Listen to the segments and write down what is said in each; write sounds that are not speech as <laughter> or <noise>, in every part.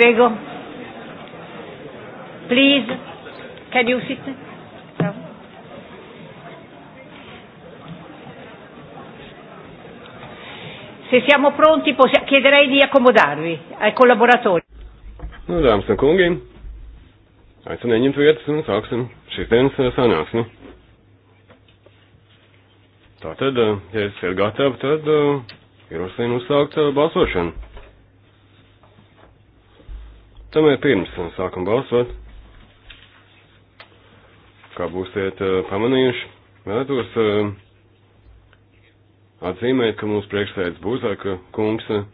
Prego. Please, can you sit? No. Se siamo pronti, poss- chiederei di accomodarvi ai collaboratori. Nu, dāmas un kungi, aicinu ieņemt vietas un sāksim šīs dienas eh, sanāksmi. Nu? Tātad, eh, ja esat gatavi, tad eh, ierosinu uzsākt balsošanu. Tomēr pirms sākam balsot, kā būsiet eh, pamanījuši, vēlētos eh, atzīmēt, ka mūsu priekšsēdus Būzaka kungs eh,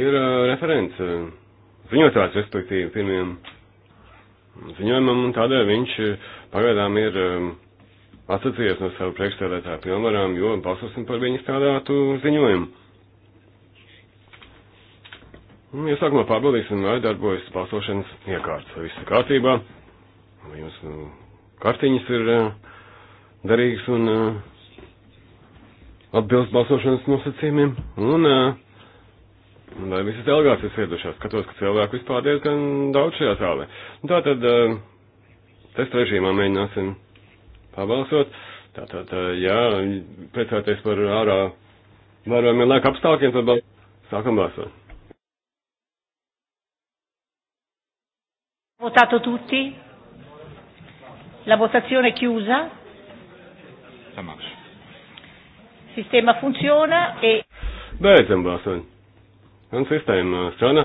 ir referents ziņotājs, respektīvi, pirmiem ziņojumam, un tādēļ viņš pagaidām ir atsacījies no savu priekšstādētāju pilnvarām, jo balsosim par viņu strādātu ziņojumu. Iesākumā nu, ja pārbaudīsim, vai darbojas balsošanas iekārtas, vai viss ir kārtībā, vai jums nu, kartiņas ir eh, derīgas un eh, atbilst balsošanas nosacījumiem, un vai eh, visas delegācijas ieradušās. Skatos, ka cilvēku vispār diezgan daudz šajā zālē. Nu, tātad testa režīmā mēģināsim pabalsot. Tātad, jā, priecāties par ārā vērojumiem laika apstākļiem, tad bal... sākam balsot. Votato tutti? La votazione è chiusa? Sistema funziona e... Beidzam balsoņu. Un sistēma eh, strādā.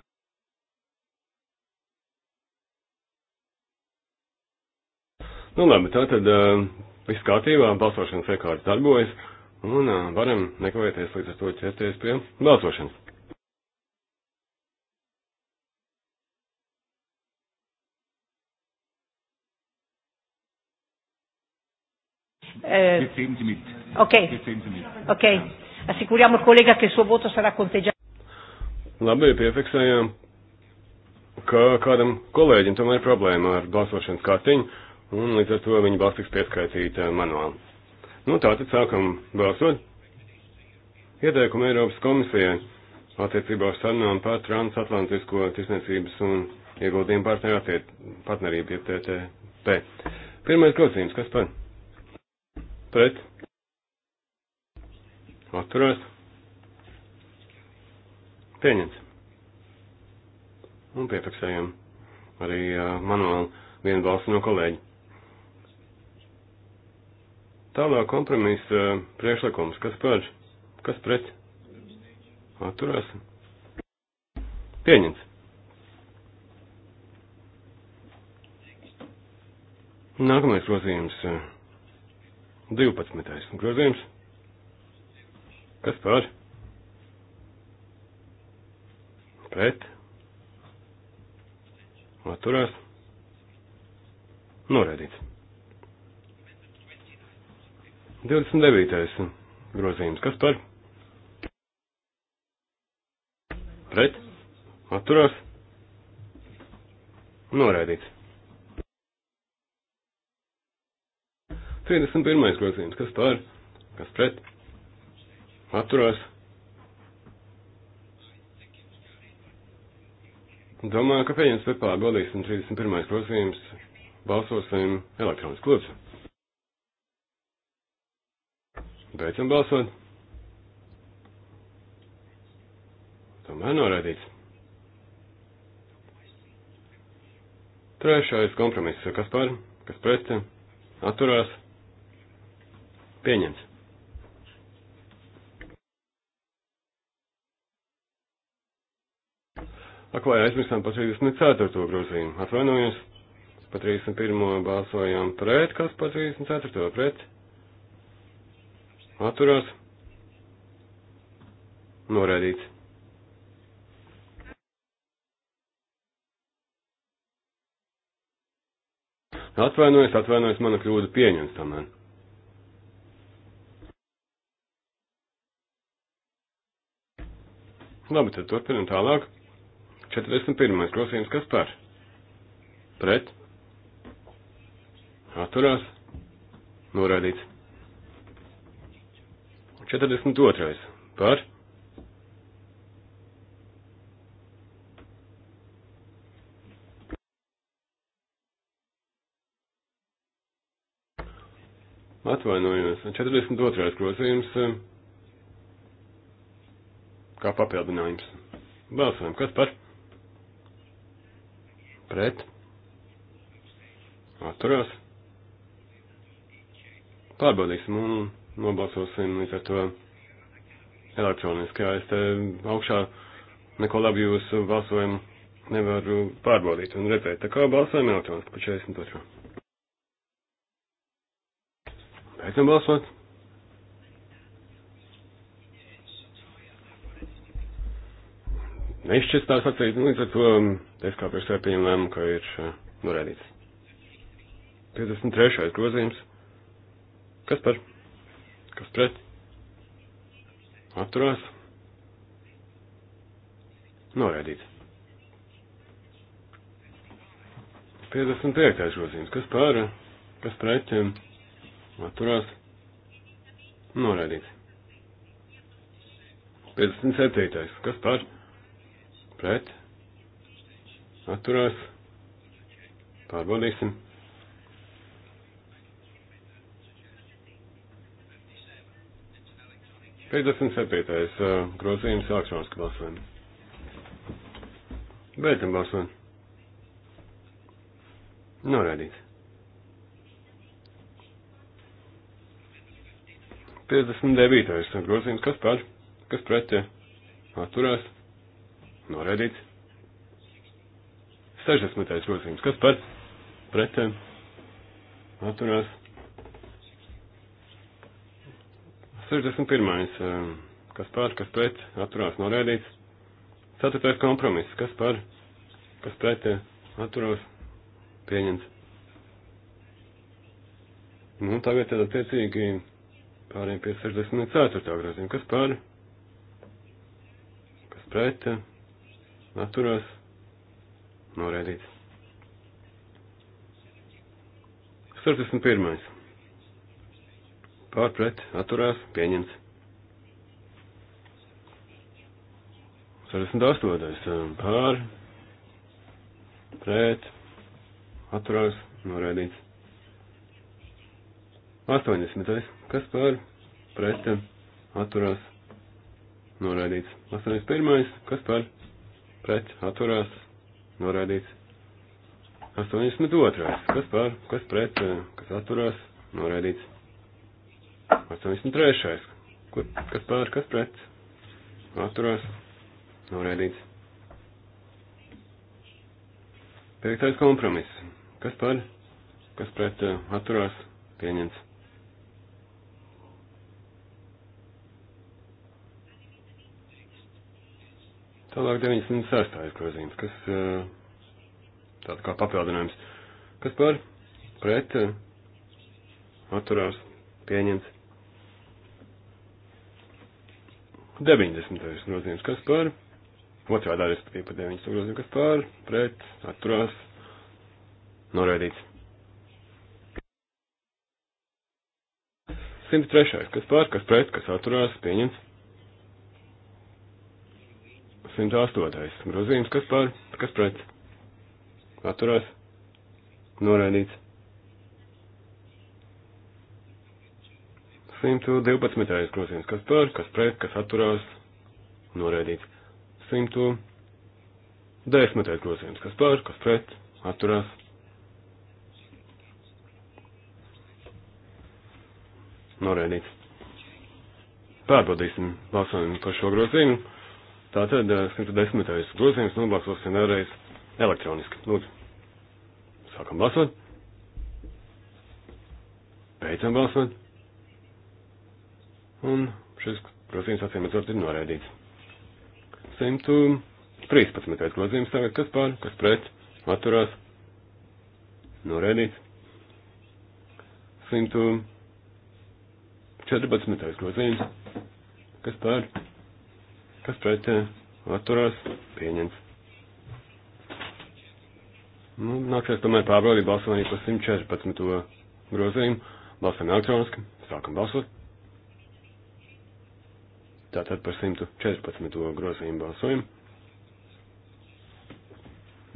Nu labi, tātad uh, viss kārtībā, balsošanas rekords darbojas un uh, varam nekavēties līdz ar to ķerties pie balsošanas. Eh, Jetzt sehen Sie mit. Okay. Jetzt sehen Sie mit. Okay. Assicuriamo il collega che il suo voto sarà conteggiato. Labi, piefiksējām, ka kādam kolēģim tomēr ir problēma ar balsošanas kartiņu, un līdz ar to viņa balss tiks pieskaitīta manuāli. Nu, tātad sākam balsot. Ieteikumu Eiropas komisijai attiecībā uz sarunām par transatlantisko tirsniecības un ieguldījumu partnerību, jeb TTP. Pirmais grozījums, kas par? pret atturās pieņemts. Un piefiksējam arī uh, manuāli vienu balsi no kolēģi. Tālāk kompromisa uh, priekšlikums, kas pār, kas pret atturās pieņemts. Nākamais grozījums. Uh, 12. grozījums. Kas par? Pret. Atturās. Norēdīts. 29. grozījums. Kas par? Pret. Atturās. Norēdīts. 31. grozījums. Kas par? Kas pret? Atturās. Domāju, ka pieņems vēl pārbaudīsim 31. grozījums. Balsosim elektronisku lūdzu. Beidzam balsot. Tomēr noraidīts. Trešais kompromiss. Kas par? Kas pret? Atturās. Pieņemts. Ak, vai aizmirsām par 34. grozījumu? Atvainojos, par 31. balsojām pret, kas par 34. pret? Atturās. Norēdīts. Atvainojos, atvainojos, mana kļūda pieņems tomēr. Labi, tad turpinam tālāk. 41. grozījums, kas par? Pret? Atturās? Norādīts. 42. Par? Atvainojos. 42. grozījums. Eh, kā papildinājums. Balsojam, kas par? Pret. Atturās. Pārbaudīsim un nobalsosim līdz ar to elektroniski. Es te augšā neko labi jūsu balsojumu nevaru pārbaudīt un redzēt. Tā kā balsojam elektroniski pa 42. Beidzam balsot. Neizšķirts tās atcīt, nu, līdz ar to um, es kā priekšsēdē pieņemu lēmumu, ka ir uh, norēdīts. 53. grozījums. Kas par? Kas pret? Atturās. Norēdīts. 55. grozījums. Kas par? Kas pret? Atturās. Norēdīts. 57. Kas par? pret, atturās, pārbaudīsim. Pēdējais septītais grozījums elektroniski balsojumi. Beidzam balsojumu. Norādīts. 59. grozījums, kas par, kas pret, atturās, Noraidīts. 60. grozījums. Kas par? Pret. Atturās. 61. Kas par? Kas pret? Atturās. Noraidīts. 4. kompromiss. Kas par? Kas pret? Atturās. Pieņemts. Nu, tagad tad attiecīgi pārējiem pie 64. grozījuma. Kas par? Kas pret? Atturās atturos, noraidīts. 41. Pārpret, atturās, pieņemts. 48. Pār, pret, atturās, noraidīts. 80. Kas pār, pret, atturās, noraidīts. 81. Kas pār, pret atturās norādīts. 82. Kas par, kas pret, kas atturās norādīts. 83. Kur, kas par, kas pret atturās norādīts. 5. kompromiss. Kas par, kas pret atturās pieņemts. Tālāk 96. grozījums, kas eh, tāds kā papildinājums. Kas par pret eh, atturās pieņems? 90. grozījums, kas par otrā daļa, respektīvi par 90. grozījumu, kas par pret atturās noraidīts. 103. kas pār, kas pret, kas atturās, pieņems. 108. grozījums, kas par, kas pret, atturās, noraidīts. 112. grozījums, kas par, kas pret, kas atturās, noraidīts. 110. grozījums, kas par, kas pret, atturās. Noraidīts. Pārbaudīsim balsojumu par šo grozījumu. Tātad 110. Eh, grozījums nobalsosim vēlreiz elektroniski. Lūdzu, sākam balsot. Beidzam balsot. Un šis grozījums acīm redzot ir noraidīts. 113. grozījums tagad, kas pār, kas pret, atturās. Noraidīts. 114. grozījums, kas pār. Kas pret eh, atturās pieņems. Nu, nāksies tomēr pārbaudīt balsojumu arī par 114. grozījumu. Balsam elektroniski. Sākam balsot. Tātad par 114. grozījumu balsojumu.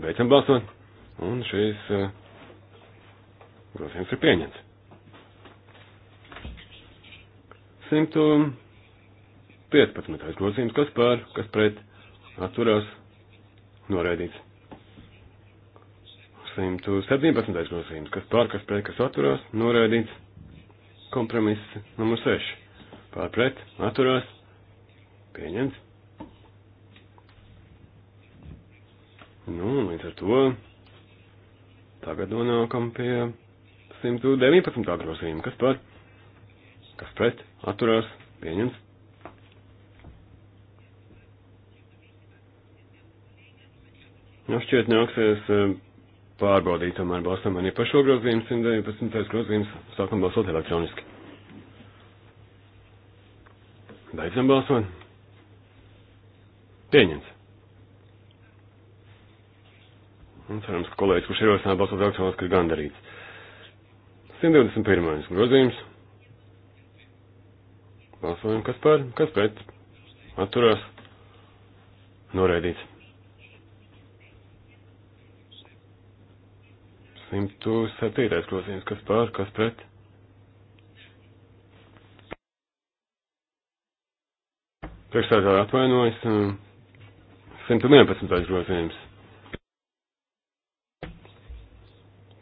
Beidzam balsot. Un šīs uh, eh, grozījums ir pieņemts. 100. 15. grozījums, kas pār, kas pret atturās noraidīts. 117. grozījums, kas pār, kas pret, kas atturās noraidīts. Kompromiss numur 6. Pār pret atturās pieņemts. Nu, līdz ar to tagad nonākam pie 119. grozījuma, kas pār, kas pret atturās pieņemts. Nu, šķiet, nāksies e, pārbaudīt, tomēr balsam arī par šo grozījumu 119. grozījums, sākam balsot elektroniski. Beidzam balsot. Pieņemts. Un cerams, ka kolēģis, kurš ierosināja balsot elektroniski, ir gandarīts. 121. grozījums. Balsojam, kas par, kas pret. Atturās. Noraidīts. 107. grozījums, kas pār, kas pret. Priekšstādā atvainojas 111. Um, grozījums.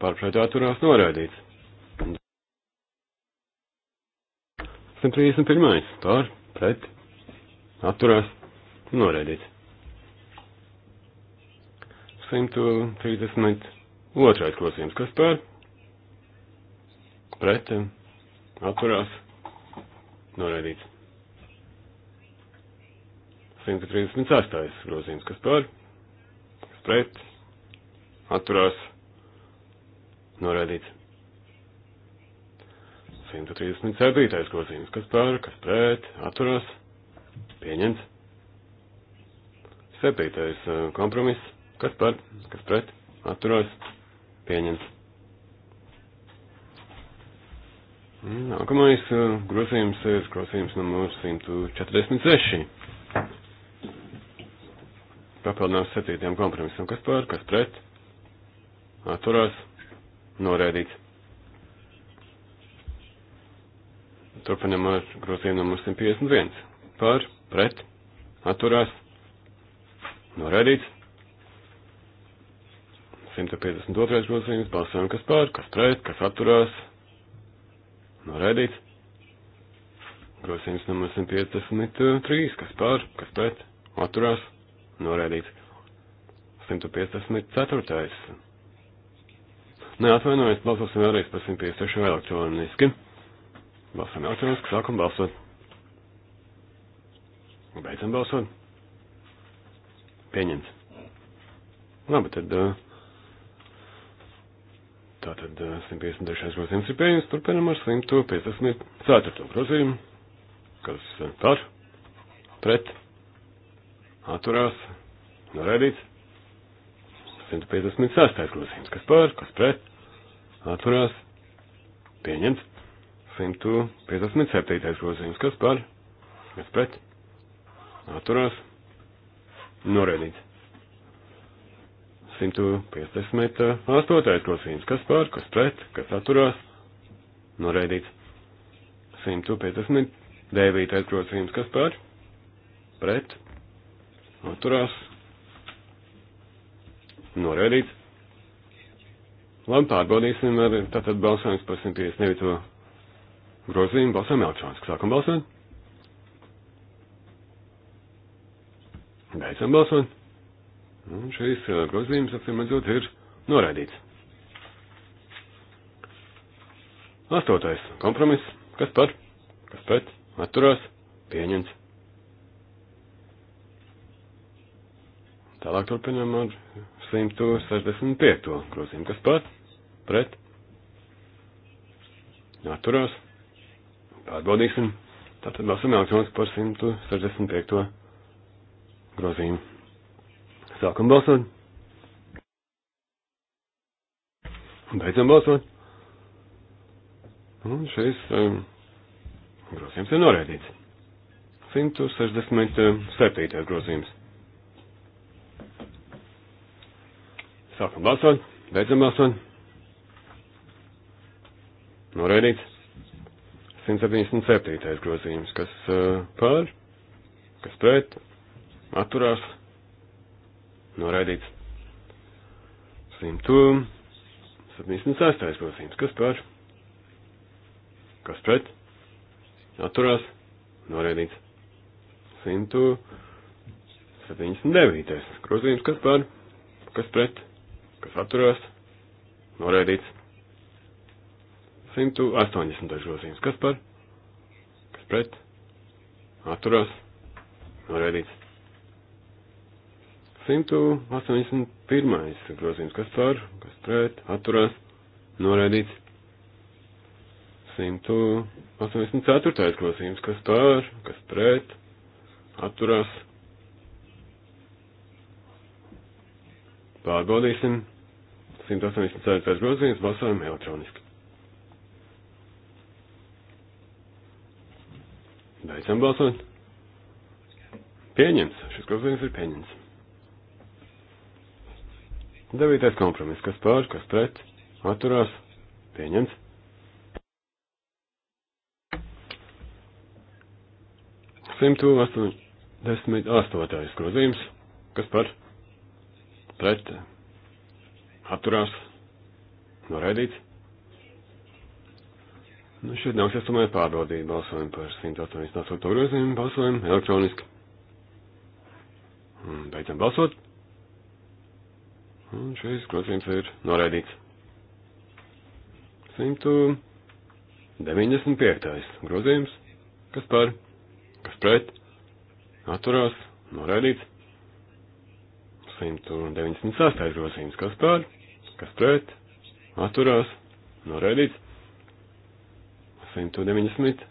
Pārpratā turās noraidīts. 131. Pār, pret, atturās, noraidīts. 130. Otrais klausījums, um, kas par? Pret, atturās, noraidīts. 136. grozījums, kas par? Kas pret, atturās, noraidīts. 137. grozījums, kas par, kas pret, atturās, pieņemts. 7. Uh, kompromiss, kas par, kas pret, atturās, pieņemts. Nākamais uh, grozījums ir grozījums numur 146. Papildinās septītajam kompromisam, kas par, kas pret, atturās, norēdīts. Turpinam ar grozījumu numur 151. Par, pret, atturās, norēdīts. 152. grozījums, balsojam, kas pār, kas pret, kas atturās. Noraidīts. Grozījums numur 153, kas pār, kas pret, atturās. Noraidīts. 154. Nē, atvainojiet, balsosim vēlreiz par 156 elektroniski. Balsam elektroniski, sākam balsot. Beidzam balsot. Pieņemts. Labi, tad uh, Tātad 153. grozījums ir pieejams, turpinam ar 154. grozījumu, kas par, pret, atturās, norēdīts. 156. grozījums, kas par, kas pret, atturās, pieņemts. 157. grozījums, kas par, kas pret, atturās, norēdīts. 158. grozījums. Kas par, kas pret, kas atturās? Noraidīts. 159. grozījums. Kas par, pret, atturās? Noraidīts. Labi, pārbaudīsim ar tātad balsojums par 159. grozījumu. Balsojam elektroniski. Sākam balsot. Beidzam balsot. Un šīs uh, grozījums, apsimedzot, ir noraidīts. Astotais kompromiss. Kas par? Kas pret? Atturās? Pieņems. Tālāk turpinām ar 165. grozījumu. Kas par? Pret? Atturās? Pārbaudīsim. Tātad vēl sanāksmēs par 165. grozījumu. Sākam balsot. Beidzam balsot. Un šis um, grozījums ir norēdīts. 167. Uh, grozījums. Sākam balsot. Beidzam balsot. Norēdīts. 177. grozījums, kas uh, pār, kas pret, atturās Noraidīts. 176. prasījums. Kas par? Kas pret? Atturās. Noraidīts. 179. Grozījums. Kas par? Kas pret? Kas atturās? Noraidīts. 180. grozījums. Kas par? Kas pret? Atturās. Noraidīts. 181. grozījums, kas par, kas pret, atturās, noraidīts. 184. grozījums, kas par, kas pret, atturās. Pārbaudīsim. 184. grozījums balsojam elektroniski. Beidzam balsot. Pieņems. Šis grozījums ir pieņems. Devītais kompromiss, kas pār, kas pret, atturās, pieņemts. Simtu astoņdesmit astotais grozījums, kas par, pret, atturās, noraidīts. Nu, šeit nav sestumē pārbaudīt balsojumu par 188. grozījumu, balsojumu elektroniski. Beidzam balsot. Un šis grozījums ir noraidīts. 195. grozījums. Kas par? Kas pret? Atturās. Noraidīts. 198. grozījums. Kas par? Kas pret? Atturās. Noraidīts. 190.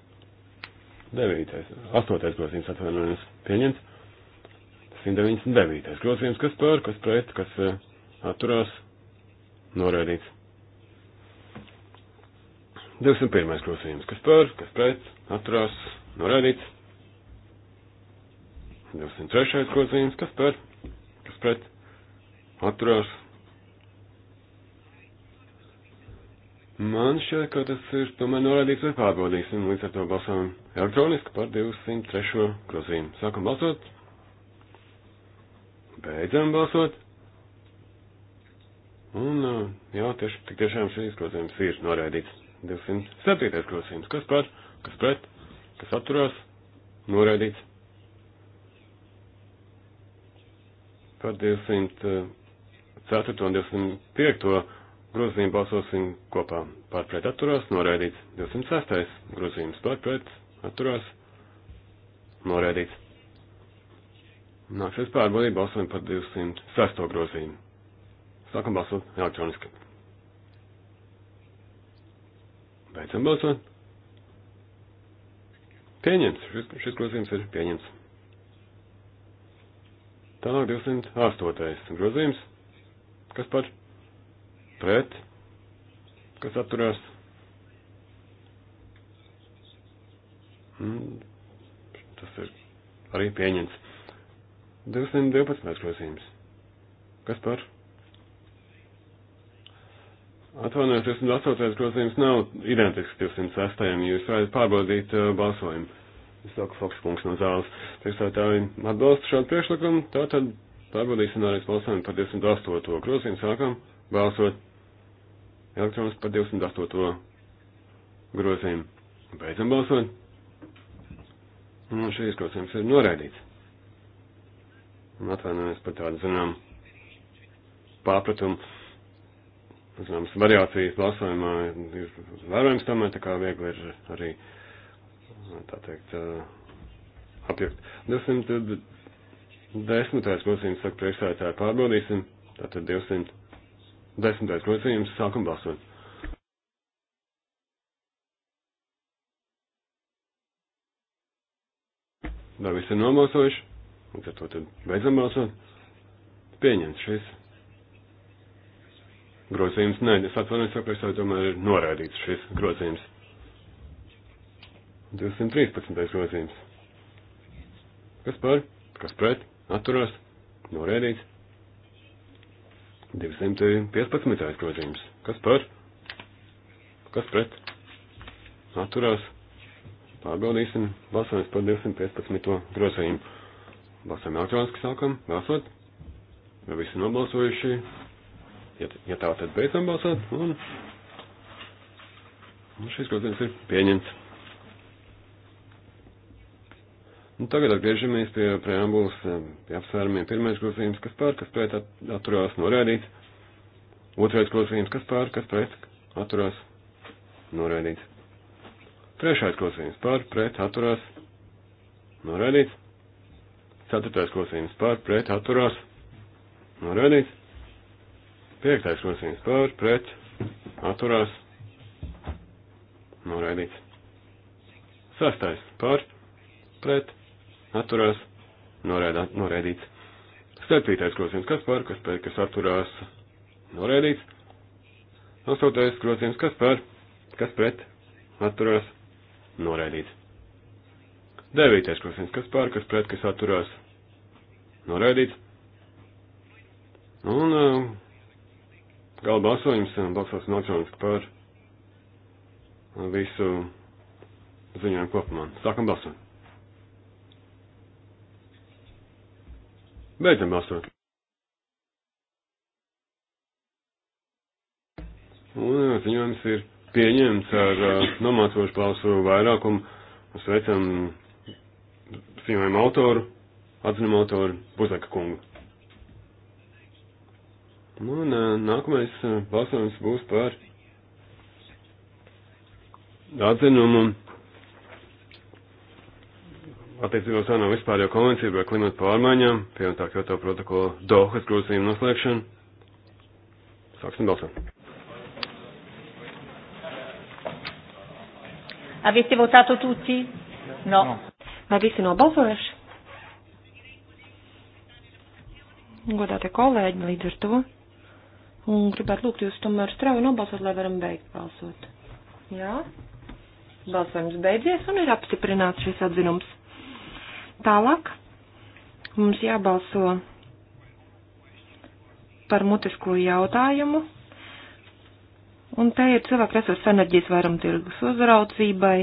9. 8. grozījums atvainojas pieņemts. 199. grozījums. Kas par? Kas pret? Kas eh, atturās, noraidīts. 201. grozījums, kas par, kas pret, atturās, noraidīts. 203. grozījums, kas par, kas pret, atturās. Man šķiet, ka tas ir tomēr noraidīts vai pārbaudīsim, līdz ar to balsām elektroniski par 203. grozījumu. Sākam balsot. Beidzam balsot. Un, jā, tieši tik tiešām šīs grozījums ir noraidīts. 207. grozījums. Kas par, kas pret, kas atturās, noraidīts. Par 204. un 205. grozījumu balsosim kopā. Par pret atturās, noraidīts. 206. grozījums par pret, atturās, noraidīts. Nāksies pārbaudīt balsojumu par 206. grozījumu. Sākam balsot elektroniski. Beidzam balsot. Pieņemts. Šis, šis grozījums ir pieņemts. Tālāk 208. grozījums. Kas par? Pret. Kas atturās? Mm, tas ir arī pieņemts. 212. grozījums. Kas par? Atvainojiet, 28. grozījums nav identisks 206. Jūs varat pārbaudīt uh, balsojumu. Es saku Fokskungs no zāles. Priekšstādātāji atbalsta šādu priekšlikumu, tātad pārbaudīsim arī balsojumu par 208. grozījumu. Sākam balsot elektronis par 208. grozījumu. Beidzam balsot. Un šīs grozījums ir noraidīts. Atvainojos par tādu, zinām, pārpratumu zināmas variācijas balsojumā ir vērojams tomēr, tā kā viegli ir arī, tā teikt, apjukt. 210. grozījums saka priekšsētāji pārbaudīsim, tātad 210. grozījums sākam balsot. Vai visi ir nobalsojuši? Līdz ar to tad beidzam balsot. Pieņemts šis grozījums. Nē, es atvainojos, ka es jau tomēr ir noraidīts šis grozījums. 213. grozījums. Kas par? Kas pret? Atturās? Noraidīts. 215. grozījums. Kas par? Kas pret? Atturās. Pārbaudīsim. Balsojums par 215. grozījumu. Balsojam elektroniski sākam. Balsot. Vai visi nobalsojuši? Ja, ja tā, tad beidzam balsot. Un, un šis grozījums ir pieņemts. Un tagad atgriežamies pie preambulas, eh, pie apsvērumiem. Pirmais grozījums, kas pār, kas pret atturās norādīts. Otrais grozījums, kas pār, kas pret atturās norādīts. Trešais grozījums pār, pret atturās norādīts. Ceturtais grozījums pār, pret atturās norādīts. Piektais nosacījums par, pret, atturās, noraidīts. Sastais par, pret, atturās, noraidā, noraidīts. Septītais nosacījums, kas par, kas pret, kas atturās, noraidīts. Astotais nosacījums, kas par, kas pret, atturās, noraidīts. Devītais nosacījums, kas par, kas pret, kas atturās, noraidīts. Un uh, Gala balsojums balsos elektroniski par visu ziņojumu kopumā. Sākam balsot. Beidzam balsot. Un uh, ziņojums ir pieņemts ar uh, nomācošu balsu vairākumu. Sveicam ziņojumu autoru, atzinumu autoru Buzaka kungu. Un uh, nākamais uh, balsojums būs par atzinumu attiecībos ANO vispārējo konvenciju par klimatu pārmaiņām, pievienotā Kyoto protokola Dohas grūzījumu noslēgšanu. Sāksim balsot. Avete votato tutti? No. Vai visi nobalsojuši? Godātie kolēģi, līdz ar to Un gribētu lūgt jūs tomēr strauji nobalsot, lai varam beigt balsot. Jā? Balsojums beidzies un ir apstiprināts šis atzinums. Tālāk mums jābalso par mutisko jautājumu. Un te ir cilvēku resursu enerģijas vairumtirgus uzraudzībai,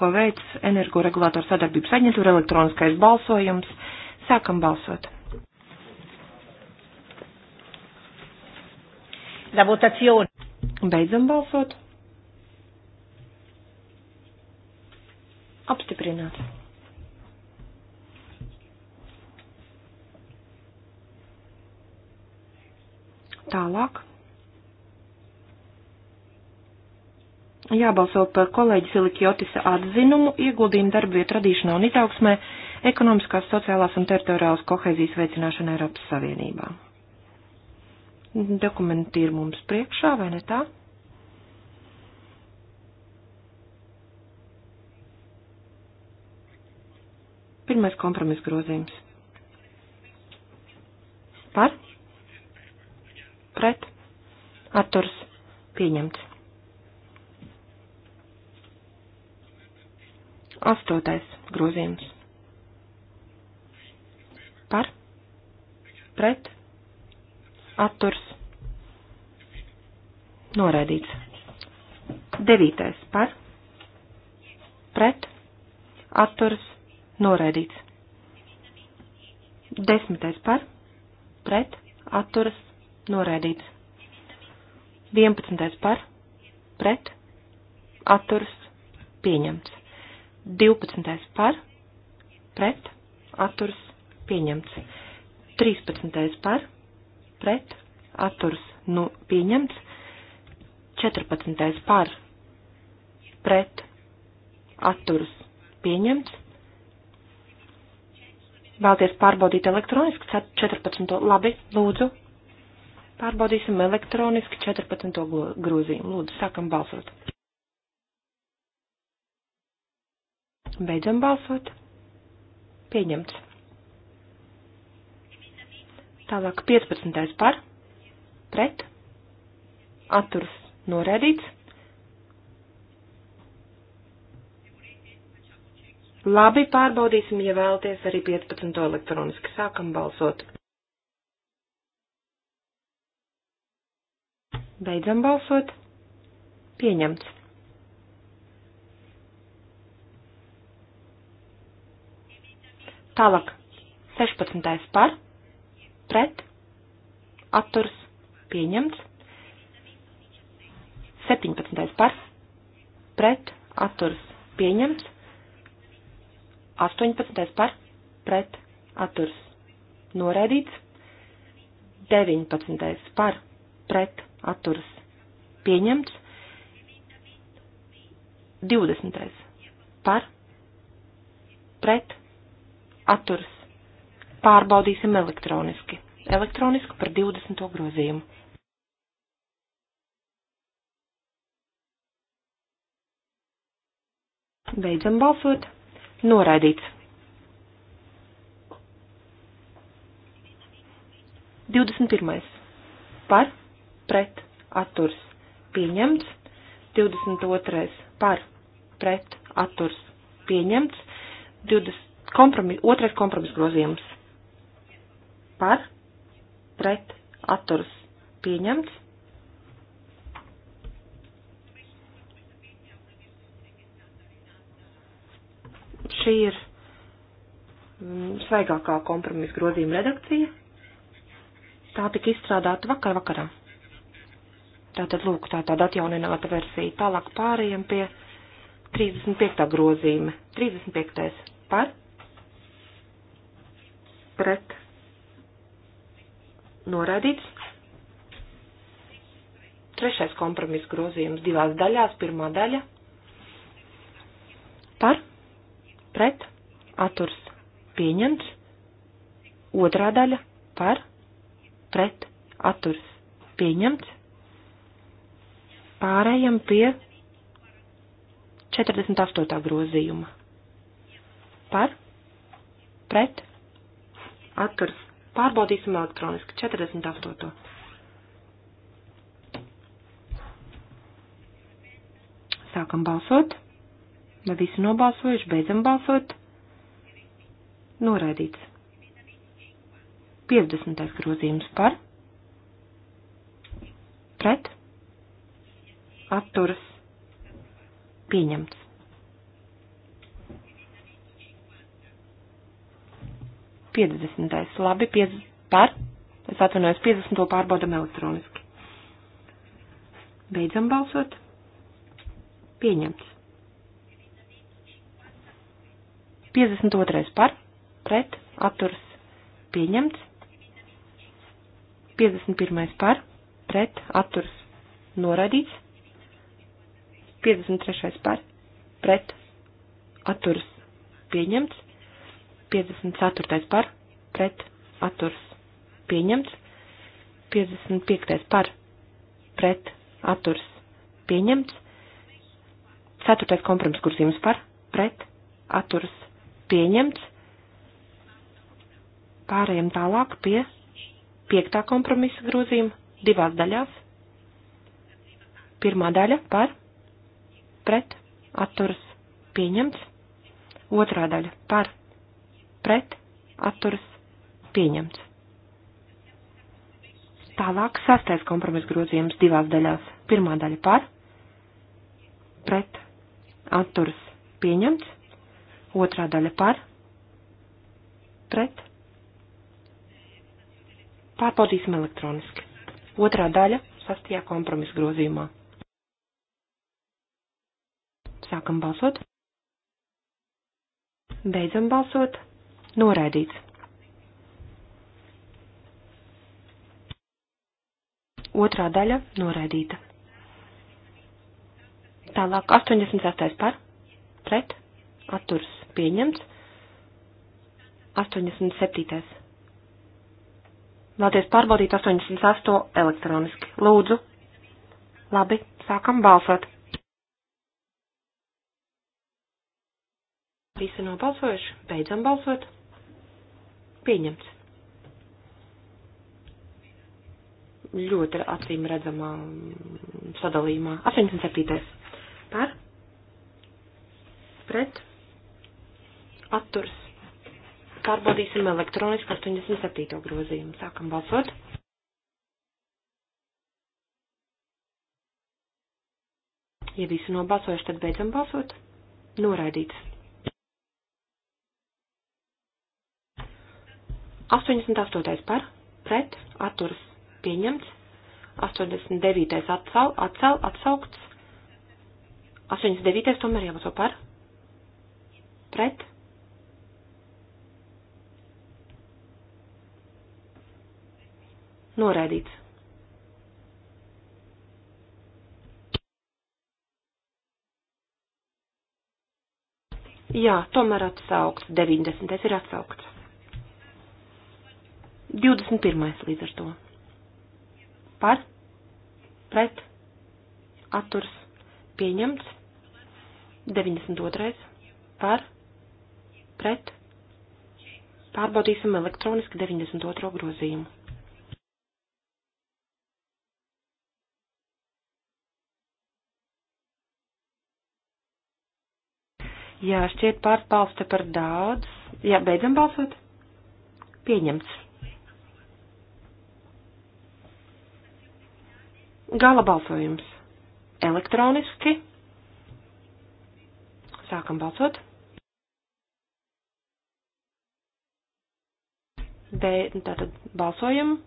ko veids energoregulātoru sadarbības aģentūra elektroniskais balsojums. Sākam balsot! La votazione. Beidzam balsot. Apstiprināts. Tālāk. Jābalso par kolēģis Ilikjotisa atzinumu ieguldījumu darbvietu radīšanā un izaugsmē ekonomiskās, sociālās un teritoriālās kohēzijas veicināšana Eiropas Savienībā. Dokumenti ir mums priekšā, vai ne tā? Pirmais kompromis grozījums. Par? Pret? Atturs pieņemts. Astotais grozījums. Par? Pret? atturs, noraidīts. Devītais par, pret, atturs, noraidīts. Desmitais par, pret, atturas, noraidīts. Vienpadsmitais par, pret, atturas, pieņemts. Divpadsmitais par, pret, atturas, pieņemts. Trīspadsmitais par, pret atturs nu, pieņemts, 14. par pret atturs pieņemts. Vēlties pārbaudīt elektroniski 14. Labi, lūdzu. Pārbaudīsim elektroniski 14. grozījumu. Lūdzu, sākam balsot. Beidzam balsot. Pieņemts. Tālāk 15. par, pret, atturs norēdīts. Labi, pārbaudīsim, ja vēlaties arī 15. elektroniski sākam balsot. Beidzam balsot. Pieņemts. Tālāk. 16. par pret, atturs, pieņemts. 17. par, pret, atturs, pieņemts. 18. par, pret, atturs, noraidīts. 19. par, pret, atturs, pieņemts. 20. par, pret, atturs, Pārbaudīsim elektroniski. Elektronisku par 20. grozījumu. Beidzam balsot. Noraidīts. 21. Par, pret, atturs, pieņemts. 22. Par, pret, atturs, pieņemts. 20. Kompromis, otrais kompromis grozījums par pret atturs pieņemts. Šī ir mm, svaigākā kompromisa grozījuma redakcija. Tā tika izstrādāta vakar vakarā. Tātad, lūk, tā tāda atjaunināta versija. Tālāk pārējiem pie 35. grozīme. 35. par pret Noraidīts. Trešais kompromiss grozījums divās daļās. Pirmā daļa par, pret, aturs pieņemts. Otrā daļa par, pret, aturs pieņemts. Pārējam pie 48. grozījuma. Par, pret, aturs Pārbaudīsim elektroniski 48. Sākam balsot. Vai visi nobalsojuši? Beidzam balsot. Noraidīts. 50. grozījums par. Pret. Atturas. Pieņemts. 50. Labi, piez, par. Es atvainojos, 50. pārbaudam elektroniski. Beidzam balsot. Pieņemts. 52. par, pret, atturs, pieņemts. 51. par, pret, atturs, noraidīts. 53. par, pret, atturs, pieņemts. 54. par pret atturs pieņemts, 55. par pret atturs pieņemts, 4. kompromiss kursījums par pret atturs pieņemts. Pārējiem tālāk pie 5. kompromisa grozījuma divās daļās. Pirmā daļa par pret atturs pieņemts, otrā daļa par pret atturas pieņemts. Tālāk sastais kompromis grozījums divās daļās. Pirmā daļa par, pret atturas pieņemts, otrā daļa par, pret. Pārbaudīsim elektroniski. Otrā daļa sastajā kompromisa grozījumā. Sākam balsot. Beidzam balsot. Noraidīts. Otrā daļa noraidīta. Tālāk 86. par, pret, atturs pieņemts. 87. Vēlties pārbaudīt 88 elektroniski. Lūdzu. Labi, sākam balsot. Visi nobalsojuši, beidzam balsot. Pieņemts. Ļoti acīm redzamā sadalījumā. 87. Par. Pret. Atturs. Pārbaudīsim elektroniski 87. grozījumu. Sākam balsot. Ja visi nobalsojuši, tad beidzam balsot. Noraidīts. 88. par, pret, atturas, pieņemts. 89. atcau, atcau, atsaukts. 89. tomēr jābalso par, pret. Noraidīts. Jā, tomēr atsaukts. 90. ir atsaukts. 21. līdz ar to. Par, pret, atturs, pieņemts. 92. par, pret. Pārbaudīsim elektroniski 92. grozījumu. Jā, šķiet pārbalsta par daudz. Jā, beidzam balsot. Pieņemts. Gala balsojums. Elektroniski. Sākam balsot. Be, tātad balsojam.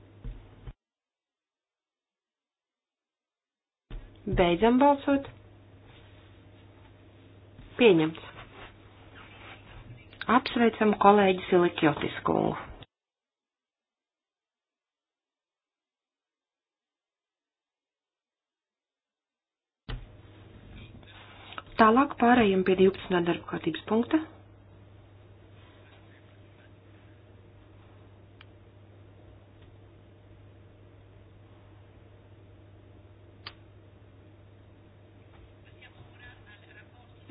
Beidzam balsot. Pieņemts. Apsveicam kolēģi Silikjotis kungu. Tālāk pārējiem pie 12. darba kārtības punkta.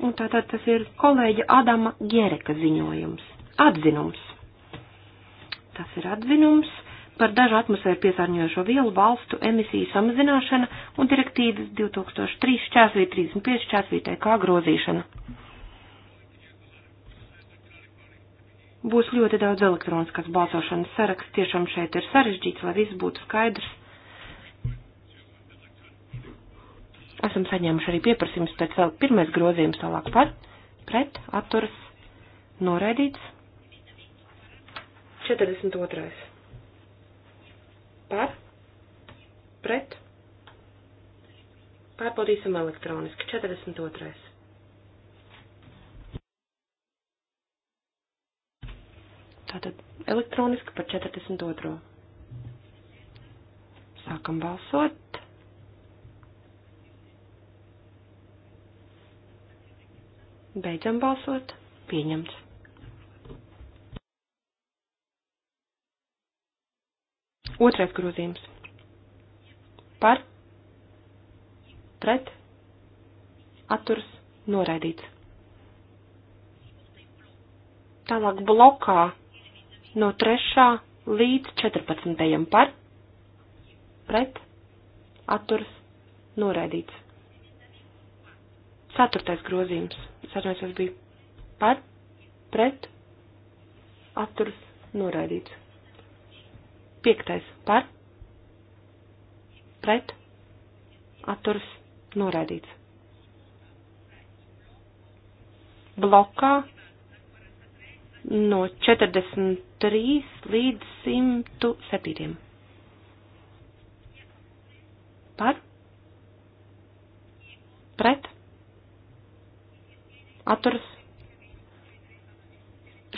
Un tātad tas ir kolēģa Adama Giereka ziņojums. Atzinums. Tas ir atzinums par dažu atmosfēru piesārņojošo vielu valstu emisiju samazināšana un direktīvas 2003-35 kā grozīšana. Būs ļoti daudz elektroniskas balsošanas saraksts, tiešām šeit ir sarežģīts, lai viss būtu skaidrs. Esam saņēmuši arī pieprasījums pēc vēl pirmais grozījums tālāk par, pret, atturas, noraidīts. 42 par, pret, pārbaudīsim elektroniski, 42. Tātad elektroniski par 42. Sākam balsot. Beidzam balsot. Pieņemts. Otrais grozījums. Par, pret, atturs, noraidīts. Tālāk blokā no 3. līdz 14. par, pret, atturs, noraidīts. Ceturtais grozījums. Es atceros, tas bija par, pret, atturs, noraidīts. Piektais par, pret, atturas, noraidīts. Blokā no 43 līdz 107. Par, pret, atturas.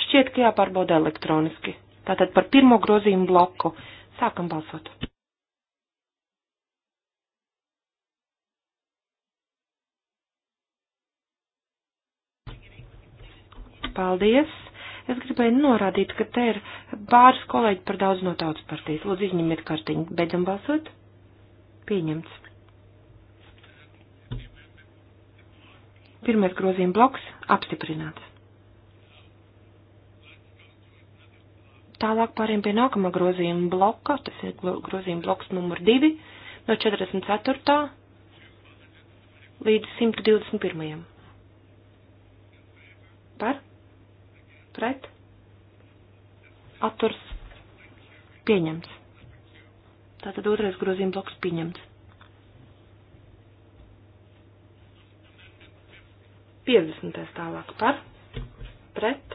Šķiet, ka jāpārbauda elektroniski. Tātad par pirmo grozījumu bloku. Sākam balsot. Paldies! Es gribēju norādīt, ka te ir pāris kolēģi par daudz no tautas partijas. Lūdzu, izņemiet kartiņu. Beidzam balsot. Pieņemts. Pirmais grozījuma bloks apstiprināts. Tālāk pāriem pie nākamā grozījuma bloka, tas ir grozījuma bloks numur 2, no 44. līdz 121. Par? Pret? Atturs? Pieņemts. Tātad otrais grozījuma bloks pieņemts. 50. tālāk par, pret,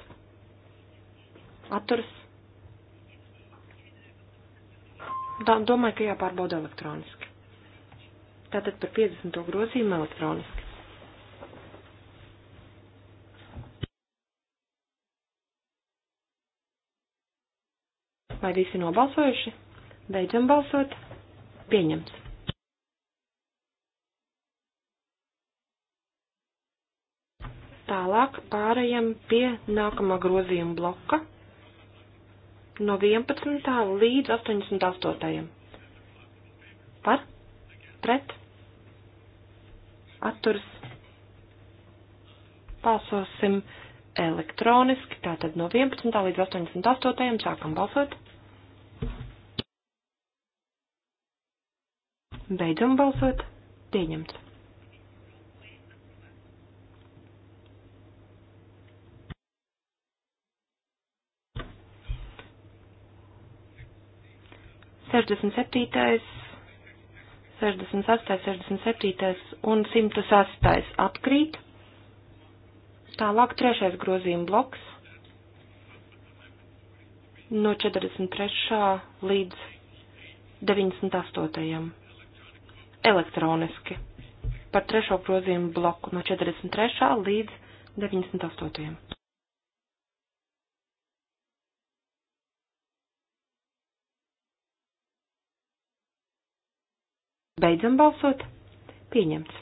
atturs, domāju, ka jāpārbauda elektroniski. Tātad par 50. grozījumu elektroniski. Vai visi nobalsojuši? Beidzam balsot. Pieņemts. Tālāk pārējam pie nākamā grozījuma bloka no 11. līdz 88. Par, pret, atturs, balsosim elektroniski, tātad no 11. līdz 88. sākam balsot. Beidzam balsot, pieņemts. 67. 68, 67 un 108 atkrīt. Tālāk trešais grozījuma bloks no 43. līdz 98. elektroniski par trešo grozījumu bloku no 43. līdz 98. Beidzam balsot. Pieņemts.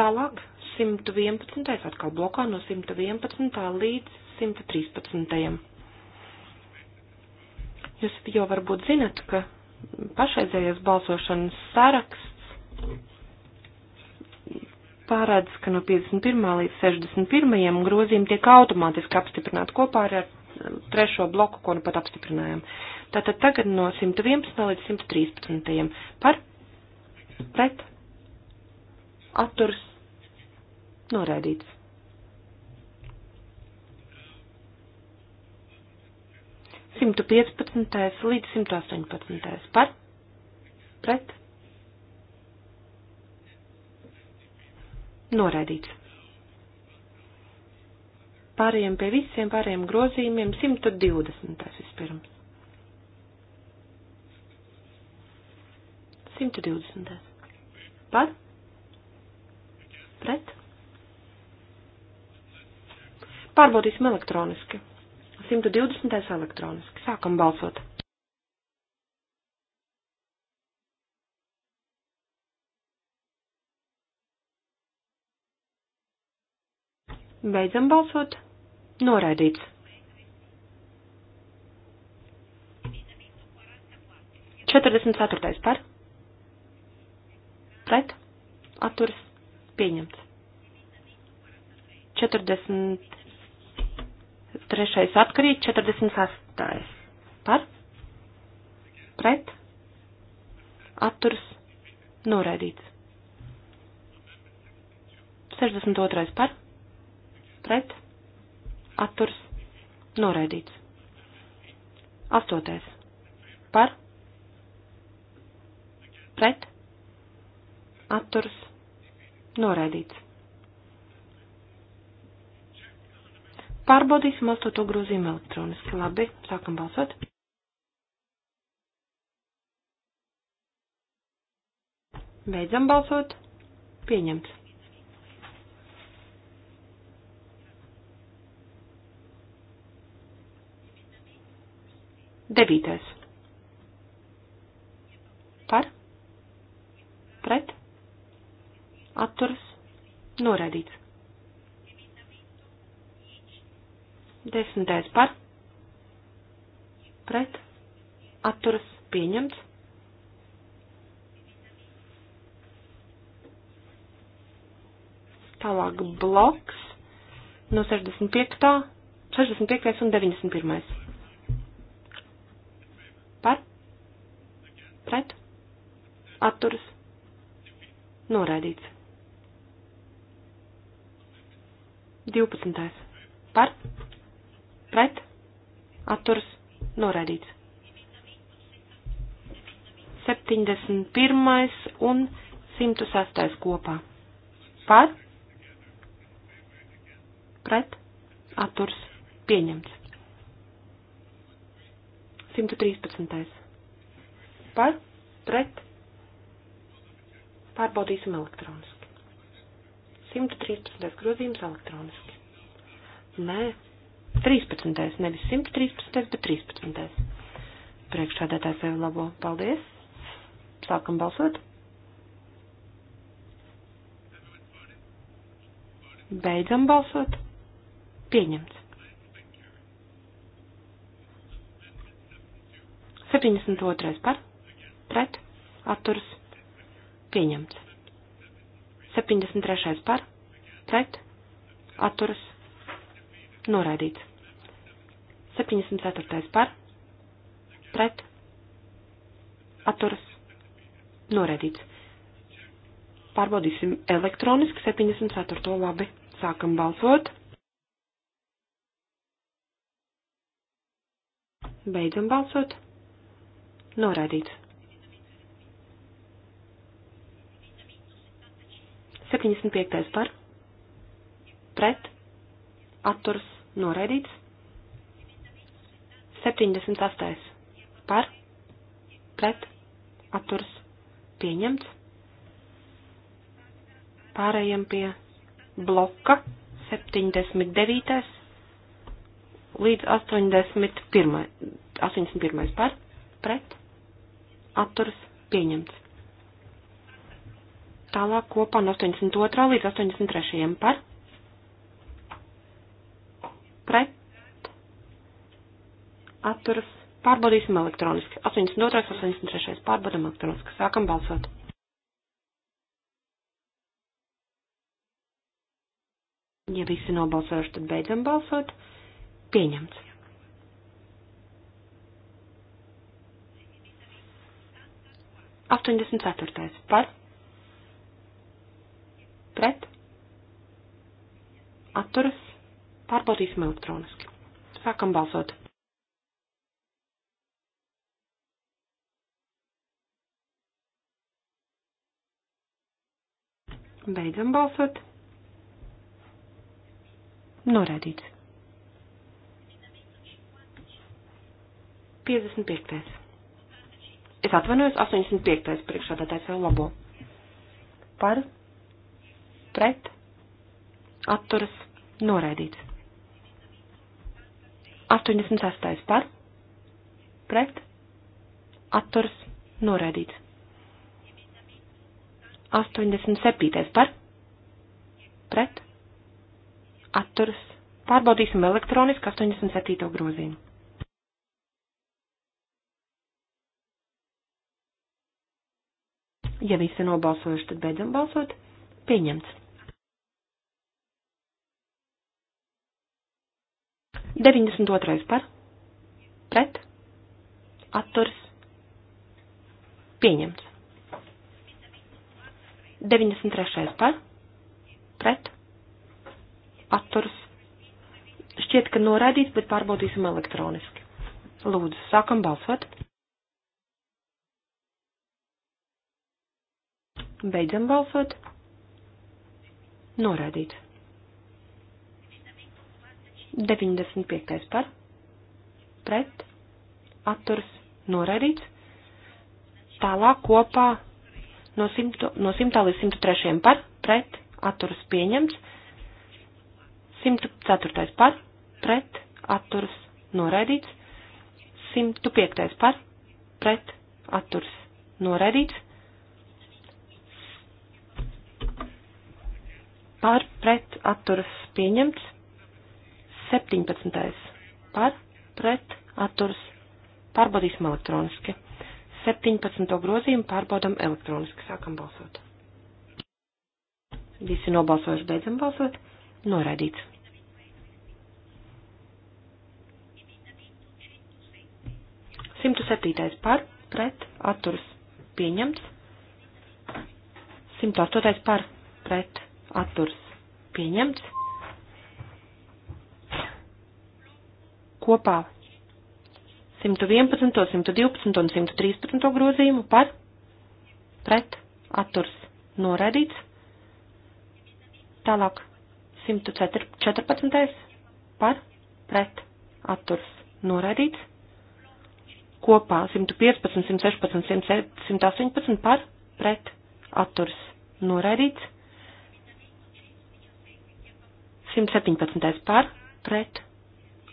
Tālāk 111. atkal blokā no 111. līdz 113. Jūs jau varbūt zinat, ka pašreizējais balsošanas saraksts pārādz, ka no 51. līdz 61. grozījuma tiek automātiski apstiprināti kopā ar eh, trešo bloku, ko nu pat apstiprinājām. Tātad tagad no 111. līdz 113. par pret atturs noraidīts. Simtu piecpadsmitais līdz simt astoņpadsmitais par pret Noraidīts. Pārējiem pie visiem pārējiem grozījumiem 120. vispirms. 120. Par? Pret? Pārbaudīsim elektroniski. 120. elektroniski. Sākam balsot. Beidzam balsot. Noraidīts. 44. par. Pret. Atturs. Pieņemts. 43. atkarīt. 48. par. Pret. Atturs. Noraidīts. 62. par pret, atturs, noraidīts. Astotais. Par, pret, atturs, noraidīts. Pārbaudīsim astoto grozījumu elektroniski. Labi, sākam balsot. Beidzam balsot. Pieņemts. Devītais. Par, pret, atturas, noraidīts. Desmitais par, pret, atturas, pieņemts. Tālāk bloks no 65. 65. un 91. pret, atturas, noraidīts. 12. par, pret, atturas, noraidīts. 71. un 106. kopā. Par, pret, atturs, pieņemts. 113 par, pret, pārbaudīsim elektroniski. 113. grozījums elektroniski. Nē, 13. nevis 113. bet 13. Priekšādētājs sevi labo. Paldies. Sākam balsot. Beidzam balsot. Pieņemts. 72. par pret, atturas, pieņemts. 73. par, pret, atturas, noraidīts. 74. par, pret, atturas, noraidīts. Pārbaudīsim elektroniski 74. labi. Sākam balsot. Beidzam balsot. Noraidīts. 75. par pret atturs noraidīts. 78. par pret atturs pieņemts. Pārējiem pie bloka 79. līdz 81. 81. par pret atturs pieņemts. Tālāk kopā no 82. līdz 83. par. Pret. Atturas. Pārbaudīsim elektroniski. 82. 83. pārbaudam elektroniski. Sākam balsot. Ja visi nobalsojuši, tad beidzam balsot. Pieņemts. Astoņdesmit ceturtais par pret, atturas, pārbaudīsim elektroniski. Sākam balsot. Beidzam balsot. Norādīts. 55. Es atvainojos, 85. priekšādātājs vēl labo. Par pret, atturas, noraidīts. 86. par, pret, atturas, noraidīts. 87. par, pret, atturas, pārbaudīsim elektroniski 87. grozījumu. Ja visi nobalsojuši, tad beidzam balsot. Pieņemts. 92. par pret atturs pieņemts. 93. par pret atturs šķiet, ka noraidīts, bet pārbaudīsim elektroniski. Lūdzu, sākam balsot. Beidzam balsot. Noraidīts. 95. par, pret, atturs, noraidīts. Tālāk kopā no 100, no 100 līdz 103 par, pret, atturs pieņemts. 104. par, pret, atturs noraidīts. 105. par, pret, atturs noraidīts. Par, pret, atturs pieņemts. 17. par, pret, atturs, pārbaudīsim elektroniski. 17. grozījumu pārbaudam elektroniski. Sākam balsot. Visi nobalsojuši beidzam balsot. Noraidīts. Simtu septītais par, pret, atturs, pieņemts. Simtu astotais par, pret, atturs, pieņemts. kopā 111, 112 un 113 grozījumu par pret atturs noraidīts. Tālāk 114 par pret atturs noraidīts. Kopā 115, 116, 118 par pret atturs noraidīts. 117 par pret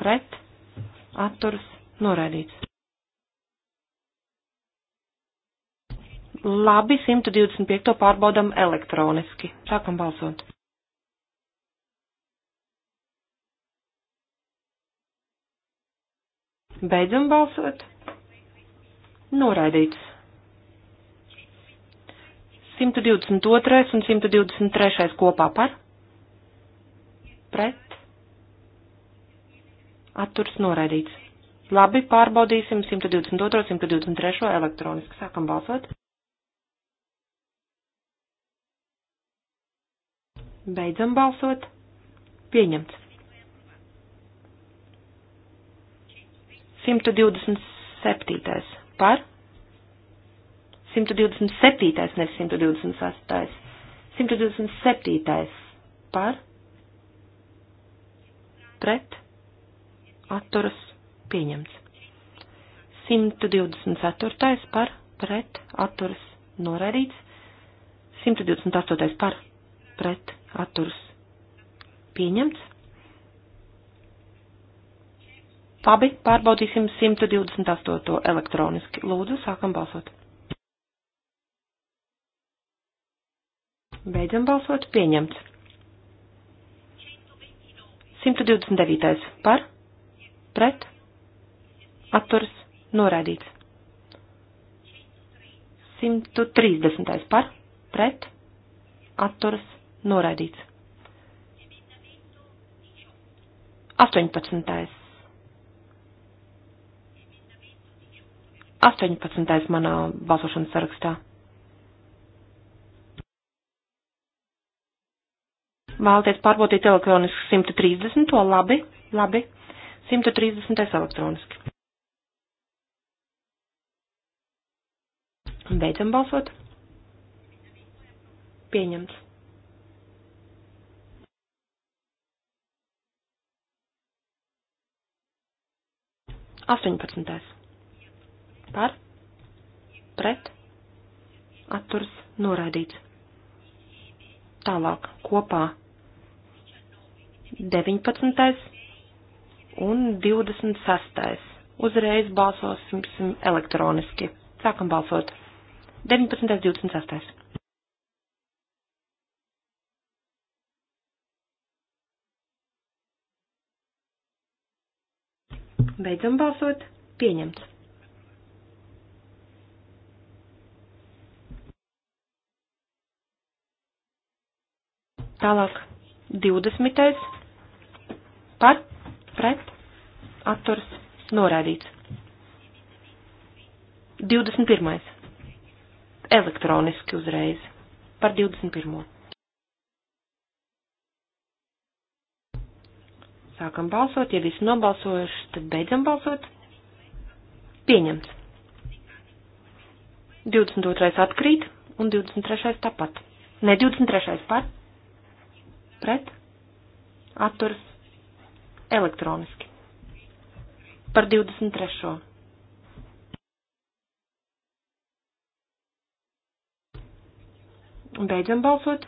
pret, atturas, noraidīts. Labi, 125. pārbaudam elektroniski. Sākam balsot. Beidzam balsot. Noraidīts. 122. un 123. kopā par. Pret. Atturs noraidīts. Labi, pārbaudīsim 122, 123 elektroniski. Sākam balsot. Beidzam balsot. Pieņemts. 127. Par? 127. nevis 128. 127. Par? Pret? atturas pieņemts. 124. par pret atturas noraidīts. 128. par pret atturas pieņemts. Labi, pārbaudīsim 128. elektroniski. Lūdzu, sākam balsot. Beidzam balsot. Pieņemts. 129. par pret, atturas, noraidīts. 130. par, pret, atturas, noraidīts. 18. 18. manā balsošanas sarakstā. Vēlaties pārbaudīt elektroniski 130. labi, labi. 130. elektroniski. Beidzam balsot. Pieņemts. Astoņpadsmitais. Par, pret, atturs, noraidīts. Tālāk kopā. Deviņpadsmitais un 26. Uzreiz balsosim elektroniski. Sākam balsot. 19. 26. Beidzam balsot. Pieņemts. Tālāk. 20. par pret, atturs, noraidīts. 21. Elektroniski uzreiz par 21. Sākam balsot, ja visi nobalsojuši, tad beidzam balsot. Pieņemts. 22. atkrīt un 23. tāpat. Ne 23. par, pret, atturas, elektroniski. Par 23. Beidzam balsot.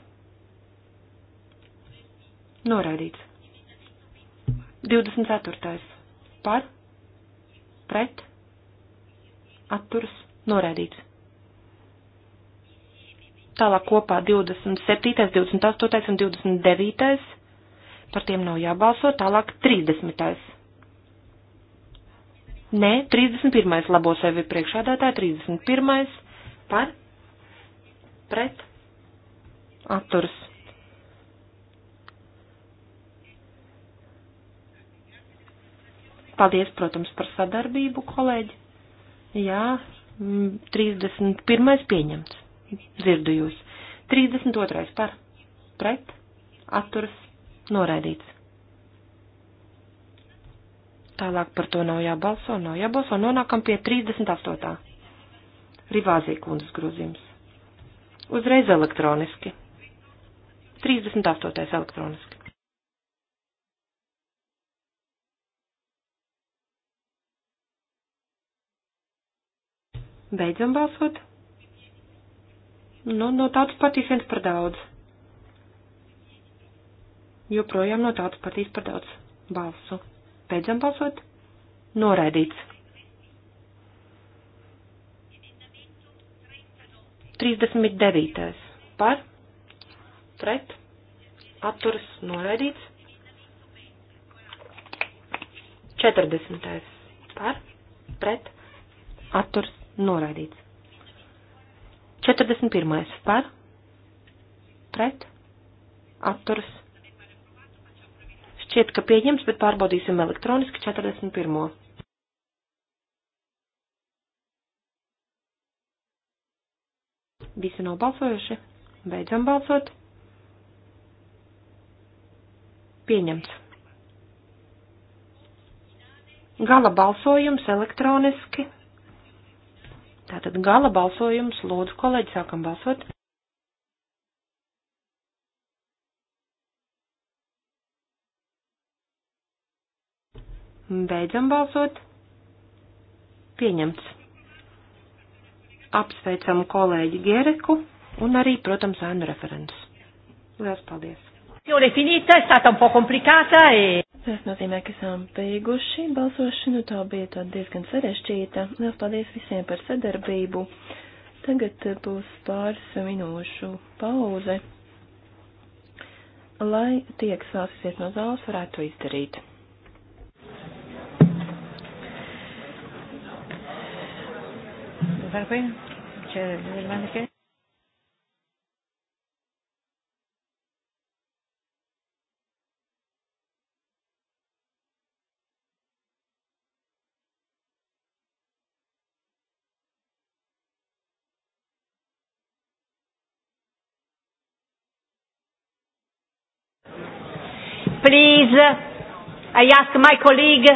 Noraidīts. 24. Par, pret, atturas, noraidīts. Tālāk kopā 27., 28. un 29. Par tiem nav jābalso. Tālāk 30. Nē, 31. labo sevi priekšādātāja. 31. par pret atturs. Paldies, protams, par sadarbību, kolēģi. Jā, 31. Mm, pieņemts. Dzirdu jūs. 32. par pret atturas Noraidīts. Tālāk par to nav jābalso, nav jābalso. Nonākam pie 38. Rivāzī kundzes grozījums. Uzreiz elektroniski. 38. elektroniski. Beidzam balsot. Nu, no tautas patīs viens par daudz joprojām no tautas partijas par daudz balsu. Beidzam balsot. Noraidīts. 39. par, pret, atturas, noraidīts. 40. par, pret, atturas, noraidīts. 41. par, pret, atturas, Šķiet, ka pieņems, bet pārbaudīsim elektroniski 41. Visi nav balsojuši. Beidzam balsot. Pieņemts. Gala balsojums elektroniski. Tātad gala balsojums. Lūdzu, kolēģi, sākam balsot. Beidzam balsot. Pieņemts. Apsveicam kolēģi Gereku un arī, protams, ēnu referents. Lielas paldies! E- Tas nozīmē, ka esam beiguši balsošanu. Tā bija diezgan sarežģīta. Lielas paldies visiem par sadarbību. Tagad eh, būs pāris minūšu pauze, lai tie, kas vēlas iziet no zāles, varētu to izdarīt. Per cui c'è il manichè? Please, uh, I ask my colleague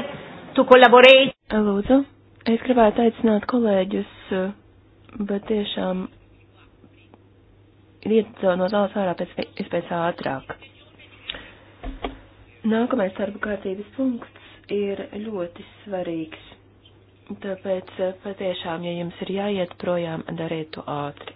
to collaborate. Lūdzu, es gribētu aicināt kolēģus bet tiešām ir iet no zāles ārā pēc iespējas ātrāk. Nākamais darba kārtības punkts ir ļoti svarīgs. Tāpēc patiešām, ja jums ir jāiet projām, dariet to ātri.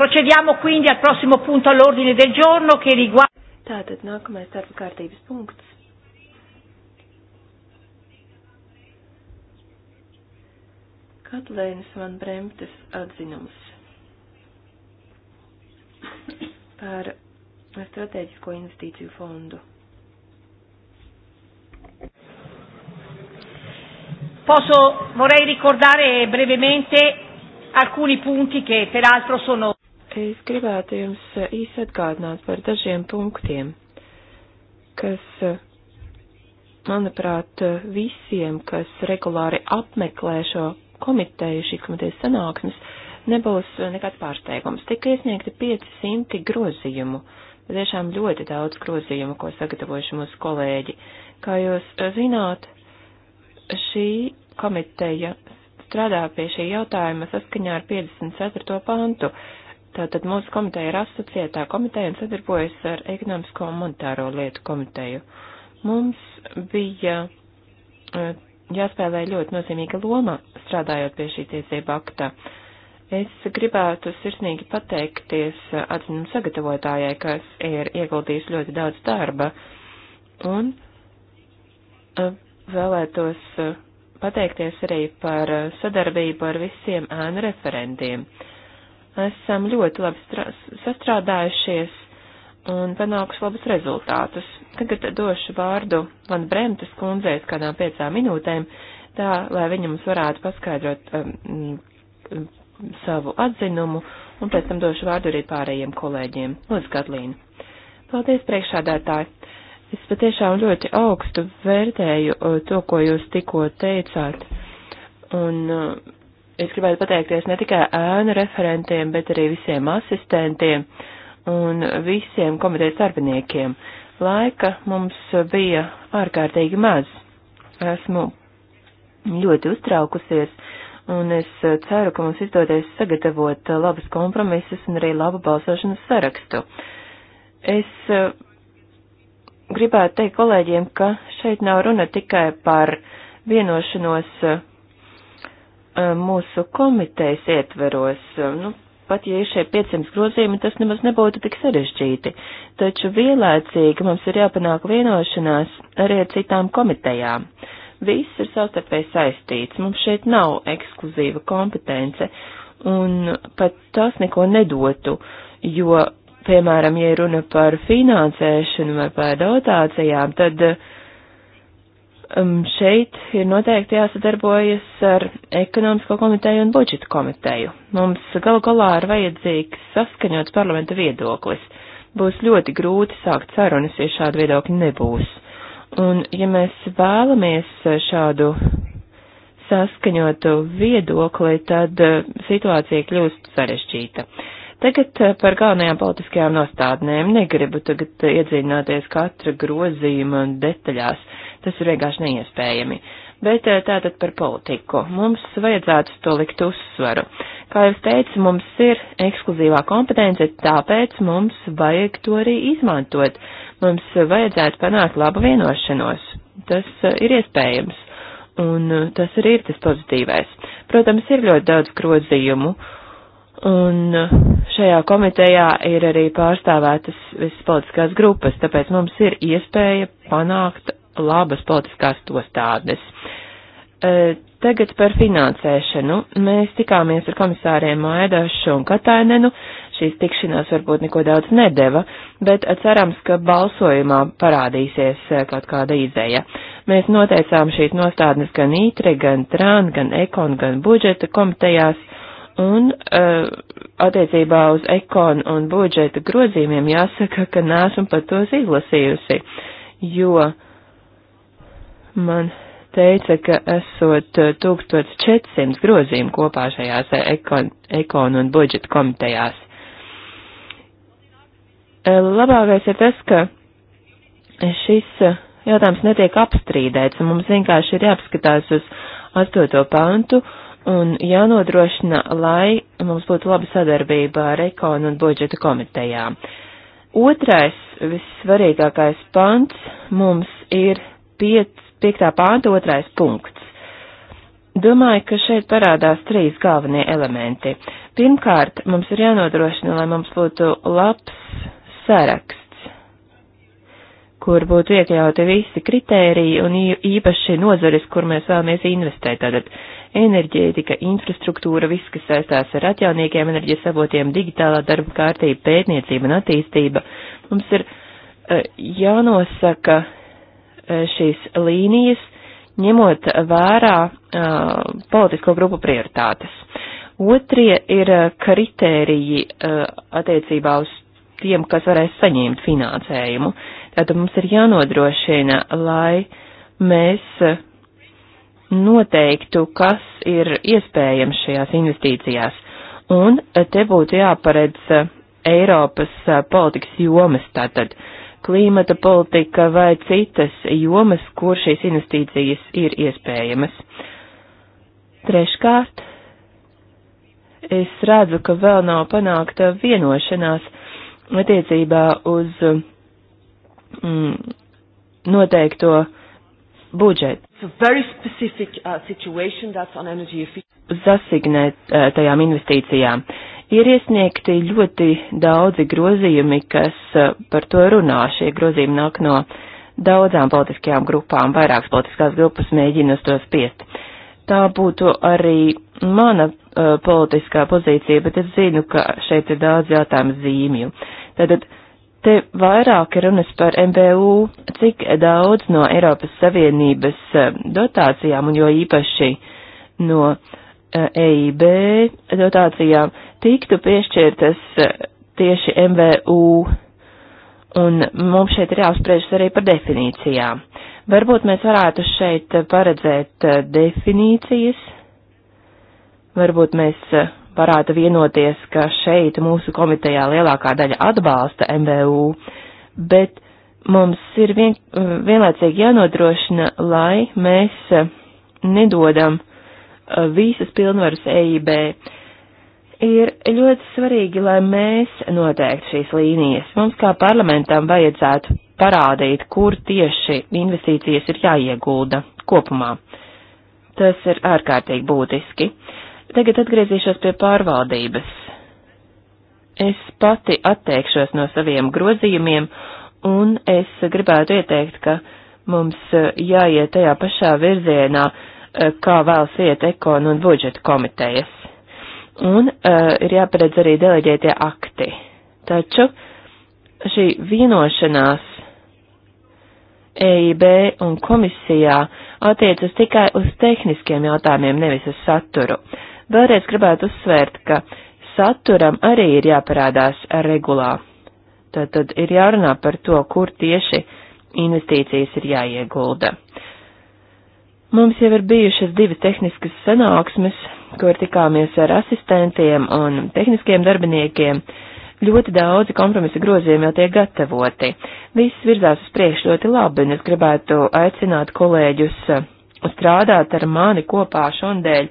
Procediamo quindi al prossimo punto all'ordine del giorno che riguarda. Tātad nākamais darba kārtības punkts. Katlēnas Van Bremtes atzinums par strateģisko investīciju fondu. Posso, vorrei ricordare brevemente alcuni punti che peraltro sono. Es gribētu jums eh, īsi atgādināt par dažiem punktiem, kas, eh, manuprāt, eh, visiem, kas regulāri apmeklē šo komiteju, šīs komitejas sanāksmes, nebūs nekāds pārsteigums. Tika iesniegti 500 grozījumu, tiešām ļoti daudz grozījumu, ko sagatavojuši mūsu kolēģi. Kā jūs zināt, šī komiteja strādā pie šī jautājuma saskaņā ar 54. pantu Tātad mūsu komiteja ir asociētā komiteja un sadarbojas ar ekonomisko un monetāro lietu komiteju. Mums bija e, jāspēlē ļoti nozīmīga loma strādājot pie šī tiesība akta. Es gribētu sirsnīgi pateikties atzinumu sagatavotājai, kas ir ieguldījis ļoti daudz darba, un e, vēlētos e, pateikties arī par sadarbību ar visiem ēnu referentiem. Uh, esam ļoti labi sastrādājušies un panākuši labus rezultātus. Tagad došu vārdu Van Bremtas kundzei uz kādām piecām minūtēm, tā lai viņa mums varētu paskaidrot um, um, savu atzinumu, un pēc tam došu vārdu arī pārējiem kolēģiem. Lūdzu, Katlīna. Paldies, priekšādātāji! Es patiešām ļoti augstu vērtēju uh, to, ko jūs tikko teicāt. Un uh, es gribētu pateikties ne tikai ēnu referentiem, bet arī visiem asistentiem un visiem komitejas darbiniekiem. Laika mums bija ārkārtīgi maz. Esmu ļoti uztraukusies, un es ceru, ka mums izdodies sagatavot labus kompromisus un arī labu balsošanas sarakstu. Es eh, gribētu teikt kolēģiem, ka šeit nav runa tikai par vienošanos eh, E, mūsu komitejas ietveros, e, nu, pat ja ir šie 500 grozījumi, tas nemaz nebūtu tik sarežģīti, taču vienlaicīgi mums ir jāpanāk vienošanās arī ar citām komitejām. Viss ir savstarpēji saistīts, mums šeit nav ekskluzīva kompetence, un pat tas neko nedotu, jo, piemēram, ja runa par finansēšanu vai par dotācijām, tad uh, um, šeit ir noteikti jāsadarbojas ar ekonomisko komiteju un budžetu komiteju. Mums galu galā ir vajadzīgs saskaņots parlamenta viedoklis. Būs ļoti grūti sākt sarunas, ja šāda viedokļa nebūs. Un ja mēs vēlamies šādu saskaņotu viedokli, tad uh, situācija kļūst sarežģīta. Tagad uh, par galvenajām politiskajām nostādnēm negribu tagad iedzīvināties katra grozījuma detaļās. Uh, Tas ir vienkārši neiespējami. Bet eh, tātad par politiku. Mums vajadzētu to likt uzsvaru. Kā jau teicu, mums ir ekskluzīvā kompetence, tāpēc mums vajag to arī izmantot. Mums vajadzētu panākt labu vienošanos. Tas eh, ir iespējams. Un eh, tas arī ir tas pozitīvais. Protams, ir ļoti daudz grozījumu. Un šajā komitejā ir arī pārstāvētas visas politiskās grupas, tāpēc mums ir iespēja panākt labas politiskās tostādnes. E, tagad par finansēšanu. Mēs tikāmies ar komisāriem Maidašu un Katainenu. Šīs tikšanās varbūt neko daudz nedeva, bet cerams, ka balsojumā parādīsies e, kaut kāda izēja. Mēs noteicām šīs nostādnes gan ITRE, gan TRAN, gan EKON, gan budžeta komitejās, un uh, attiecībā uz ekonu un budžeta grozījumiem jāsaka, ka nesmu pat tos izlasījusi, jo uh, man teica, ka esot 1400 eh, grozījumu kopā šajās eh, ekon, ekonu un budžeta komitejās. Eh, labākais ir tas, ka šis jautājums netiek apstrīdēts, un mums vienkārši ir jāapskatās uz 8. pantu un jānodrošina, lai mums būtu laba sadarbība ar ekonu un budžeta komitejām. Otrais, vissvarīgākais pants mums ir 5 5. pānta otrais punkts. Domāju, ka šeit parādās trīs galvenie elementi. Pirmkārt, mums ir jānodrošina, lai mums būtu labs saraksts, kur būtu iekļauti visi kritēriji un īpaši nozares, kur mēs vēlamies investēt. Tātad enerģētika, infrastruktūra, viss, kas saistās ar atjaunīgiem enerģijas avotiem, digitālā darba kārtība, pētniecība un attīstība. Mums ir eh, jānosaka Eh, šīs līnijas, ņemot vērā uh, politisko grupu prioritātes. Otrie ir eh, kritēriji uh, attiecībā uz tiem, kas varēs saņemt finansējumu. Tātad mums ir jānodrošina, lai mēs noteiktu, kas ir iespējams šajās investīcijās. Un te būtu jāparedz Eiropas politikas jomas, tātad uh, klīmata politika vai citas jomas, kur šīs investīcijas ir iespējamas. Treškārt, es redzu, ka vēl nav panākta vienošanās attiecībā uz mm, noteikto budžetu. Specific, uh, Zasignētajām uh, investīcijām. Ir iesniegti ļoti daudzi grozījumi, kas eh, par to runā. Šie grozījumi nāk no daudzām politiskajām grupām, vairākas politiskās grupas mēģina uz to spiest. Tā būtu arī mana uh, politiskā pozīcija, bet es zinu, ka šeit ir daudz jautājumu zīmju. Tātad te vairāk ir runas par MBU, cik daudz no Eiropas Savienības uh, dotācijām un jo īpaši no uh, EIB dotācijām uh, tiktu piešķirtas eh, tieši MVU, un mums šeit ir jāuzspriežas arī par definīcijām. Varbūt mēs varētu šeit paredzēt eh, definīcijas, varbūt mēs eh, varētu vienoties, ka šeit mūsu komitejā lielākā daļa atbalsta MVU, bet mums ir vien, vienlaicīgi jānodrošina, lai mēs nedodam visas pilnvaras EIB. Ir ļoti svarīgi, lai mēs noteiktu šīs līnijas. Mums kā parlamentam vajadzētu parādīt, kur tieši investīcijas ir jāiegulda kopumā. Tas ir ārkārtīgi būtiski. Tagad atgriezīšos pie pārvaldības. Es pati atteikšos no saviem grozījumiem, un es gribētu ieteikt, ka mums jāiet tajā pašā virzienā, kā vēlas iet ekonu un budžeta komitejas un uh, ir jāparedz arī deleģētie akti. Taču šī vienošanās EIB un komisijā attiecas tikai uz tehniskiem jautājumiem, nevis uz saturu. Vēlreiz gribētu uzsvērt, ka saturam arī ir jāparādās regulā. Tātad ir jārunā par to, kur tieši investīcijas ir jāiegulda. Mums jau ir bijušas divas tehniskas sanāksmes, kur tikāmies ar asistentiem un tehniskiem darbiniekiem. Ļoti daudzi kompromisa grozījumi jau tiek gatavoti. Viss virzās uz priekšu ļoti labi, un es gribētu aicināt kolēģus uh, strādāt ar mani kopā šodien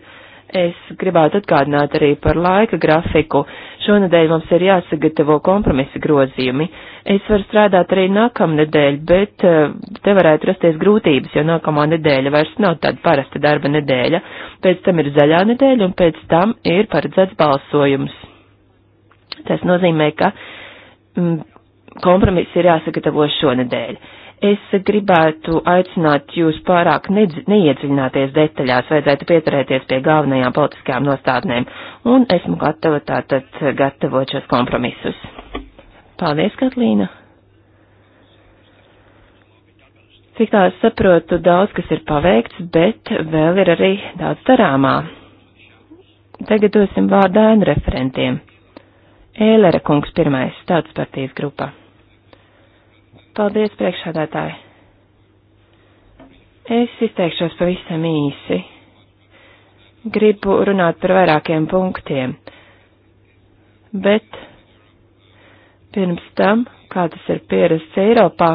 Es gribētu atgādināt arī par laika grafiku. Šonadēļ mums ir jāsagatavo kompromisa grozījumi. Es varu strādāt arī nākamnedēļ, bet eh, te varētu rasties grūtības, jo nākamā nedēļa vairs nav tāda parasta darba nedēļa. Pēc tam ir zaļā nedēļa un pēc tam ir paredzēts balsojums. Tas nozīmē, ka mm, kompromiss ir jāsagatavo šonadēļ. Es gribētu aicināt jūs pārāk neiedziļināties detaļās, vajadzētu pieturēties pie galvenajām politiskajām nostādnēm, un esmu gatava tātad gatavot šos kompromisus. Paldies, Katlīna! Cik tā es saprotu, daudz kas ir paveikts, bet vēl ir arī daudz darāmā. Tagad dosim vārdu ēnu referentiem. Ēlera kungs pirmais, tāds partijas grupā. Paldies, priekšādātāji. Es izteikšos pavisam īsi. Gribu runāt par vairākiem punktiem, bet pirms tam, kā tas ir pierasts Eiropā,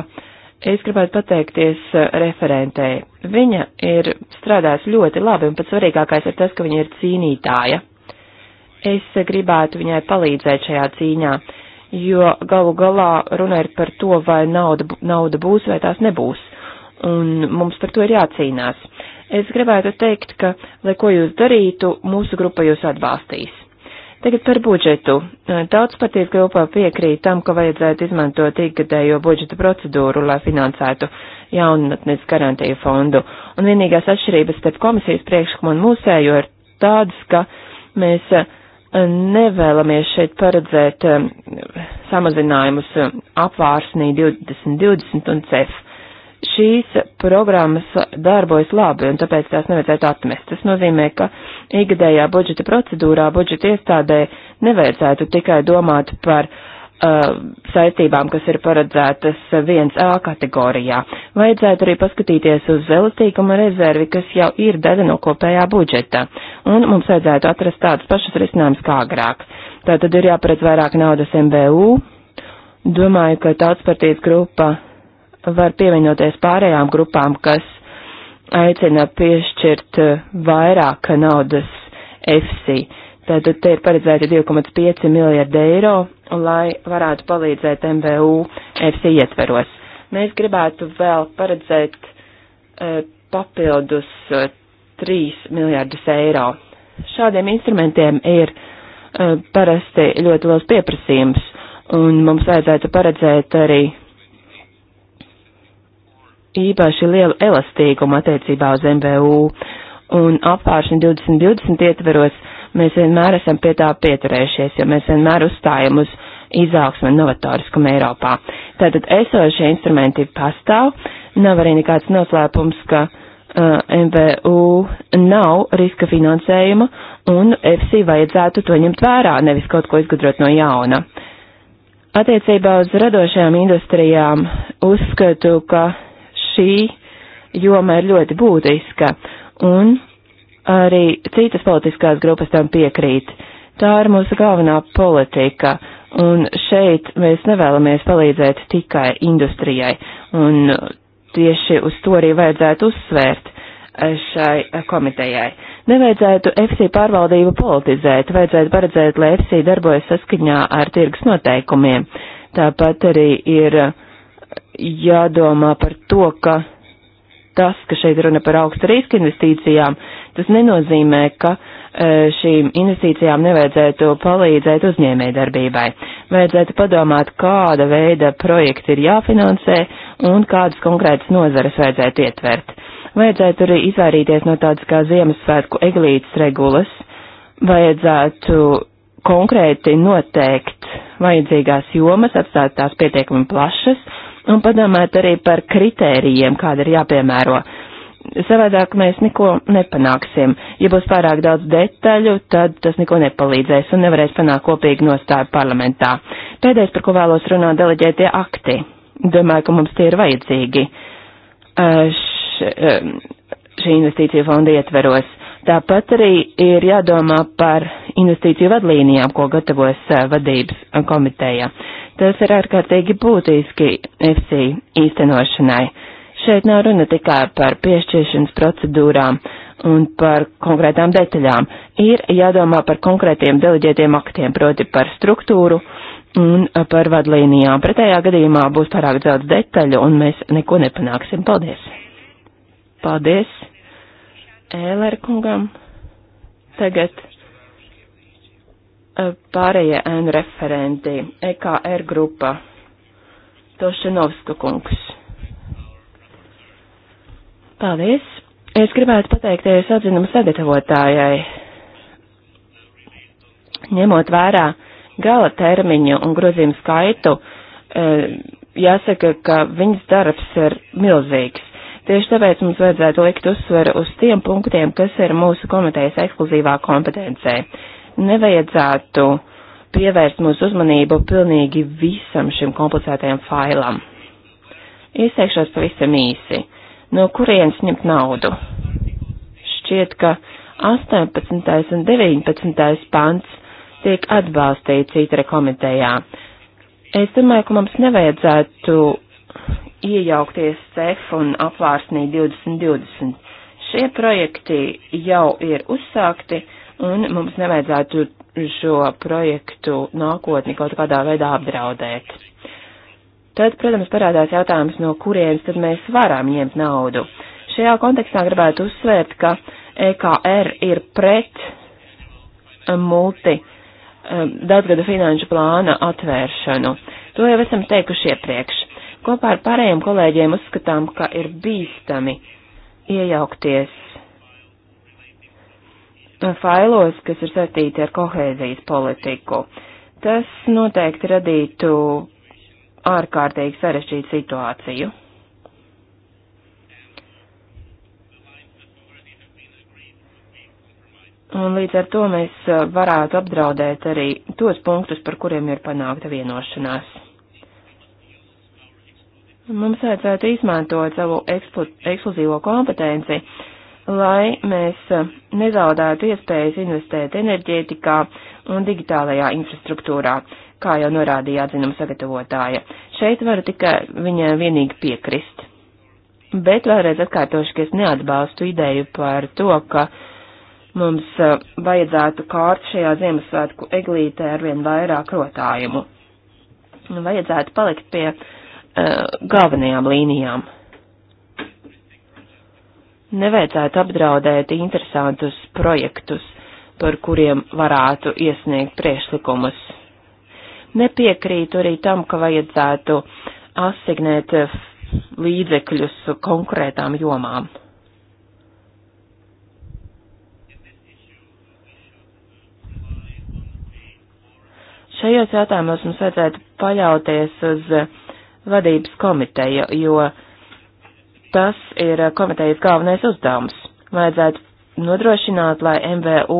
es gribētu pateikties eh, referentei. Viņa ir strādājusi ļoti labi, un pats svarīgākais ir tas, ka viņa ir cīnītāja. Es gribētu viņai palīdzēt šajā cīņā jo galu galā runa ir par to, vai nauda, nauda būs vai tās nebūs. Un mums par to ir jācīnās. Es gribētu teikt, ka, lai ko jūs darītu, mūsu grupa jūs atbalstīs. Tagad par budžetu. Tautspartijas grupā piekrīt tam, ka vajadzētu izmantot ikgadējo budžeta procedūru, lai finansētu jaunatnes garantiju fondu. Un vienīgās atšķirības starp komisijas priekšlikumu un mūsējo ir tādas, ka mēs nevēlamies šeit paredzēt samazinājumus eh, apvārsnī 2020 un CEF. Šīs programmas darbojas labi, un tāpēc tās nevajadzētu atmest. Tas nozīmē, ka ikgadējā budžeta procedūrā budžeta iestādē nevajadzētu tikai domāt par uh, saistībām, kas ir paredzētas 1A kategorijā. Vajadzētu arī paskatīties uz elastīguma rezervi, kas jau ir daļa no kopējā budžeta, un mums vajadzētu atrast tādus pašus risinājumus kā agrāk. Uh, Tā tad ir jāparedz vairāk naudas MBU. Domāju, ka tautspartijas grupa var pievienoties pārējām grupām, kas aicina piešķirt eh, vairāk naudas EFSI. Tātad te ir paredzēti 2,5 miljardi eiro, lai varētu palīdzēt MVU EFSI ietveros. Mēs gribētu vēl paredzēt uh, papildus uh, eh, 3 miljardus eiro. Šādiem instrumentiem ir uh, Eh, parasti ļoti liels pieprasījums, un mums vajadzētu paredzēt arī īpaši lielu elastīgumu attiecībā uz MVU, un apvāršana 2020 ietveros mēs vienmēr esam pie tā pieturējušies, jo mēs vienmēr uzstājam uz izaugsmu un novatoriskumu Eiropā. Tātad esošie instrumenti pastāv, nav arī nekāds noslēpums, ka uh, Eh, MVU nav riska finansējuma, un EFSI vajadzētu to ņemt vērā, nevis kaut ko izgudrot no jauna. Attiecībā uz radošajām industrijām uzskatu, ka šī joma ir ļoti būtiska, un arī citas politiskās grupas tam piekrīt. Tā ir mūsu galvenā politika, un šeit mēs nevēlamies palīdzēt tikai industrijai, un tieši uz to arī vajadzētu uzsvērt eh, šai eh, komitejai. Nevajadzētu FC pārvaldību politizēt, vajadzētu paredzēt, lai FC darbojas saskaņā ar tirgus noteikumiem. Tāpat arī ir eh, jādomā par to, ka tas, ka šeit runa par augstu risku investīcijām, tas nenozīmē, ka šīm investīcijām nevajadzētu palīdzēt uzņēmējdarbībai. Vajadzētu padomāt, kāda veida projekti ir jāfinansē, un kādas konkrētas nozares vajadzētu ietvert. Vajadzētu arī izvairīties no tādas kā Ziemassvētku eglītes regulas, vajadzētu konkrēti noteikt vajadzīgās jomas, atstāt tās pietiekami plašas un padomāt arī par kritērijiem, kāda ir jāpiemēro. Savādāk mēs neko nepanāksim. Ja būs pārāk daudz detaļu, tad tas neko nepalīdzēs un nevarēs panākt kopīgu nostāju parlamentā. Pēdējais, par ko vēlos runāt, deleģētie akti domāju, ka mums tie ir vajadzīgi eh, š, eh, šī investīcija fonda ietveros. Tāpat arī ir jādomā par investīciju vadlīnijām, ko gatavos eh, vadības komiteja. Tas ir ārkārtīgi būtiski FC īstenošanai. Šeit nav runa tikai par piešķiršanas procedūrām un par konkrētām detaļām. Ir jādomā par konkrētiem deleģētiem aktiem, proti par struktūru, uh, un par vadlīnijām. Pretējā gadījumā būs pārāk daudz detaļu, un mēs neko nepanāksim. Paldies! Paldies Ēlera kungam. Tagad eh, pārējie ēnu referenti. EKR grupa. Tošanovska kungs. Paldies! Es gribētu pateikties atzinumu sagatavotājai. Ņemot vērā, gala termiņu un grozījumu skaitu, e, jāsaka, ka viņas darbs ir milzīgs. Tieši tāpēc mums vajadzētu likt uzsveru uz tiem punktiem, kas ir mūsu komitejas ekskluzīvā kompetencē. Nevajadzētu pievērst mūsu uzmanību pilnīgi visam šim komplicētajam failam. Izteikšos pavisam īsi. No kurienes ņemt naudu? Šķiet, ka 18. un 19. pants tiek atbalstīts ITRE komitejā. Es domāju, ka mums nevajadzētu iejaukties CEF un apvārsnī 2020. Šie projekti jau ir uzsākti, un mums nevajadzētu šo projektu nākotni kaut kādā veidā apdraudēt. Tad, protams, parādās jautājums, no kurienes tad mēs varam ņemt naudu. Šajā kontekstā gribētu uzsvērt, ka EKR ir pret multi Um, daudzgada finanšu plāna atvēršanu. To jau esam teikuši iepriekš. Kopā ar pārējiem kolēģiem uzskatām, ka ir bīstami iejaukties failos, kas ir saistīti ar kohēzijas politiku. Tas noteikti radītu ārkārtīgi sarežģītu situāciju. Un līdz ar to mēs eh, varētu apdraudēt arī tos punktus, par kuriem ir panākta vienošanās. Mums vajadzētu izmantot savu ekspl ekskluzīvo kompetenci, lai mēs eh, nezaudētu iespējas investēt enerģētikā un digitālajā infrastruktūrā, kā jau norādīja atzinuma sagatavotāja. Šeit varu tikai viņa vienīgi piekrist. Bet vēlreiz atkārtošu, ka es neatbalstu ideju par to, ka uh, Mums uh, vajadzētu kārt šajā Ziemassvētku eglītē arvien vairāk rotājumu. Vajadzētu palikt pie uh, galvenajām līnijām. Nevajadzētu apdraudēt interesantus projektus, par kuriem varētu iesniegt priešlikumus. Nepiekrītu arī tam, ka vajadzētu asignēt uh, līdzekļus konkrētām jomām. Šajos jautājumos mums vajadzētu paļauties uz vadības komiteju, jo tas ir komitejas galvenais uzdevums. Vajadzētu nodrošināt, lai MVU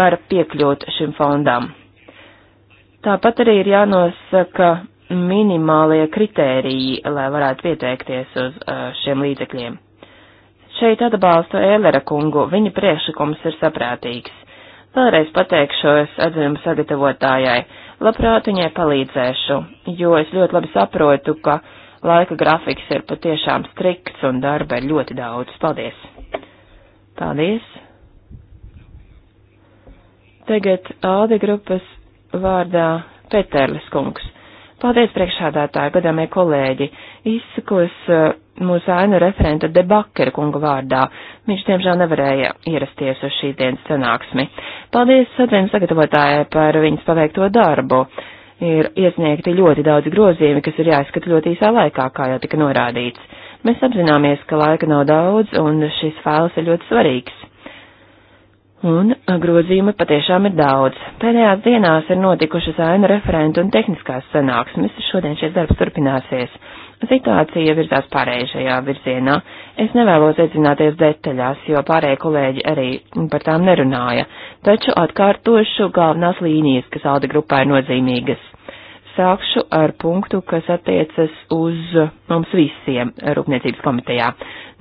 var piekļūt šim fondam. Tāpat arī ir jānosaka minimālie kritēriji, lai varētu pieteikties uz šiem līdzekļiem. Šeit atbalstu Ēlera kungu, viņa priekšlikums ir saprātīgs. Vēlreiz pateikšos atzinuma sagatavotājai. Labprāt viņai palīdzēšu, jo es ļoti labi saprotu, ka laika grafiks ir patiešām strikts un darba ir ļoti daudz. Paldies! Paldies! Tagad Alde grupas vārdā Peterlis kungs. Paldies priekšādātāji, gadāmie kolēģi. Izsakos eh, mūsu ainu referenta debakera kunga vārdā. Viņš, diemžēl, nevarēja ierasties uz šī dienas sanāksmi. Paldies sadarbības sagatavotājai par viņas paveikto darbu. Ir iesniegti ļoti daudz grozījumi, kas ir jāizskata ļoti īsā laikā, kā jau tika norādīts. Mēs apzināmies, ka laika nav daudz un šis fails ir ļoti svarīgs. Un uh, grozījumi patiešām ir daudz. Pēdējās dienās ir notikušas ainu referentu un tehniskās sanāksmes, šodien šis darbs turpināsies. Situācija virzās pārējais virzienā. Es nevēlos iedzināties detaļās, jo pārējie kolēģi arī par tām nerunāja, taču atkārtošu galvenās līnijas, kas Alde grupā ir nozīmīgas. Sākšu ar punktu, kas attiecas uz mums visiem Rūpniecības komitejā.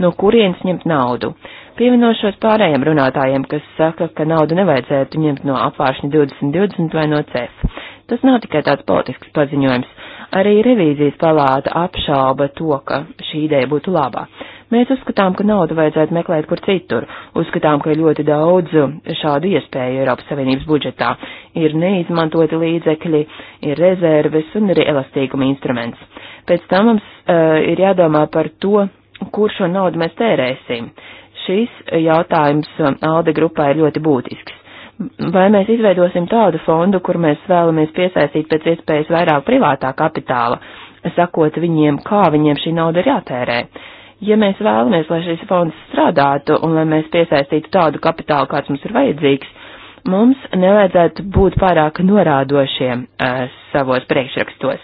No kurienes ņemt naudu? Pieminošos pārējiem runātājiem, kas saka, ka naudu nevajadzētu ņemt no apvāršņa 2020 vai no CEF. Tas nav tikai tāds politisks paziņojums. Arī revīzijas palāta apšauba to, ka šī ideja būtu labā. Mēs uzskatām, ka naudu vajadzētu meklēt kur citur. Uzskatām, ka ir ļoti daudz šādu iespēju Eiropas Savienības budžetā. Ir neizmantoti līdzekļi, ir rezerves un ir elastīguma instruments. Pēc tam mums uh, ir jādomā par to, kur šo naudu mēs tērēsim. Šis jautājums eh, ALDE grupā ir ļoti būtisks. Vai mēs izveidosim tādu fondu, kur mēs vēlamies piesaistīt pēc iespējas vairāk privātā kapitāla, sakot viņiem, kā viņiem šī nauda ir jātērē? Uh, Ja mēs vēlamies, lai šis fonds strādātu un lai mēs piesaistītu tādu kapitālu, kāds mums ir vajadzīgs, mums nevajadzētu būt pārāk norādošiem uh, eh, savos priekšrakstos.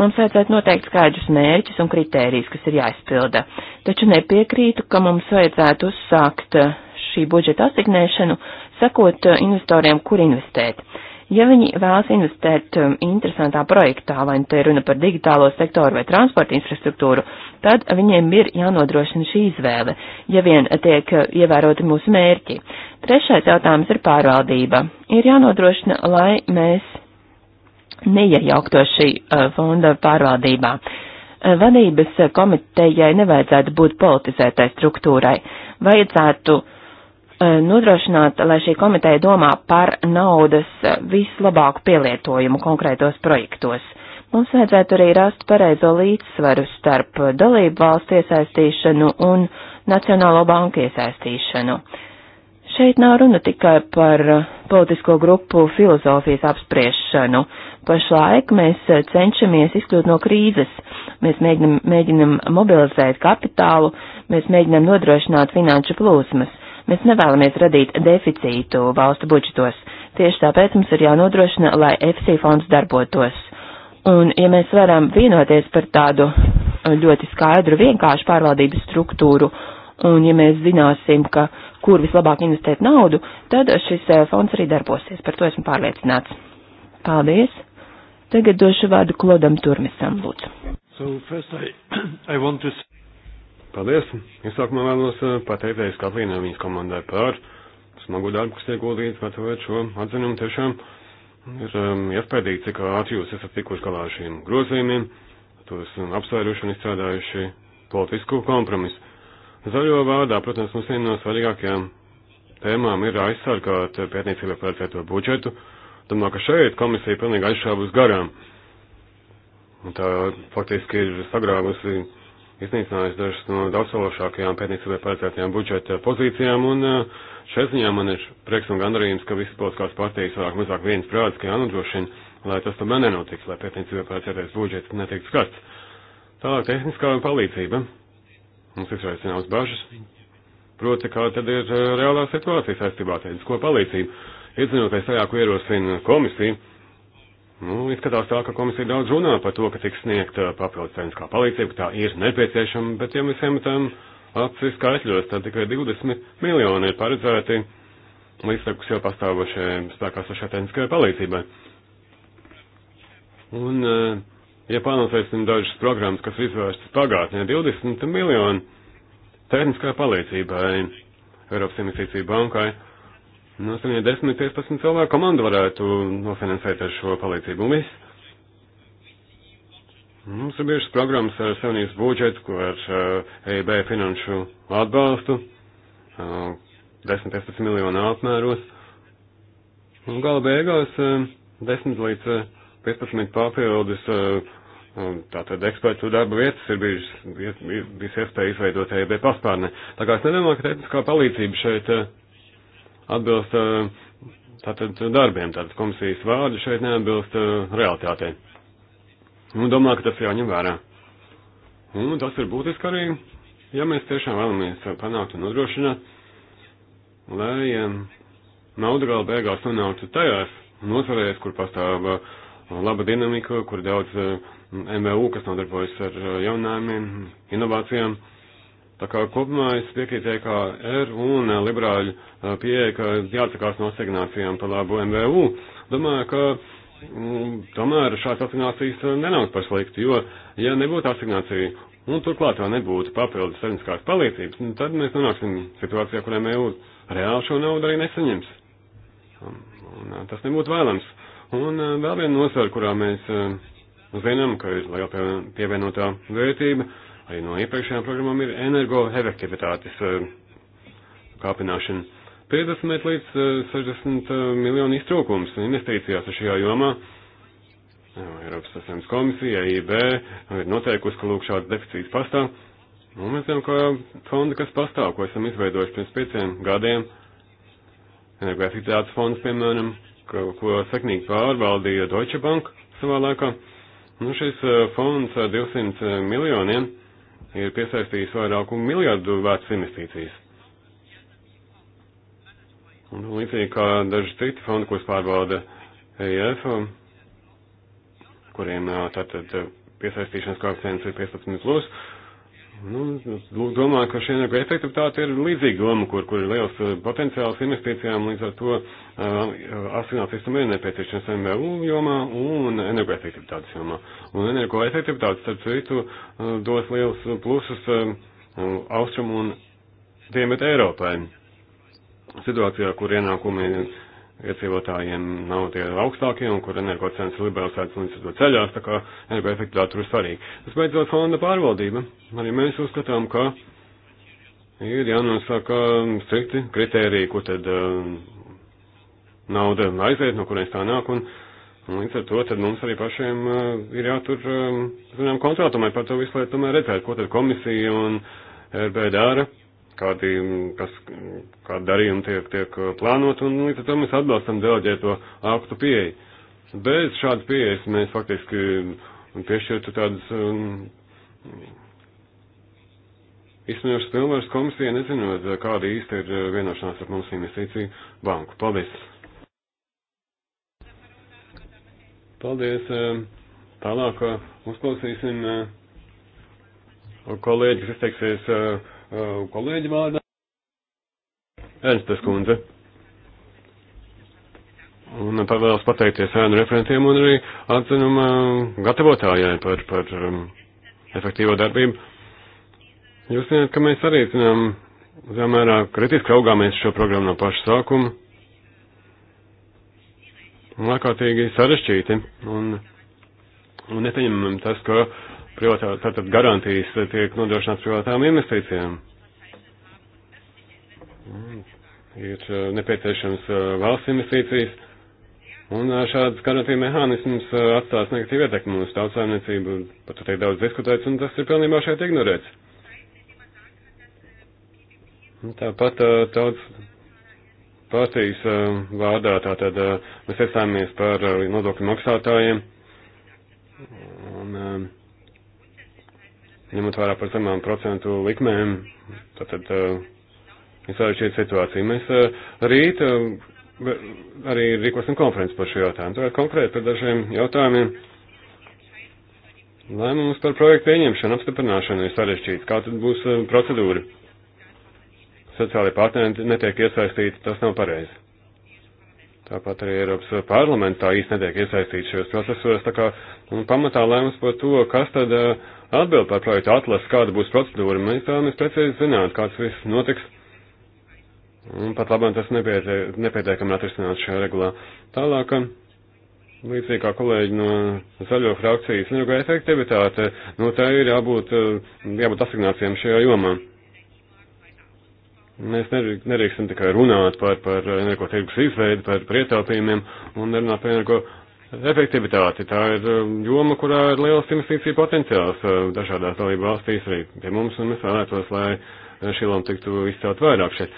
Mums vajadzētu noteikt skaidrus mērķus un kritērijus, kas ir jāizpilda. Taču nepiekrītu, ka mums vajadzētu uzsākt eh, šī budžeta asignēšanu, sakot eh, investoriem, kur investēt. Ja viņi vēlas investēt um, interesantā projektā, vai nu te runa par digitālo sektoru vai transporta infrastruktūru, tad viņiem ir jānodrošina šī izvēle, ja vien tiek uh, ievēroti mūsu mērķi. Trešais jautājums ir pārvaldība. Ir jānodrošina, lai mēs neiejauktos šī uh, fonda pārvaldībā. Uh, vadības komitejai nevajadzētu būt politizētai struktūrai. Vajadzētu uh, Eh, nodrošināt, lai šī komiteja domā par naudas eh, vislabāku pielietojumu konkrētos projektos. Mums vajadzētu arī rast pareizo līdzsvaru starp dalību valstu iesaistīšanu un Nacionālo banku iesaistīšanu. Šeit nav runa tikai par politisko grupu filozofijas apspriešanu. Pašlaik mēs cenšamies izkļūt no krīzes. Mēs mēģinam, mēģinam mobilizēt kapitālu, mēs mēģinam nodrošināt finanšu plūsmas Mēs nevēlamies radīt deficītu valstu budžetos. Tieši tāpēc mums ir jānodrošina, lai FC fonds darbotos. Un, ja mēs varam vienoties par tādu ļoti skaidru, vienkāršu pārvaldības struktūru, un ja mēs zināsim, ka kur vislabāk investēt naudu, tad šis eh, fonds arī darbosies. Par to esmu pārliecināts. Paldies! Tagad došu vārdu Klodam Turmisam, lūdzu. So first I, <clears throat> I want to... Paldies! Es sākumā vēlos eh, pateikties Katrīnai viņas komandai par smagu darbu, kas ieguldīts, gatavot šo atzinumu. Tiešām ir um, iespējīgi, cik ātri jūs esat tikuši galā ar šiem grozījumiem, tos um, apsvēruši un izstrādājuši politisku kompromisu. Zaļo vārdā, protams, mums viena no svarīgākajām tēmām ir aizsargāt pētniecībai paredzēto budžetu. Domāju, ka šeit komisija pilnīgi aizšāvus garām. Un tā faktiski ir sagrāvusi iznīcinājis dažas no daudzsološākajām pētniecībai paredzētajām budžeta pozīcijām, un eh, šai ziņā man ir prieks un gandarījums, ka visas politiskās partijas vairāk mazāk viens prāts, ka jānodrošina, lai tas tomēr nenotiks, lai pētniecībai paredzētais budžets netiek skarts. Tālāk tehniskā palīdzība. Mums izraisināts bažas. Proti, kā tad ir eh, reālā situācija saistībā ar tehnisko palīdzību. Iedzinoties tajā, ko ierosina komisija, Nu, izskatās tā, ka komisija daudz runā par to, ka tiks sniegta papildus tehniskā palīdzība, ka tā ir nepieciešama, bet tiem visiem tam acis skaitļos, tad tikai 20 miljoni ir paredzēti līdztekus jau pastāvošajai spēkā sošā tehniskajai palīdzībai. Un, eh, ja panotēsim dažas programmas, kas izvērstas pagātnē, 20 miljoni tehniskajai palīdzībai Eiropas investīciju bankai, No 7, 10, 15 cilvēku komanda varētu nofinansēt ar šo palīdzību. Un viss. Mums ir bijušas programmas ar savienības budžetu, ko ar uh, eh, EIB finanšu atbalstu, uh, eh, 10-15 miljonu apmēros. Un gala beigās uh, eh, 10 līdz 15 papildus tātad ekspertu darba vietas ir bijušas, bijis iespēja izveidot EIB paspārne. Tā kā es nedomāju, ka tehniskā palīdzība šeit atbilst eh, tātad darbiem, tātad komisijas vārdi šeit neatbilst eh, realitātei. Un domāju, ka tas jāņem vērā. Un tas ir būtiski arī, ja mēs tiešām vēlamies panākt un nodrošināt, lai eh, nauda gala beigās nonāktu tajās nozarēs, kur pastāv laba dinamika, kur daudz MVU, kas nodarbojas ar jaunājumiem, inovācijām, Tā kā kopumā es piekrītu EKR un e, liberāļu e, pieeja, ka jāatsakās no asignācijām par labu MVU. Domāju, ka mm, tomēr šāds asignācijas e, nenāk par sliktu, jo, ja nebūtu asignācija, un turklāt vēl nebūtu papildus savinskās palīdzības, nu, tad mēs nonāksim situācijā, kur MVU reāli šo naudu arī nesaņems. Un, un, tas nebūtu vēlams. Un vēl viena nozara, kurā mēs zinām, ka ir liela pievienotā vērtība arī no iepriekšējām programmām ir energoefektivitātes eh, kāpināšana. 50 līdz 60 eh, eh, miljonu iztrūkums investīcijās šajā jomā. Eiropas Savienības komisija, EIB, ir noteikusi, ka lūk šāds deficīts pastāv. Un mēs zinām, ka fonda, kas pastāv, ko esam izveidojuši pirms pieciem gadiem, energoefektivitātes fonds, piemēram, ko, ko sekmīgi pārvaldīja Deutsche Bank savā laikā, nu šis fonds ar 200 miljoniem ir piesaistījis vairāku miljardu vērts investīcijas. Un līdzīgi kā daži citi fondi, ko pārbauda EIF, kuriem uh, tātad uh, piesaistīšanas koeficients ir 15 plus, Nu, es domāju, ka šī energoefektivitāte ir līdzīga loma, kur, kur ir liels eh, potenciāls investīcijām, līdz ar to uh, eh, asināt sistēma ir nepieciešams MVU jomā un energoefektivitātes jomā. Un energoefektivitāte, starp citu, uh, dos liels plusus uh, austrumu un dienvidu Eiropai. Situācijā, kur ienākumi iedzīvotājiem nav tie augstākie un kur energocenas ir liberalizētas un līdz ar to ceļās, tā kā energoefektivitāte tur ir svarīga. Visbeidzot, fonda pārvaldība. Arī mēs uzskatām, ka ir jānosaka strikti kritēriji, kur tad um, nauda aiziet, no kurienes tā nāk, un, un līdz ar to tad mums arī pašiem uh, ir jātur, um, zinām, kontrolē tomēr par to visu, lai tomēr redzētu, ko tad komisija un RB dara. Uh, kādi, kas, kādi darījumi tiek, tiek uh, plānot, un līdz ar to mēs atbalstam deleģēto aktu pieeju. Bez šādas pieejas mēs faktiski um, piešķirtu tādas um, izsmeļošas pilnvaras komisija, nezinot, uh, kāda īsti ir uh, vienošanās ar mums investīciju banku. Paldies! Paldies! Um, tālāk uzklausīsim kolēģis, kas teiksies. Uh, Eh, kolēģi vārdā. Ernstas kundze. Un vēlos pateikties ēnu referentiem un arī atzinuma gatavotājai par, par um, efektīvo darbību. Jūs zināt, ka mēs arī zinām, zamērā kritiski raugāmies šo programmu no paša sākuma. Un ārkārtīgi sarežģīti un, un nepieņemam tas, ka uh, privatā, tātad garantijas tiek nodrošināts privātām investīcijām. Ir uh, nepieciešams uh, valsts investīcijas, un uh, šāds garantija mehānisms atstās negatīvu ietekmi uz tautsājumniecību, par to tiek daudz diskutēts, un tas ir pilnībā šeit ignorēts. Tāpat tauts partijas vārdā tātad mēs iestājāmies par nodokļu maksātājiem ņemot vērā par zemām procentu likmēm, tātad eh, ir sarežģīta situācija. Mēs eh, rīt eh, arī rīkosim konferenci par šo jautājumu. Tātad konkrēti par dažiem jautājumiem. Lēmums par projektu pieņemšanu, apstiprināšanu ir sarežģīts. Kā tad būs procedūra? Sociālai partneri netiek iesaistīti, tas nav pareizi. Tāpat arī Eiropas parlamentā īsti netiek iesaistīts šajos procesos, tā kā un pamatā lēmums par to, kas tad uh, atbild par projektu atlasu, kāda būs procedūra. Mēs vēlamies precīzi zināt, kāds viss notiks. Un pat labāk tas nepietiekami atrisināt šajā regulā. Tālāk, līdzīgi kā kolēģi no zaļo frakcijas, energo nu, efektivitāte, no nu, tā ir jābūt, jābūt asignācijām šajā jomā. Mēs nerīksim tikai runāt par, par energo tirgus izveidu, par, par ietaupījumiem un nerunāt par energo efektivitāti. Tā ir um, joma, kurā ir liels investīcija potenciāls uh, dažādās dalību valstīs arī pie mums, un mēs vēlētos, lai uh, šī loma tiktu izcelt vairāk šeit.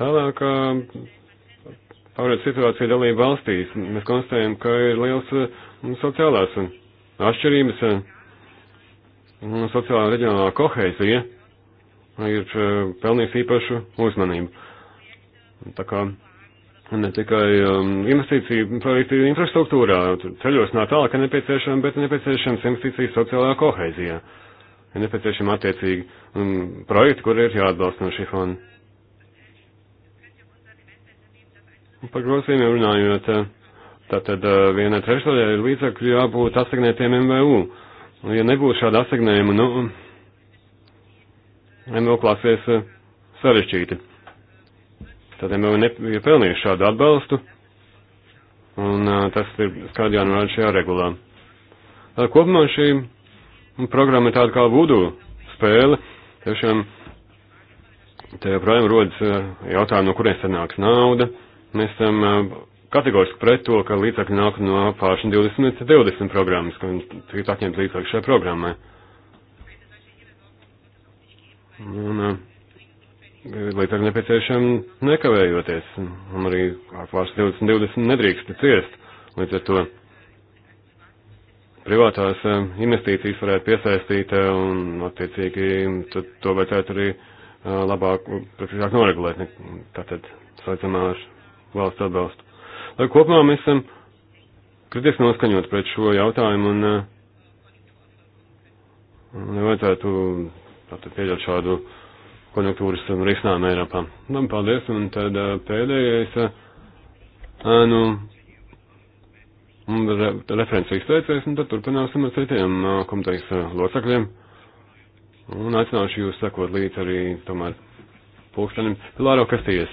Tālāk, uh, pārēt situāciju dalību valstīs, mēs konstatējam, ka ir liels sociālās atšķirības un sociālā reģionālā kohēzija ir pelnījusi īpašu uzmanību. Tā kā ne tikai um, investīciju projektu infrastruktūrā, ceļos nāk tālāk, ka nepieciešama, bet nepieciešams investīcijas sociālā kohēzijā. Ir nepieciešama attiecīgi um, projekti, kur ir jāatbalsta no šī fonda. Par grozījumiem runājot, tātad uh, vienai trešdaļai ir līdzekļu jābūt asignētiem MVU. Ja nebūs šāda asignējuma, nu, MVU klāsies uh, sarežģīti. Tādēļ jau ir pelnījuši šādu atbalstu, un uh, tas ir skaidri jānorāda šajā regulā. Tātad kopumā šī programma ir tāda kā vudu spēle. Tiešām te joprojām rodas jautājumi, no kurienes tad nāks nauda. Mēs esam kategoriski pret to, ka līdzekļi nāk no pāršana 2020 programmas, ka tiek atņemt līdzekļi šai programmai. Un, uh, līdz ar nepieciešama nekavējoties, un arī akvārs 2020 nedrīkst ciest. Līdz ar to privātās eh, investīcijas varētu piesaistīt, eh, un attiecīgi to vajadzētu arī eh, labāk, precīzāk noregulēt, tātad saicamā ar valsts atbalstu. Lai kopumā mēs esam kritiski noskaņot pret šo jautājumu, un nevajadzētu tātad pieļaut šādu uh, konjunktūras un risinājumu Eiropā. Labi, nu, paldies, un tad pēdējais, nu, re, referents izteicēs, un tad turpināsim ar citiem komitejas locekļiem. Un aicināšu jūs sekot līdz arī tomēr pulkstenim. Pilāro Kastījies.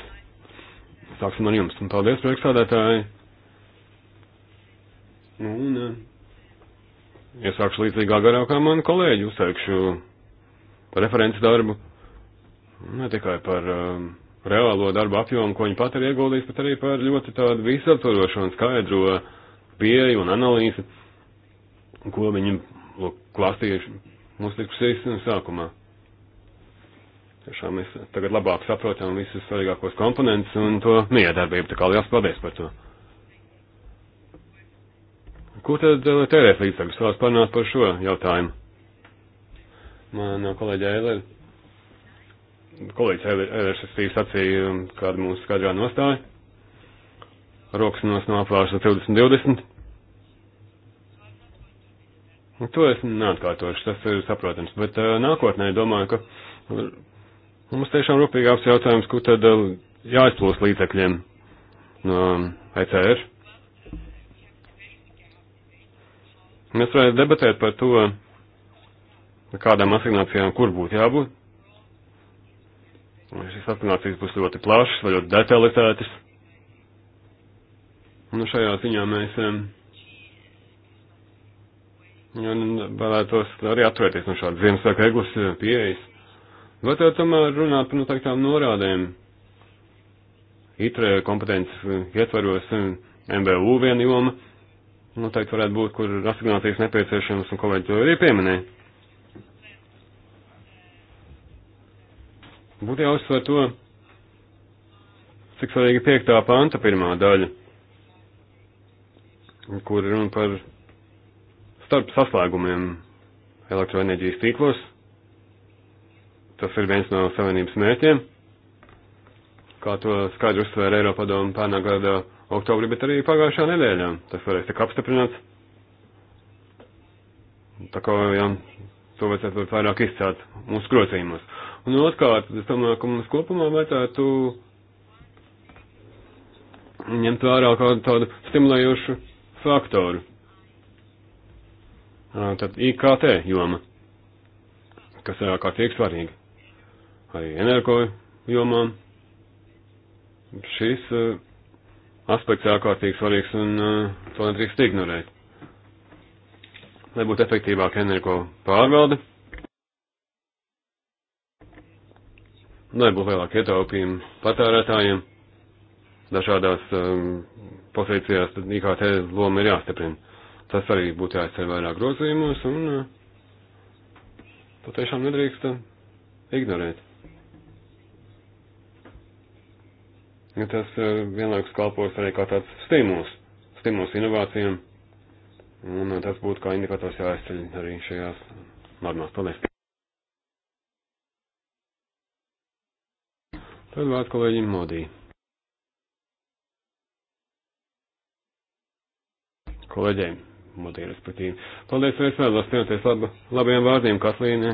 Sāksim ar jums. Un paldies, priekšsādētāji. Nu, un iesākšu līdzīgā garā kā mani kolēģi. Uzsākšu referents darbu ne tikai par um, reālo darbu apjomu, ko viņi pat ir ieguldījuši, bet arī par ļoti tādu visaptvarošu un skaidro pieeju un analīzi, ko viņi klāstījuši mums diskusijas sākumā. Tiešām mēs tagad labāk saprotam visus svarīgākos komponentus un to miedarbību, tā kā liels paldies par to. Ko tad uh, tērēs līdzekļus vēlas parunāt par šo jautājumu? Man kolēģi Eilera kolēģis LSFC sacīja, um, kāda mūsu skaidrā nostāja. Rokas nos no aplāšas 2020. To es neatkārtošu, tas ir saprotams, bet uh, nākotnē domāju, ka nu, mums tiešām rūpīgāks jautājums, kur tad uh, jāizplūst līdzekļiem no um, ECR. Mēs varētu debatēt par to, kādām asignācijām kur būtu jābūt. Šīs apmācības būs ļoti plašas, vai ļoti detalizētas. Nu, šajā ziņā mēs nu, nu, vēlētos arī atturēties no šādas Ziemassvētku eglis eh, pieejas. Vajadzētu tomēr runāt par noteiktām nu, norādēm. ITRE kompetences eh, ietvaros eh, MBU viena joma, noteikti varētu būt, kur asignācijas nepieciešams, un kolēģi to arī pieminēja. Būtu jāuzsver to, cik svarīga piektā panta pirmā daļa, kur runa par starp saslēgumiem elektroenerģijas tīklos. Tas ir viens no savienības mērķiem, kā to skaidri uzsvēra Eiropadomu pērnā gada oktobrī, bet arī pagājušā nedēļā. Tas varēs tik apstiprināts. Tā kā jau to vajadzētu vairāk izcelt mūsu grozījumos. Un nu, otrkārt, es domāju, ka mums kopumā vajadzētu ņemt vērā kādu tādu stimulējošu faktoru. Tad IKT joma, kas ir ārkārtīgi svarīga. Arī energo jomā šis uh, aspekts ir ārkārtīgi svarīgs un uh, to nedrīkst ignorēt. Lai būtu efektīvāka energo pārvalde lai būtu lielāka ietaupījuma patērētājiem. Dažādās um, pozīcijās tad IKT loma ir jāstiprina. Tas arī būtu jāizceļ vairāk grozījumos un uh, to tiešām nedrīkst uh, ignorēt. Ja tas uh, vienlaikus kalpos arī kā tāds stimuls, stimuls inovācijām, un uh, tas būtu kā indikators jāizceļ arī šajās normās. Paldies! Tad vārds kolēģim Modī. Kolēģiem Modī, respektīvi. Paldies, es vēlos pievienoties lab, labiem vārdiem Kaslīnē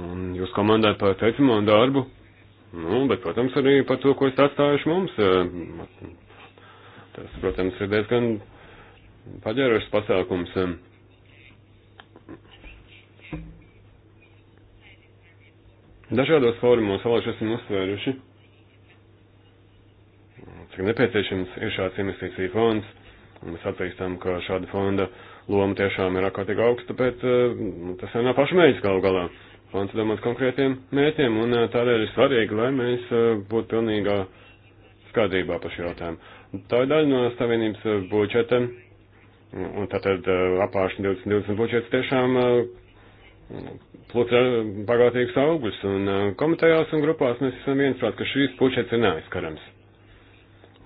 un jūs komandai par teicamo darbu. Nu, bet, protams, arī par to, ko es atstājuši mums. Tas, protams, ir diezgan paģērošs pasākums. Um, Dažādos fórumos alaži esam uzsvēruši, cik nepieciešams ir šāds investīcija fonds. Mēs atzīstam, ka šāda fonda loma tiešām ir ārkārtīgi augsta, bet nu, tas jau nav pašmērķis galu galā. Fonds ir domāts konkrētiem mērķiem, un eh, tādēļ ir svarīgi, lai mēs eh, būtu pilnīgā skaidrībā par šo jautājumu. Tā ir daļa no savienības budžeta, un tātad apāršana 2020 budžets tiešām plūkt bagātīgus augus, un uh, komitejās un grupās mēs esam viensprāt, ka šīs pučets ir neaizskarams.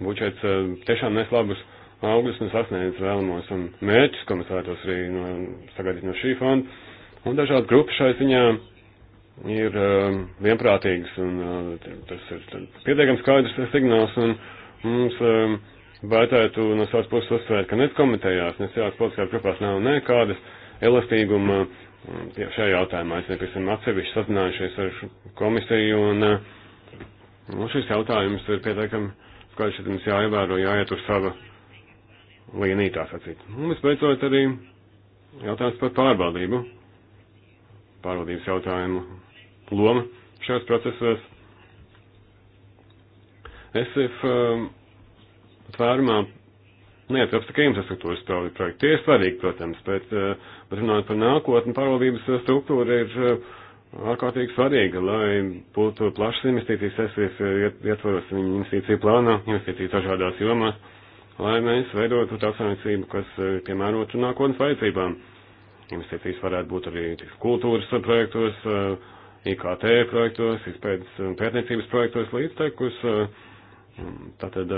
Bučets uh, tiešām nes labus augus un sasniedz vēlamos un mērķus, ko mēs vēlētos arī no, sagaidīt no šī fonda, un dažādi grupi šai ziņā ir uh, vienprātīgas, un tas ir pietiekams skaidrs signāls, un mums um, vērtētu no savas puses uzsvērt, ka ne komitejās, ne savās politiskās grupās nav nekādas elastīguma. Mm Šajā jautājumā es esmu atsevišķi sazinājušies ar komisiju, un eh, nu, šis jautājums ir pietiekami skaidrs, ka mums jāievēro, jāietur sava līnija, tā sacīt. Un visbeidzot arī jautājums par pārbaudību, pārvaldības jautājumu loma šajos procesos. Es if, eh, um, tvērumā neatrapsta, ka infrastruktūras projekti tie ir svarīgi, protams, bet, eh, bet runājot par nākotni, pārvaldības eh, struktūra ir eh, ārkārtīgi svarīga, lai būtu plašas investīcijas sesijas ietvaros investīciju plānā, investīciju dažādās jomās, lai mēs veidotu tautsāniecību, kas piemērotu nākotnes vajadzībām. Investīcijas varētu būt arī tiks, kultūras projektos, IKT projektos, izpētes un pētniecības projektos līdztekus. Tātad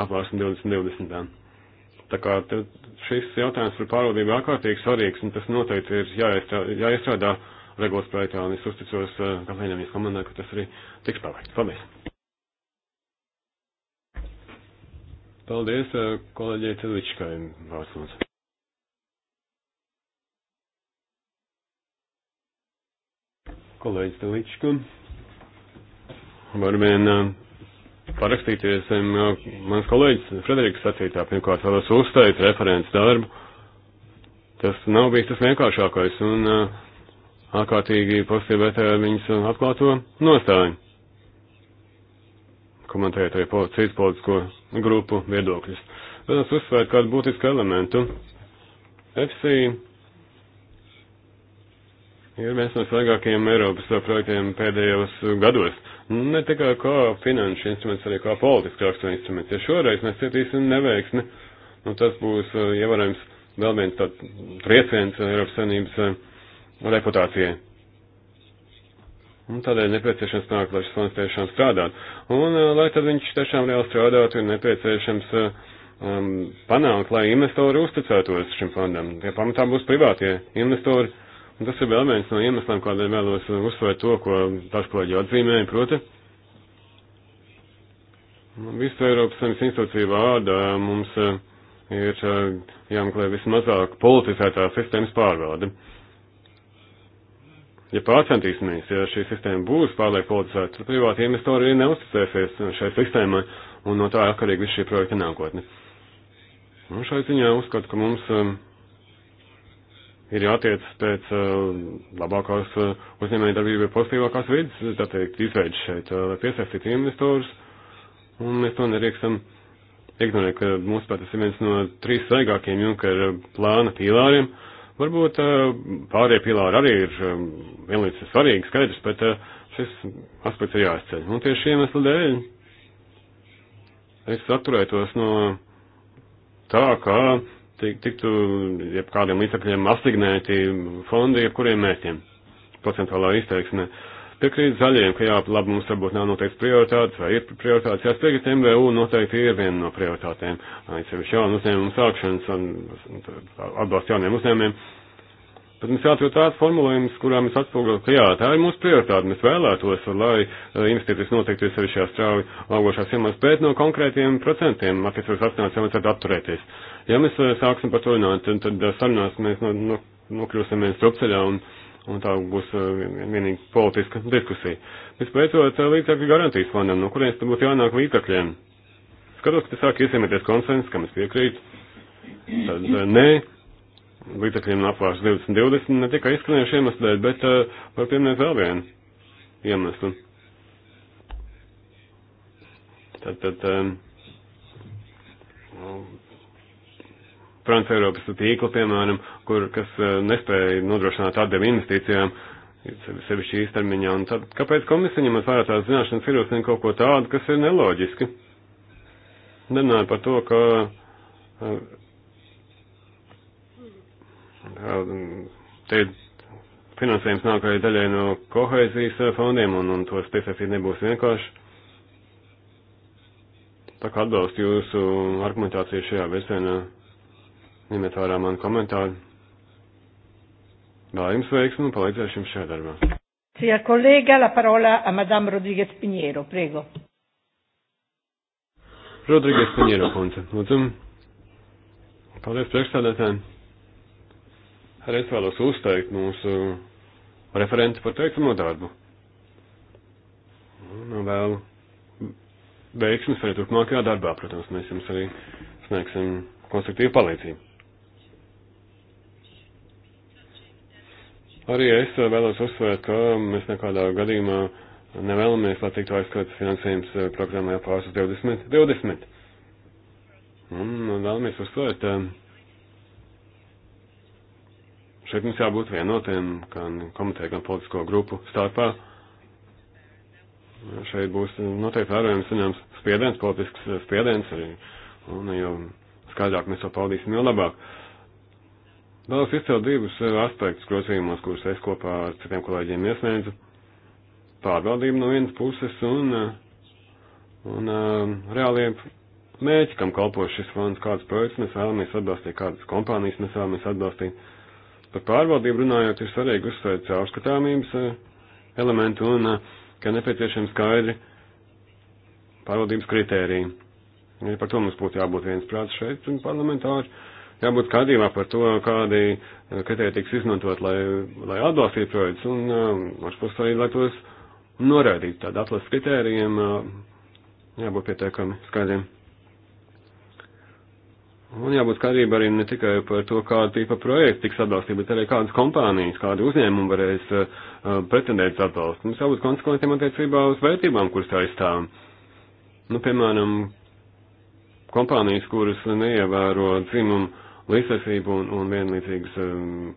apvārsim 2020. Tā kā šis jautājums par pārvaldību ārkārtīgi svarīgs, un tas noteikti ir jāiestrādā, jāiestrādā regulas projektā, un es uzticos uh, eh, Kalēņamies komandai, ka tas arī tiks paveikts. Paldies! Paldies uh, eh, kolēģei Cilvičkai vārds lūdzu. Kolēģis Teličku. Varbūt eh, parakstīties mans kolēģis Frederiks sacītā. Pirmkārt, vēlos uzteikt referents darbu. Tas nav bijis tas vienkāršākais un ārkārtīgi pozitīvi vērtēja viņas atklāto nostāju. Komentēja arī po, citu politisko grupu viedokļus. Vēlos uzsvērt kādu būtisku elementu. FC ir viens no svarīgākajiem Eiropas projektiem pēdējos gados. Nu, ne tikai kā finanšu instruments, arī kā politiskā rakstura instruments. Ja šoreiz mēs cietīsim neveiksmi, nu, tas būs uh, ievērojams vēl viens tāds trieciens Eiropas Savienības uh, reputācijai. Un tādēļ nepieciešams nāk, lai šis fonds tiešām strādātu. Un, uh, lai tad viņš tiešām reāli strādātu, ir nepieciešams um, panākt, lai investori uzticētos šim fondam. Tie ja pamatā būs privātie investori Un tas ir vēl viens no iemesliem, kādēļ vēlos uh, uzsvērt to, ko tas kolēģi atzīmēja, proti. Nu, visu Eiropas Savienības institūciju vārdā mums uh, ir uh, jāmeklē vismazāk politizētā sistēmas pārvalde. Ja pārcentīsimies, ja šī sistēma būs pārliek politizēta, tad privāti investori arī neusticēsies šai sistēmai, un no tā atkarīgi viss šī projekta nākotne. Un nu, šai ziņā uzskatu, ka mums um, ir jātiec pēc uh, labākās uh, uzņēmēja darbībai pozitīvākās vidas, tā teikt, izveidz šeit, eh, lai uh, piesaistītu investorus. Un mēs to nerieksam ignorēt, ka mūsu pat tas ir viens no trīs svaigākiem Junkera plāna pīlāriem. Varbūt pārējie pīlāri arī ir vienlīdz svarīgi, skaidrs, bet šis aspekts ir jāizceļ. Un tieši šī iemesla dēļ es atturētos no tā, kā tiktu jebkādiem līdzakļiem asignēti fondi, jebkuriem mērķiem. Procentuālā izteiksme. Piekrīt zaļiem, ka jā, labi, mums varbūt nav noteikts prioritātes vai ir prioritātes. Jā, piekrīt MVU noteikti ir viena no prioritātēm. Aizsevišķi jaunu uzņēmumu sākšanas un atbalstu jauniem uzņēmumiem. Tad mums jāatrod tāds formulējums, kurā mēs atspoguļojam, ka jā, tā ir mūsu prioritāte. Mēs vēlētos, lai eh, investīcijas noteikti sevi šajā strauji augošās iemās, bet no konkrētiem procentiem attiecībās atstāt jau vajadzētu atturēties. Ja mēs eh, sāksim par to runāt, tad, tad eh, sarunās mēs no, no, nokļūsim viens tropceļā un, un tā būs vienīgi politiska diskusija. Mēs beidzot līdzekļu garantijas fondam, no kurienes tad būtu jānāk līdzekļiem. Skatos, ka tas sāk iesiemieties konsens, kam es piekrītu. Tad nē. Ne līdzekļiem no apvārs 2020 ne tikai izskanējuši iemesli dēļ, bet uh, var pieminēt vēl vienu iemeslu. Tad, tad um, Transeiropas tīkla, piemēram, kur, kas uh, nespēja nodrošināt atdevi investīcijām, sevišķi īstermiņā. Un tad, kāpēc komisija ņemas vērā tās zināšanas ierosina kaut ko tādu, kas ir neloģiski? Nenāja par to, ka uh, Te finansējums nāk arī daļai no kohēzijas fondiem, un, un tos piesaistīt nebūs vienkārši. Tā kā atbalstu jūsu argumentāciju šajā virzienā, ņemiet vērā manu komentāru. Lai jums veiksmi un palīdzēšu jums šajā darbā. Sia collega la parola a Madame Rodriguez Piniero, prego. Rodriguez Piniero, kundze, lūdzu. Paldies priekšstādātājiem. Arī es vēlos uzteikt mūsu referenti par teicamo darbu. Un vēl veiksmes arī turpmākajā darbā, protams, mēs jums arī sniegsim konstruktīvu palīdzību. Arī es vēlos uzsvērt, ka mēs nekādā gadījumā nevēlamies, lai tiktu aizskats finansējums programmai pārsvars 2020. Un vēlamies uzsvērt, Šeit mums jābūt vienotiem gan komiteju, gan politisko grupu starpā. Šeit būs noteikti vērojams saņems spiediens, politisks spiediens, arī, un jo skaidrāk mēs to paldīsim, jo labāk. Vēlos izcelt divus aspektus grozījumos, kurus es kopā ar citiem kolēģiem iesniedzu. Pārvaldība no vienas puses un, un um, reālie mērķi, kam kalpo šis fonds, kādas projekts mēs vēlamies atbalstīt, kādas kompānijas mēs vēlamies atbalstīt Par pārvaldību runājot, ir svarīgi uzsvērt caurskatāmības eh, elementu un, eh, ka nepieciešams skaidri pārvaldības kritēriju. Ja par to mums būtu jābūt viensprāts šeit un parlamentāri, jābūt skatījumā par to, kādi eh, kritēri tiks izmantot, lai, lai atbalstītu projekts un, ar puses arī, lai tos noraidītu. Tāda atlases kritērijiem jābūt pietiekami skaidriem. Un jābūt skaidrība arī ne tikai par to, kāda tipa projekta tiks atbalstīta, bet arī kādas kompānijas, kādi uzņēmumi varēs uh, pretendēt uz atbalstu. Mums jābūt konsekventiem attiecībā uz vērtībām, kuras tā aizstāv. Nu, piemēram, kompānijas, kuras neievēro dzimumu, līdzsvarību un, un vienlīdzīgas um,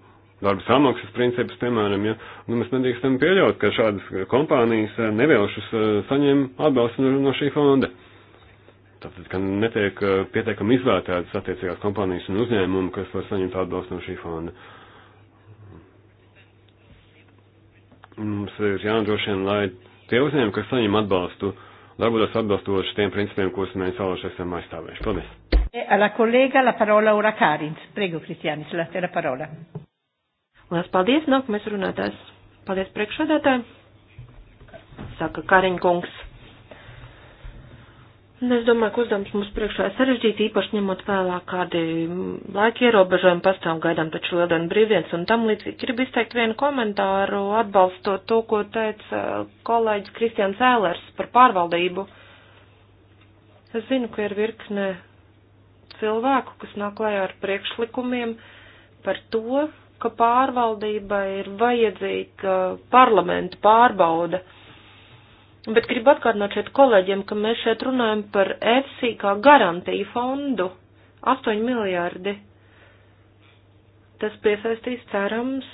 darba samaksas principus, piemēram, ja nu, mēs nedrīkstam pieļaut, ka šādas kompānijas eh, nevēlšas eh, saņem atbalstu no, no šī fonda. Uh, Tātad, ka netiek eh, pietiekami izvērtētas attiecīgās kompānijas un uzņēmumi, kas var saņemt atbalstu no šī fonda. Mums ir jānodrošina, lai tie uzņēmumi, kas saņem atbalstu, darbotos atbilstoši tiem principiem, kurus mēs salaši esam aizstāvējuši. Paldies! E alla collega la parola ora Karins. Prego, Kristiānis, la te la parola. Lielas paldies, nākamais runātājs. Paldies priekšsādātājiem. Saka Kariņkungs. Es domāju, ka uzdevums mums priekšā ir sarežģīts, īpaši ņemot vēlā kādi laika ierobežojumi pastāv, gaidām taču lieldienu brīvdienas un tam līdzīgi. Gribu izteikt vienu komentāru, atbalstot to, ko teica kolēģis Kristians Ēlers par pārvaldību. Es zinu, ka ir virkne cilvēku, kas nāk klajā ar priekšlikumiem par to, ka pārvaldībai ir vajadzīga parlamenta pārbauda. Uh, Bet gribu atkārtināt šeit kolēģiem, ka mēs šeit runājam par EFSI kā garantiju fondu. 8 miljārdi. Tas piesaistīs, cerams,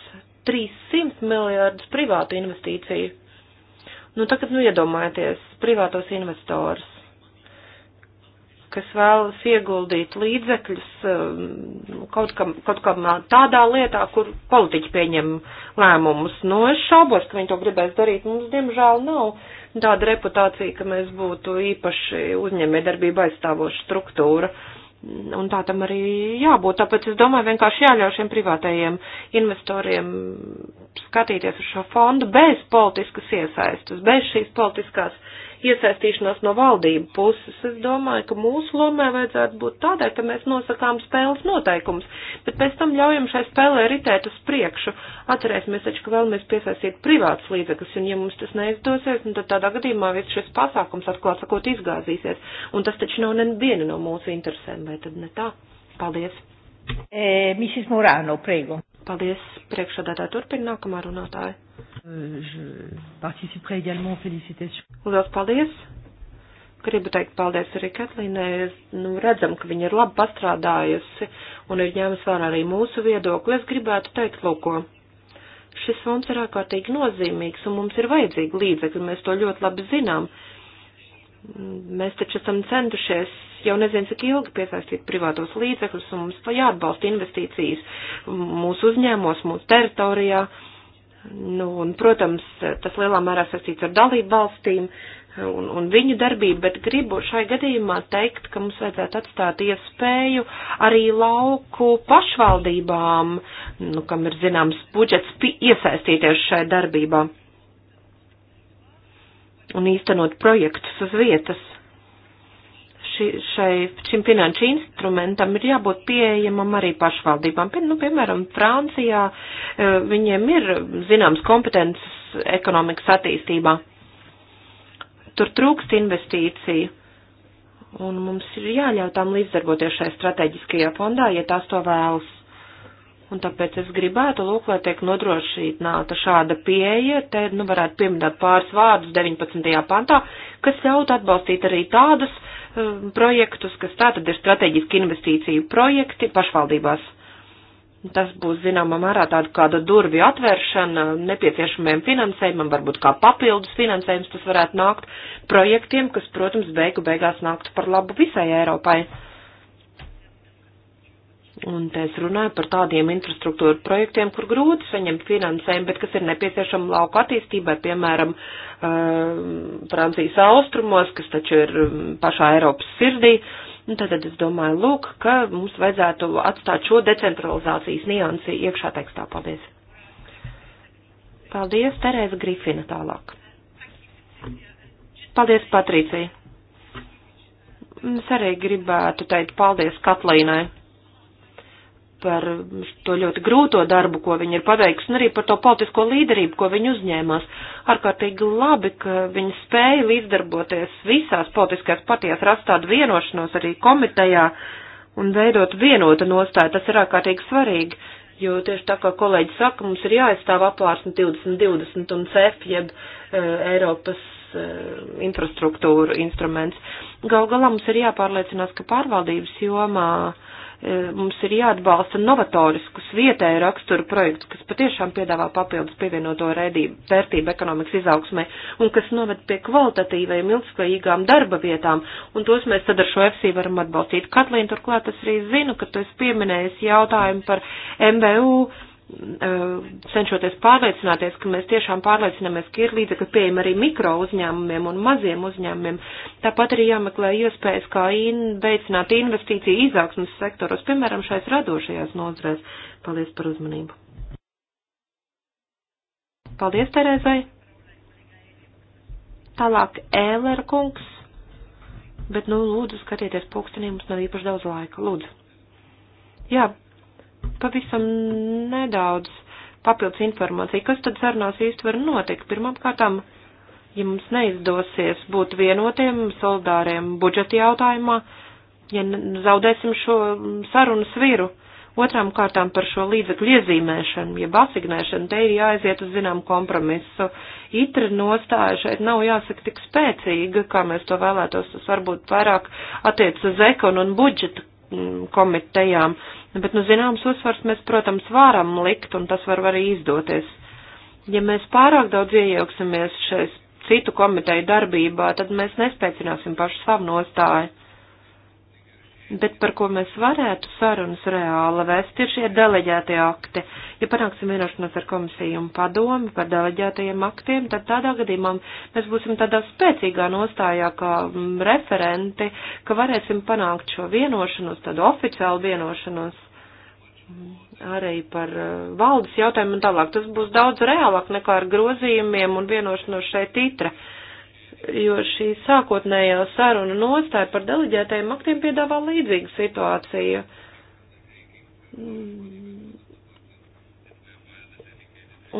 300 miljārdus privātu investīciju. Nu, tagad, nu, iedomājieties privātos investors, kas vēlas ieguldīt līdzekļus um, kaut, kam, kaut kam tādā lietā, kur politiķi pieņem lēmumus. Nu, es šaubos, ka viņi to gribēs darīt. Mums, diemžēl, nav tāda reputācija, ka mēs būtu īpaši uzņēmējdarbība aizstāvoša struktūra. Un tā tam arī jābūt. Tāpēc es domāju, vienkārši jāļauj šiem privātajiem investoriem skatīties uz šo fondu bez politiskas iesaistas, bez šīs politiskās iesaistīšanās no valdību puses. Es domāju, ka mūsu lomai vajadzētu būt tādai, ka mēs nosakām spēles noteikumus, bet pēc tam ļaujam šai spēlē ritēt uz priekšu. Atcerēsimies taču, ka vēlamies piesaistīt privātus līdzekļus, un ja mums tas neizdosies, nu tad tādā gadījumā viss šis pasākums atklāt sakot izgāzīsies, un tas taču nav neviena no mūsu interesēm, vai tad ne tā? Paldies! E, eh, Mrs. Morano, prego. Paldies, priekšsādātāja turpina nākamā runātāja. Eh, Lielas paldies! Gribu teikt paldies arī Katlīnai. Nu, redzam, ka viņa ir labi pastrādājusi un ir ņēmusi vērā arī mūsu viedokli. Es gribētu teikt, lūko, šis fonds ir ārkārtīgi nozīmīgs un mums ir vajadzīgi līdzekļi, mēs to ļoti labi zinām. Uh, Mēs taču esam centušies jau nezinu, cik ilgi piesaistīt privātos līdzekļus, un mums jāatbalsta investīcijas mūsu uzņēmos, mūsu teritorijā. Nu, un, protams, tas lielā mērā saistīts ar dalību valstīm un, un viņu darbību, bet gribu šai gadījumā teikt, ka mums vajadzētu atstāt iespēju arī lauku pašvaldībām, nu, kam ir zināms budžets, pie, iesaistīties šai darbībām un īstenot projektus uz vietas. Ši, šai, šim finanšu instrumentam ir jābūt pieejamam arī pašvaldībām. Nu, piemēram, Francijā e, viņiem ir zināms kompetences ekonomikas attīstībā. Tur trūkst investīciju. Un mums ir jāļauj tām līdzdarboties šajā strateģiskajā fondā, ja tās to vēlas. Un tāpēc es gribētu lūk, lai tiek nodrošināta šāda pieeja, te nu varētu pieminēt pāris vārdus 19. pantā, kas ļaut atbalstīt arī tādus um, projektus, kas tātad ir strateģiski investīciju projekti pašvaldībās. Tas būs, zināmā mērā, tāda kāda durvju atvēršana nepieciešamajam finansējumam, varbūt kā papildus finansējums tas varētu nākt projektiem, kas, protams, beigu beigās nāktu par labu visai Eiropai. Uh, Un te es runāju par tādiem infrastruktūra projektiem, kur grūti saņemt finansējumu, bet kas ir nepieciešama lauku attīstībai, piemēram, eh, Francijas austrumos, kas taču ir mm, pašā Eiropas sirdī. Un tad es domāju, lūk, ka mums vajadzētu atstāt šo decentralizācijas niansi iekšā tekstā. Paldies! Paldies, Terēza Grifina tālāk. Paldies, Patricija. Es arī gribētu teikt paldies Katlīnai par to ļoti grūto darbu, ko viņi ir paveikusi, un arī par to politisko līderību, ko viņi uzņēmās. Ārkārtīgi labi, ka viņi spēja līdzdarboties visās politiskās partijās, rast tādu vienošanos arī komitejā un veidot vienotu nostāju. Tas ir ārkārtīgi svarīgi, jo tieši tā kā kolēģi saka, mums ir jāaizstāv apvārsni 2020 un CEF, jeb e, Eiropas eh, infrastruktūru instruments. Gal galā mums ir jāpārliecinās, ka pārvaldības jomā uh, E, mums ir jāatbalsta novatoriskus vietēju raksturu projektus, kas patiešām piedāvā papildus pievienoto redību, vērtību ekonomikas izaugsmē un kas noved pie kvalitatīvajiem ilgspējīgām darba vietām, un tos mēs tad ar šo FC varam atbalstīt. Katlīna, turklāt es arī zinu, ka tu esi pieminējis jautājumu par MBU cenšoties pārliecināties, ka mēs tiešām pārliecināmies, ka ir līdzekļi pieejami arī mikro uzņēmumiem un maziem uzņēmumiem. Tāpat arī jāmeklē iespējas, kā in, veicināt investīciju izaugsmas sektoros, piemēram, šais radošajās nozarēs. Paldies par uzmanību. Paldies, Terezai. Tālāk Ēlera kungs. Bet, nu, lūdzu, skatieties, pulkstenī mums nav īpaši daudz laika. Lūdzu. Jā, pavisam nedaudz papildus informāciju, kas tad sarunās īsti var notikt. Pirmkārtām, ja mums neizdosies būt vienotiem, solidāriem budžeta jautājumā, ja zaudēsim šo sarunu sviru, otrām kārtām par šo līdzekļu iezīmēšanu, jeb ja asignēšanu, te ir jāaiziet uz zinām kompromisu. Itra nostāja šeit nav jāsaka tik spēcīga, kā mēs to vēlētos, tas varbūt vairāk attiec uz ekonu un budžeta Mm, komitejām, bet, nu, zināms, uzsvars mēs, protams, varam likt, un tas var arī izdoties. Ja mēs pārāk daudz iejauksimies šais citu komiteju darbībā, tad mēs nespēcināsim pašu savu nostāju bet par ko mēs varētu sarunas reāli vēst, ir šie deleģētie akti. Ja panāksim vienošanos ar komisiju un padomu par deleģētajiem aktiem, tad tādā gadījumā mēs būsim tādā spēcīgā nostājā kā mm, referenti, ka varēsim panākt šo vienošanos, tādu oficiālu vienošanos mm, arī par eh, valdes jautājumu un tālāk. Tas būs daudz reālāk nekā ar grozījumiem un vienošanos šeit itra. Uh, jo šī sākotnējā saruna nostāja par deleģētajiem aktiem piedāvā līdzīgu situāciju.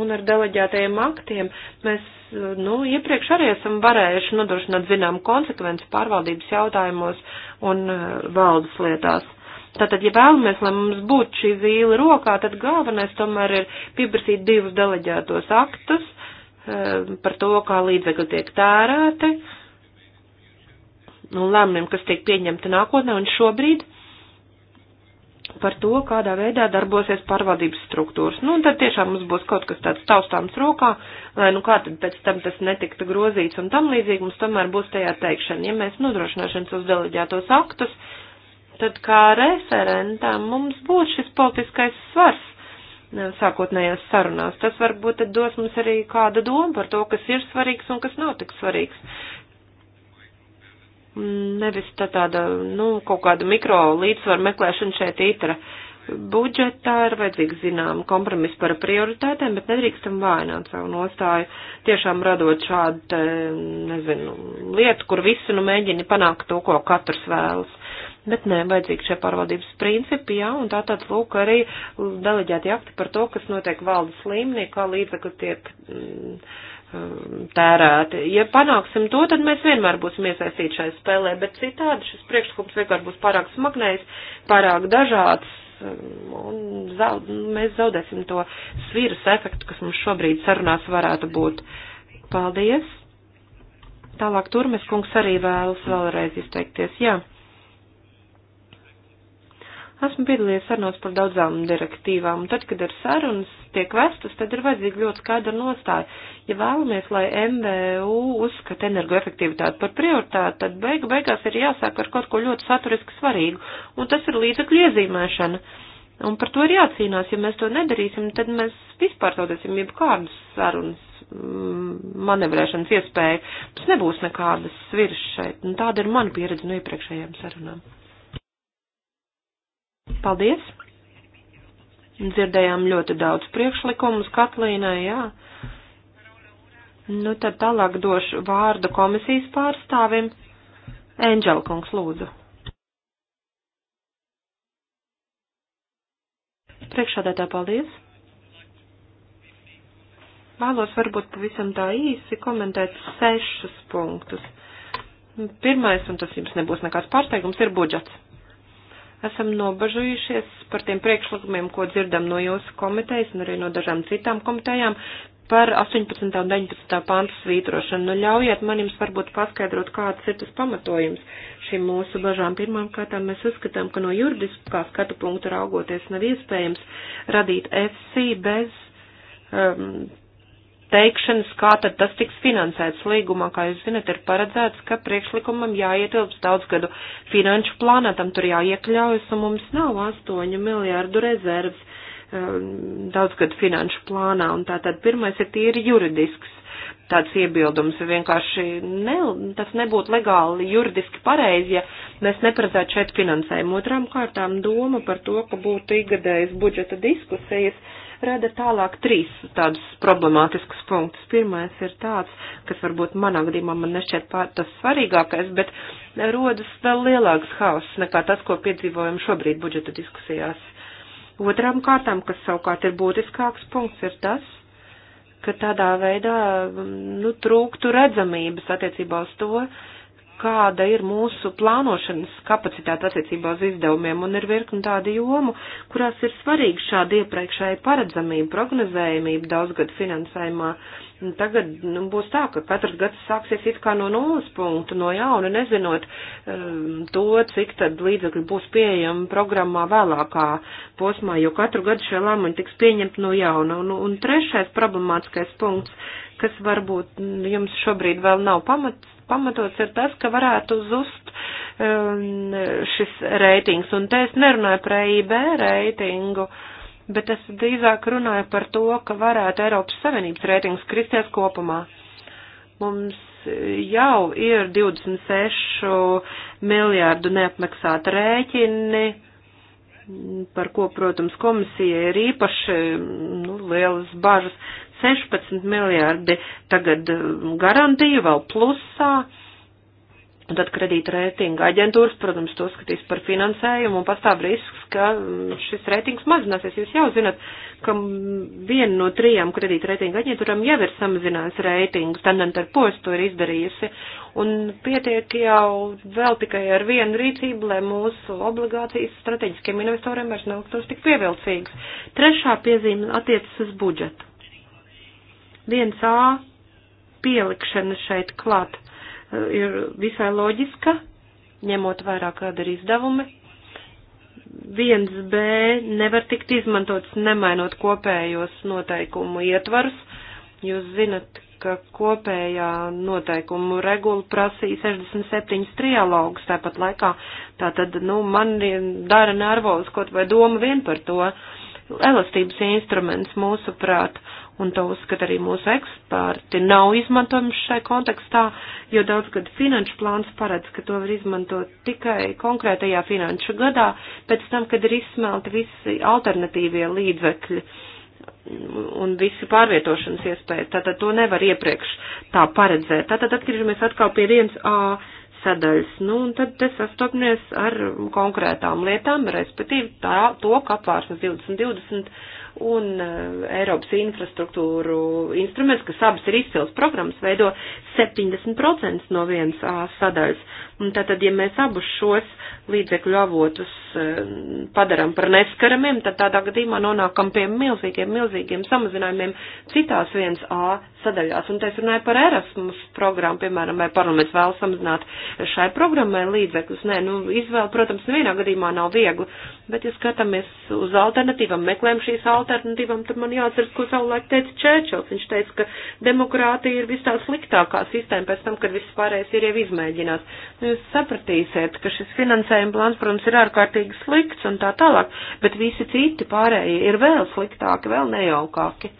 Un ar deleģētajiem aktiem mēs, nu, iepriekš arī esam varējuši nodrošināt zinām konsekvenci pārvaldības jautājumos un eh, valdes lietās. Tātad, ja vēlamies, lai mums būtu šī zīle rokā, tad galvenais tomēr ir pieprasīt divus deleģētos aktus, Eh, par to, kā līdzekļi tiek tērēti un lēmumiem, kas tiek pieņemti nākotnē un šobrīd par to, kādā veidā darbosies pārvaldības struktūras. Nu, un tad tiešām mums būs kaut kas tāds taustāms rokā, lai nu kā tad pēc tam tas netiktu grozīts un tam līdzīgi mums tomēr būs tajā teikšana. Ja mēs nodrošināšanas uz deleģētos aktus, tad kā referentam mums būs šis politiskais svars sākotnējās sarunās. Tas varbūt dos mums arī kādu domu par to, kas ir svarīgs un kas nav tik svarīgs. Nevis tā tāda, nu, kaut kāda mikro līdzsvaru meklēšana šeit itra budžetā ir vajadzīgs zinām kompromis par prioritātēm, bet nedrīkstam vainot savu nostāju, tiešām radot šādu, nezinu, lietu, kur visi nu mēģina panākt to, ko katrs vēlas. Bet nē, vajadzīgi šie pārvaldības principi, jā, un tātad lūk arī deleģēti akti par to, kas notiek valdes līmenī, kā līdzekļi tiek. Mm, mm tērēt. Ja panāksim to, tad mēs vienmēr būsim iesaistīti šai spēlē, bet citādi šis priekšlikums vienkārši būs pārāk smagnējs, pārāk dažāds, mm, un zaud, mēs zaudēsim to svīras efektu, kas mums šobrīd sarunās varētu būt. Paldies! Tālāk turmes kungs arī vēlas vēlreiz izteikties. Jā. Esmu piedalījies sarunās par daudzām direktīvām, un tad, kad ir sarunas tiek vestas, tad ir vajadzīga ļoti skaidra nostāja. Ja vēlamies, lai MVU uzskata energoefektivitāti par prioritāti, tad beigu beigās ir jāsāk ar kaut ko ļoti saturiski svarīgu, un tas ir līdzekļu iezīmēšana. Un par to ir jācīnās, ja mēs to nedarīsim, tad mēs vispār zaudēsim jebkādas sarunas mm, manevrēšanas iespēju. Tas nebūs nekādas virs šeit, un tāda ir mana pieredze no iepriekšējām sarunām. Paldies! Dzirdējām ļoti daudz priekšlikumus Katlīnai, jā. Nu, tad tālāk došu vārdu komisijas pārstāvim. Enģela kungs, lūdzu. Priekšādētā paldies. Vēlos varbūt pavisam tā īsi komentēt sešus punktus. Pirmais, un tas jums nebūs nekāds pārsteigums, ir budžets esam nobažījušies par tiem priekšlikumiem, ko dzirdam no jūsu komitejas un arī no dažām citām komitejām par 18. un 19. pāntu svītrošanu. Nu, ļaujiet man jums varbūt paskaidrot, kāds ir tas pamatojums šīm mūsu bažām. Pirmām kārtām mēs uzskatām, ka no juridiskā skatu punktu raugoties nav iespējams radīt FC bez um, teikšanas, kā tad tas tiks finansēts līgumā, kā jūs zinat, ir paredzēts, ka priekšlikumam jāietilps daudz gadu finanšu plānatam, tur jāiekļaujas, un mums nav 8 miljārdu rezerves um, daudz gadu finanšu plānā, un tātad pirmais ir tīri juridisks tāds iebildums. Vienkārši ne, tas nebūtu legāli juridiski pareizi, ja mēs neparedzētu šeit finansējumu. Otrām kārtām doma par to, ka būtu igadējas budžeta diskusijas rada tālāk trīs tādus problemātiskus punktus. Pirmais ir tāds, kas varbūt manā gadījumā man nešķiet pār tas svarīgākais, bet rodas vēl lielāks haoss nekā tas, ko piedzīvojam šobrīd budžeta diskusijās. Otrām kārtām, kas savukārt ir būtiskāks punkts, ir tas, ka tādā veidā mm, nu, trūktu redzamības attiecībā uz to, kāda ir mūsu plānošanas kapacitāte attiecībā uz izdevumiem, un ir virkni tādi jomu, kurās ir svarīgi šāda iepriekšēja paredzamība, prognozējumība daudzgadu finansējumā. Tagad nu, būs tā, ka katrs gads sāksies it kā no nulles punktu, no jauna, nezinot um, to, cik tad līdzekļi būs pieejami programmā vēlākā posmā, jo katru gadu šie lēmumi tiks pieņemti no jauna. Un, un trešais problemātiskais punkts, kas varbūt mm, jums šobrīd vēl nav pamats pamatots ir tas, ka varētu zust um, šis reitings. Un te es nerunāju par EIB reitingu, bet es drīzāk runāju par to, ka varētu Eiropas Savienības reitings kristies kopumā. Mums jau ir 26 miljārdu neapmaksāta rēķini par ko, protams, komisija ir īpaši nu, lielas bažas. 16 miljārdi tagad eh, garantija vēl plusā. Un tad kredīta reitinga aģentūras, protams, to skatīs par finansējumu un pastāv risks, ka mm, šis reitings mazināsies. Jūs jau zinat, ka mm, viena no trijām kredīta reitinga aģentūram jau ir samazinājusi reitingu, Standard Poor's to ir izdarījusi. Un pietiek jau vēl tikai ar vienu rīcību, lai mūsu obligācijas strateģiskiem investoriem vairs nav tos tik pievilcīgas. Trešā piezīme attiecas uz budžetu. 1A pielikšana šeit klāt eh, ir visai loģiska, ņemot vairāk kāda ir izdevumi. 1B nevar tikt izmantots nemainot kopējos noteikumu ietvarus. Jūs zinat, ka kopējā noteikumu regula prasīja 67 trialogus tāpat laikā. Tātad, nu, man dara nervozi kaut vai doma vien par to. Elastības instruments, mūsuprāt, uh, un to uzskata arī mūsu eksperti, nav izmantojams šai kontekstā, jo daudzgad finanšu plāns paredz, ka to var izmantot tikai konkrētajā finanšu gadā, pēc tam, kad ir izsmelti visi alternatīvie līdzekļi un visi pārvietošanas iespējas. Tātad to nevar iepriekš tā paredzēt. Tātad atgriežamies atkal pie 1A sadaļas. Nu, un tad te sastopamies ar konkrētām lietām, respektīvi tā, to, ka apvārsnes 2020 un eh, Eiropas infrastruktūru instruments, kas abas ir izcils programmas, veido 70% no vienas A sadaļas. Un tātad, ja mēs abus šos līdzekļu avotus eh, padaram par neskaramiem, tad tādā gadījumā nonākam pie milzīgiem, milzīgiem samazinājumiem citās 1A sadaļās. Un te es runāju par Erasmus programmu, piemēram, vai parlaments vēl samazināt šai programmai līdzekļus. Nē, nu, izvēle, protams, nevienā gadījumā nav viegli, bet, ja skatāmies uz alternatīvām, meklējam šīs alternatīvām, tad man jāatceras, ko savulaik teica Čēčels. Viņš teica, ka demokrātija ir visā sliktākā sistēma pēc tam, kad viss pārējais ir jau izmēģināts. Nu, jūs sapratīsiet, ka šis finansējuma plāns, protams, ir ārkārtīgi slikts un tā tālāk, bet visi citi pārējie ir vēl sliktāki, vēl nejaukāki.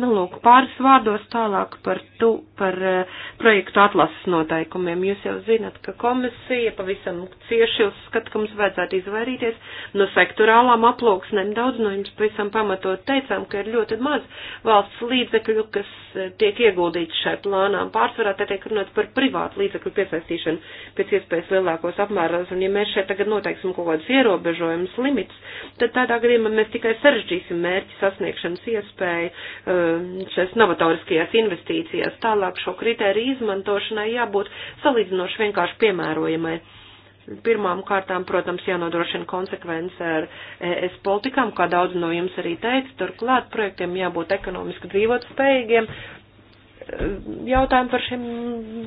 Nu, lūk, pāris vārdos tālāk par, tu, par uh, projektu atlases noteikumiem. Jūs jau zinat, ka komisija pavisam cieši uzskata, ka mums vajadzētu izvairīties no sektorālām aplūksnēm. Daudz no jums pavisam pamatot teicām, ka ir ļoti maz valsts līdzekļu, kas eh, tiek ieguldīts šai plānām. Pārsvarā te tiek runāts par privātu līdzekļu piesaistīšanu pēc iespējas lielākos apmēros, un ja mēs šeit tagad noteiksim kaut kādus ierobežojumus, limits, tad tādā gadījumā mēs tikai sarežģīsim mērķi sasniegšanas iespēju. Uh, šajās novatoriskajās investīcijās. Tālāk šo kritēriju izmantošanai jābūt salīdzinoši vienkārši piemērojamai. Pirmām kārtām, protams, jānodrošina konsekvence ar ES politikām, kā daudz no jums arī teica, turklāt projektiem jābūt ekonomiski dzīvotspējīgiem, jautājumu par šiem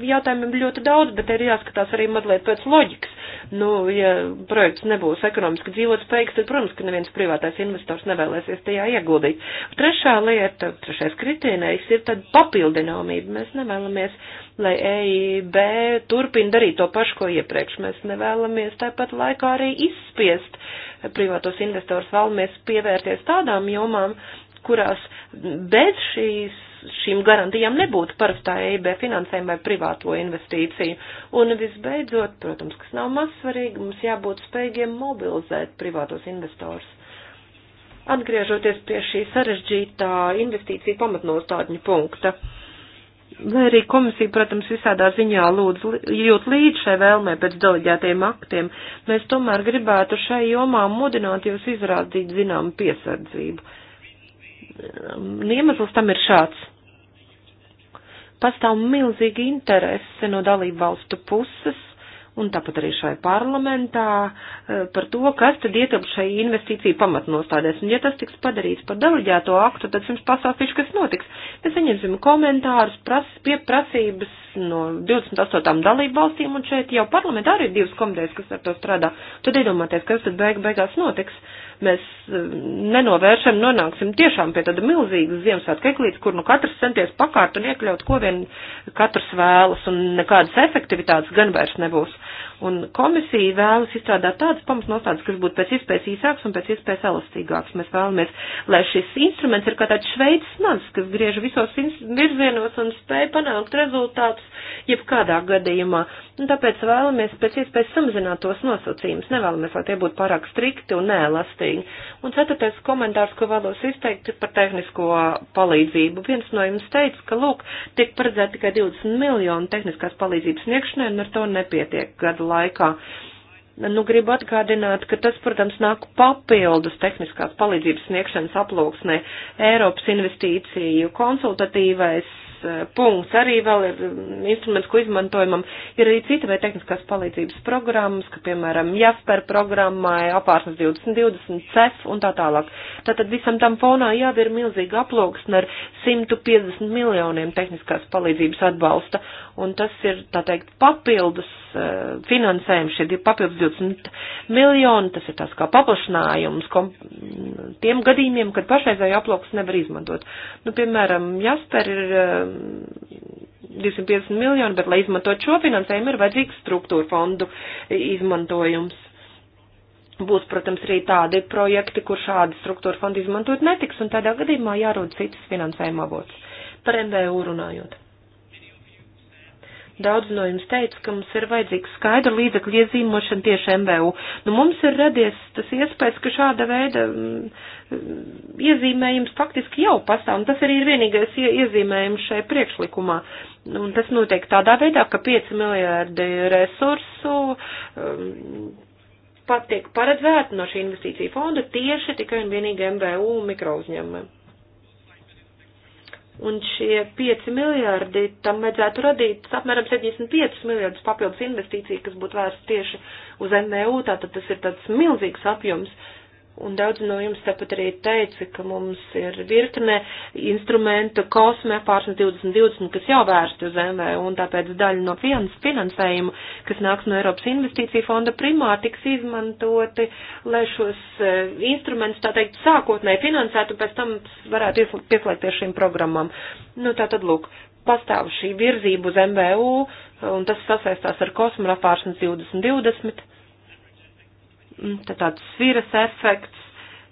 jautājumiem ļoti daudz, bet ir jāskatās arī mazliet pēc loģikas. Nu, ja projekts nebūs ekonomiski dzīvotspējīgs, tad, protams, ka neviens privātais investors nevēlēsies tajā ieguldīt. Trešā lieta, trešais kritīnais ir tad papildināmība. Mēs nevēlamies, lai EIB turpina darīt to pašu, ko iepriekš. Mēs nevēlamies tāpat laikā arī izspiest privātos investors, vēlamies pievērties tādām jomām, kurās bez šīs šīm garantijām nebūtu parastā EIB finansējuma vai privāto investīciju. Un visbeidzot, protams, kas nav maz svarīgi, mums jābūt spējīgiem mobilizēt privātos investors. Atgriežoties pie šī sarežģītā investīcija pamatnostādņu punkta. Lai arī komisija, protams, visādā ziņā lūdz, jūt līdz šai vēlmē pēc deleģētiem aktiem, mēs tomēr gribētu šai jomā mudināt jūs izrādīt zināmu piesardzību. Un iemesls tam ir šāds pastāv milzīga interese no dalību valstu puses, un tāpat arī šai parlamentā, eh, par to, kas tad ietilp šai investīciju pamatnostādēs. Un ja tas tiks padarīts par deleģēto aktu, tad jums pasāstīšu, kas notiks. Mēs saņemsim komentārus, pras, pieprasības no 28 dalību valstīm, un šeit jau parlamentā arī ir divas komitejas, kas ar to strādā. Tad iedomāties, kas tad beig beigās notiks. Uh, mēs e, nenovēršam, nonāksim tiešām pie tāda milzīgas Ziemassvētku eglītes, kur nu katrs centies pakārt un iekļaut, ko vien katrs vēlas, un nekādas efektivitātes gan vairs nebūs. Un komisija vēlas izstrādāt tādas pamatnostādes, kas būtu pēc iespējas īsāks un pēc iespējas elastīgāks. Mēs vēlamies, lai šis instruments ir kā tāds šveicis mazs, kas griež visos virzienos un spēj panākt rezultātus jebkādā gadījumā. Un tāpēc vēlamies pēc iespējas samazināt tos nosacījumus. Nevēlamies, lai tie būtu pārāk strikti un neelastīgi. Un ceturtais komentārs, ko vēlos izteikt, ir par tehnisko palīdzību. Viens no jums teica, ka, lūk, tiek paredzēta tikai 20 miljonu tehniskās palīdzības sniegšanai un ar to nepietiek gadu laikā. Nu, gribu atgādināt, ka tas, protams, nāk papildus tehniskās palīdzības sniegšanas aplūksnē. Eiropas investīciju konsultatīvais eh, punkts arī vēl ir mm, instruments, ko izmantojumam. Ir arī cita vai tehniskās palīdzības programmas, ka, piemēram, Jasper programmai, apārsnes 2020, CEF un tā tālāk. Tātad visam tam fonā jau ir milzīga aplūksne ar 150 miljoniem tehniskās palīdzības atbalsta un tas ir, tā teikt, papildus eh, finansējums, šie papildus 20 miljoni, tas ir tās kā paplašinājums kom, tiem gadījumiem, kad pašreizēju aploks nevar izmantot. Nu, piemēram, Jasper ir 250 eh, miljoni, bet, lai izmantot šo finansējumu, ir vajadzīgs struktūra fondu izmantojums. Būs, protams, arī tādi projekti, kur šādi struktūra fondi izmantot netiks, un tādā gadījumā jārūda citas finansējuma avots. Par MVU runājot. Daudz no jums teica, ka mums ir vajadzīga skaidra līdzekļu iezīmošana tieši MVU. Nu, mums ir radies tas iespējas, ka šāda veida mm, iezīmējums faktiski jau pastāv, un tas arī ir vienīgais iezīmējums šai priekšlikumā. Nu, un tas notiek tādā veidā, ka 5 miljārdi resursu um, pat tiek paredzēti no šī investīcija fonda tieši tikai un vienīgi MVU mikrouzņēmumiem. Un šie 5 miljardi tam vajadzētu radīt apmēram 75 miljardus papildus investīciju, kas būtu vērsts tieši uz MVU, tātad tas ir tāds milzīgs apjoms. Uh, Un daudz no jums tāpat arī teica, ka mums ir virkne instrumentu kosmē pārsnes 2020, kas jau vērsti uz MV, un tāpēc daļa no finansējuma, kas nāks no Eiropas investīcija fonda primā, tiks izmantoti, lai šos e, instrumentus, tā teikt, sākotnēji finansētu, pēc tam varētu pieslēgties šīm programmām. Nu, tā tad lūk, pastāv šī virzība uz MVU, un tas sasaistās ar kosmē pārsnes 2020 Mm, tā tāds sviras efekts,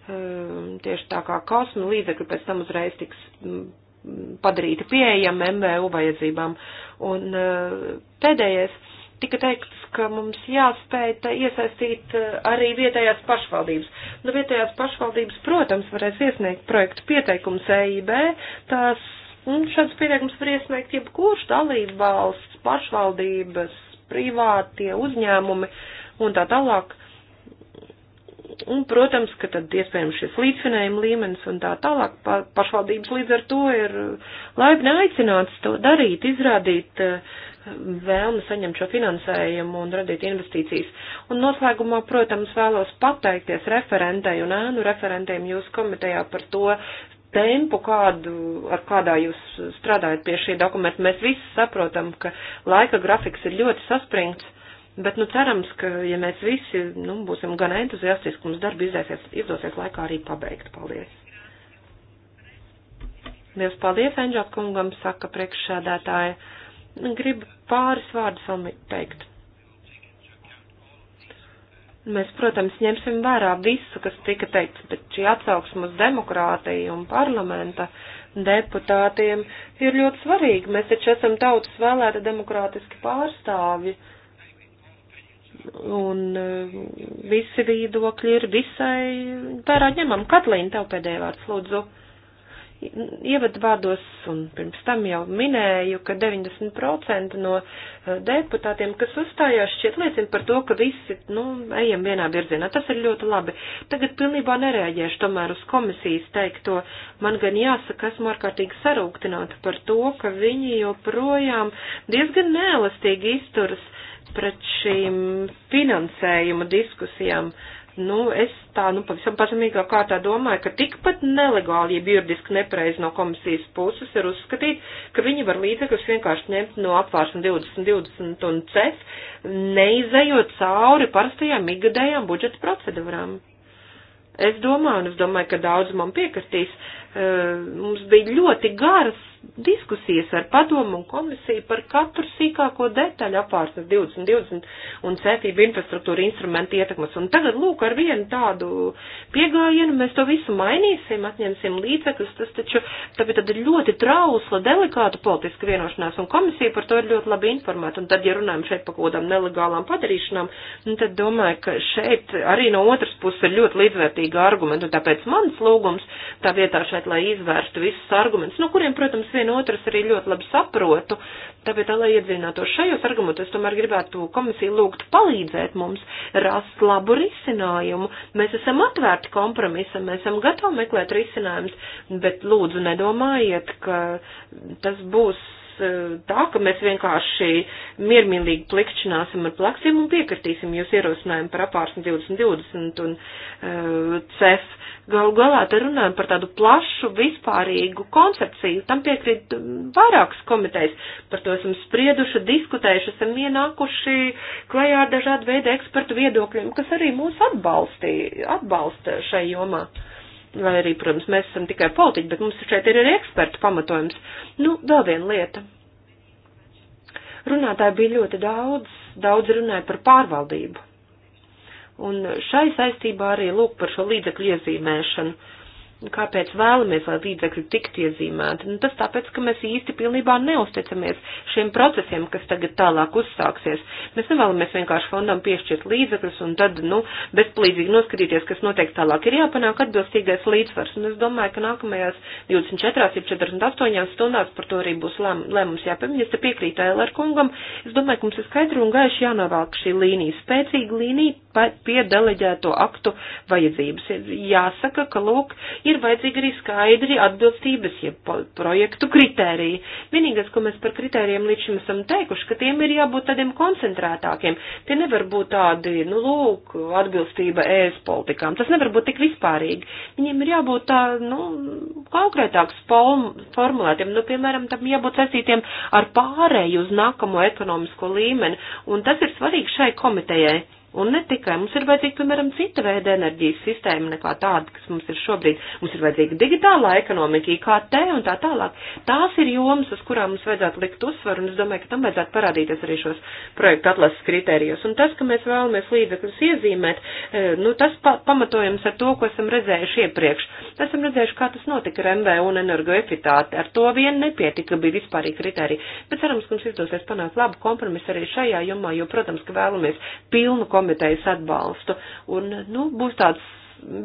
um, tieši tā kā kosmu līdzekļi pēc tam uzreiz tiks mm, padarīti pieejami MVU vajadzībām. Un uh, pēdējais tika teikts, ka mums jāspēj iesaistīt uh, arī vietējās pašvaldības. Nu, vietējās pašvaldības, protams, varēs iesniegt projektu pieteikumus EIB, tās nu, šāds pieteikums var iesniegt jebkurš dalību valsts, pašvaldības, privātie uzņēmumi un tā tālāk. Un, protams, ka tad iespējams šis līdzfinējuma līmenis un tā tālāk pa, pašvaldības līdz ar to ir laipni aicināts to darīt, izrādīt eh, vēlmi saņemt šo finansējumu un radīt investīcijas. Un noslēgumā, protams, vēlos pateikties referentei un ēnu referentiem jūsu komitejā par to tempu, kādu, ar kādā jūs strādājat pie šī dokumenta. Mēs visi saprotam, ka laika grafiks ir ļoti saspringts Bet, nu, cerams, ka, ja mēs visi, nu, būsim gan entuziastiski, mums darbi izdēsies, izdosies laikā arī pabeigt. Paldies! Liels paldies, Enģot kungam, saka priekšsēdētāja. Gribu pāris vārdus vēl teikt. Mēs, protams, ņemsim vērā visu, kas tika teikts, bet šī atsauksme uz demokrātiju un parlamenta deputātiem ir ļoti svarīga. Mēs taču esam tautas vēlēta demokrātiski pārstāvji. Uh, un eh, visi viedokļi ir visai vērā ņemam. Katlīna, tev pēdējā vārds, lūdzu. Ievadvārdos un pirms tam jau minēju, ka 90% no eh, deputātiem, kas uzstājās, šķiet liecina par to, ka visi, nu, ejam vienā virzienā. Tas ir ļoti labi. Tagad pilnībā nereaģēšu tomēr uz komisijas teikto. Man gan jāsaka, esmu ārkārtīgi sarūktināta par to, ka viņi joprojām diezgan neelastīgi izturas pret šīm finansējuma diskusijām. Nu, es tā, nu, pavisam pazemīgā kārtā domāju, ka tikpat nelegāli, ja juridiski nepareizi no komisijas puses ir uzskatīt, ka viņi var līdzekļus vienkārši ņemt no apvārsuma 2020 un CEF, neizējot cauri parastajām igadējām budžeta procedūrām. Es domāju, un es domāju, ka daudz man piekritīs, eh, mums bija ļoti garas diskusijas ar padomu un komisiju par katru sīkāko detaļu apārsnes 2020 un cētību infrastruktūra instrumentu ietekmes. Un tagad, lūk, ar vienu tādu piegājienu mēs to visu mainīsim, atņemsim līdzekļus, tas taču tāpēc tad ir ļoti trausla, delikāta politiska vienošanās, un komisija par to ir ļoti labi informēta. Un tad, ja runājam šeit par kodām nelegālām padarīšanām, nu, tad domāju, ka šeit arī no otras puses ir ļoti līdzvērtīga argumenta, un tāpēc mans lūgums tā vietā šeit, lai izvērstu visus argumentus, no kuriem, protams, es vienotrus arī ļoti labi saprotu, tāpēc, lai iedzinātos šajos argumentos, tomēr gribētu komisiju lūgt palīdzēt mums rast labu risinājumu. Mēs esam atvērti kompromisam, mēs esam gatavi meklēt risinājumus, bet lūdzu nedomājiet, ka tas būs Eh, tā, ka mēs vienkārši miermīlīgi plikšķināsim ar plaksiem un piekritīsim jūs ierosinājumu par apārsni 2020 un uh, CEF. Galu galā te runājam par tādu plašu, vispārīgu koncepciju. Tam piekrīt eh, vairākas komitejas. Par to esam sprieduši, diskutējuši, esam ienākuši klajā ar dažādu veidu ekspertu viedokļiem, kas arī mūs atbalsti, atbalsta šai jomā. Uh, vai arī, protams, mēs esam tikai politiķi, bet mums šeit ir arī ekspertu pamatojums. Nu, vēl viena lieta. Runātāji bija ļoti daudz, daudz runāja par pārvaldību. Un šai saistībā arī lūk par šo līdzekļu iezīmēšanu kāpēc vēlamies, lai līdzekļi tiktu iezīmēti. Nu, tas tāpēc, ka mēs īsti pilnībā neusticamies šiem procesiem, kas tagad tālāk uzsāksies. Mēs nevēlamies vienkārši fondam piešķirt līdzekļus un tad, nu, bezplīdzīgi noskatīties, kas noteikti tālāk ir jāpanāk atbilstīgais līdzsvars. Un es domāju, ka nākamajās 24, 48 stundās par to arī būs lēm, lēmums jāpiemina. Es te piekrītu Eler kungam. Es domāju, ka mums ir skaidri un gaiši jānovāk šī līnija, spēcīga līnija pie deleģēto aktu vajadzības. Jāsaka, ka, lūk, ir vajadzīgi arī skaidri atbilstības, ja projektu kritēriji. Vienīgais, ko mēs par kritērijiem līdz šim esam teikuši, ka tiem ir jābūt tādiem koncentrētākiem. Tie nevar būt tādi, nu, lūk, atbilstība ēs politikām. Tas nevar būt tik vispārīgi. Viņiem ir jābūt tā, nu, konkrētāks formulētiem. Nu, piemēram, tam jābūt saistītiem ar pārēju uz nākamo ekonomisko līmeni. Un tas ir svarīgi šai komitejai Un ne tikai mums ir vajadzīga, piemēram, cita veida enerģijas sistēma nekā tāda, kas mums ir šobrīd. Mums ir vajadzīga digitālā ekonomika, IKT un tā tālāk. Tās ir jomas, uz kurām mums vajadzētu likt uzsvaru, un es domāju, ka tam vajadzētu parādīties arī šos projektu atlases kritērijos. Un tas, ka mēs vēlamies līdzekļus iezīmēt, e, nu, tas pa pamatojams ar to, ko esam redzējuši iepriekš. Esam redzējuši, kā tas notika ar MVU un energoefitāti. Ar to vien nepietika, bija vispārīgi kritēriji. Bet cerams, ka mums izdosies panākt labu kompromisu arī šajā jomā, jo, protams, ka vēlamies pilnu kompromisu komitejas atbalstu. Un, nu, būs tāds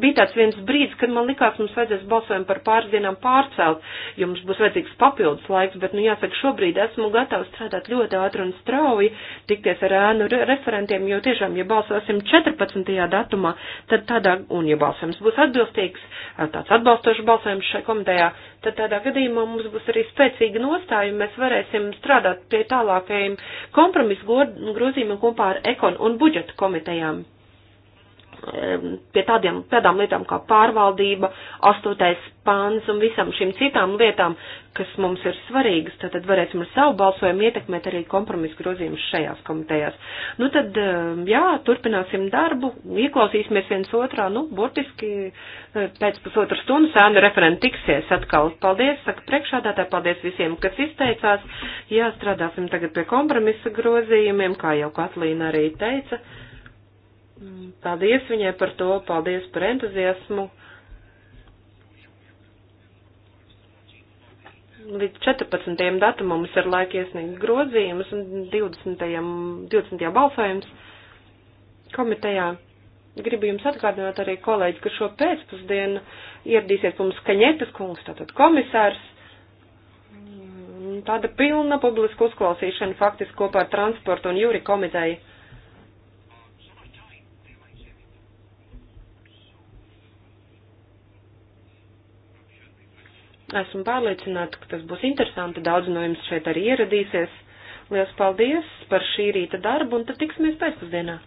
bija tāds viens brīdis, kad man likās, mums vajadzēs balsojumu par pāris dienām pārcelt, jo mums būs vajadzīgs papildus laiks, bet, nu, jāsaka, šobrīd esmu gatavs strādāt ļoti ātri un strauji, tikties ar ēnu referentiem, jo tiešām, ja balsosim 14. datumā, tad tādā, un ja balsojums būs atbilstīgs, tāds atbalstošs balsojums šai komitejā, tad tādā gadījumā mums būs arī spēcīga nostāja, un mēs varēsim strādāt pie tālākajiem kompromisu grozījumiem kopā ar ekon un budžetu komitejām pie tādiem, tādām lietām kā pārvaldība, astotais pāns un visam šīm citām lietām, kas mums ir svarīgas, tad, tad varēsim ar savu balsojumu ietekmēt arī kompromisu grozījumus šajās komitejās. Nu tad, jā, turpināsim darbu, ieklausīsimies viens otrā, nu, burtiski eh, pēc pusotras stundas sēnu referenti tiksies atkal. Paldies, saka priekšādātāji, paldies visiem, kas izteicās. Jā, strādāsim tagad pie kompromisa grozījumiem, kā jau Katlīna arī teica. Paldies viņai par to, paldies par entuziasmu. Līdz 14. datumam mums ir laika iesniegt grozījumus un 20. 20. balsojums komitejā. Gribu jums atgādināt arī kolēģi, ka šo pēcpusdienu ieradīsies mums Kaņetas kungs, tātad komisārs. Tāda pilna publiska uzklausīšana faktiski kopā ar transportu un jūri komiteju Esmu pārliecināta, ka tas būs interesanti. Daudz no jums šeit arī ieradīsies. Lielas paldies par šī rīta darbu un tad tiksimies pēcpusdienā.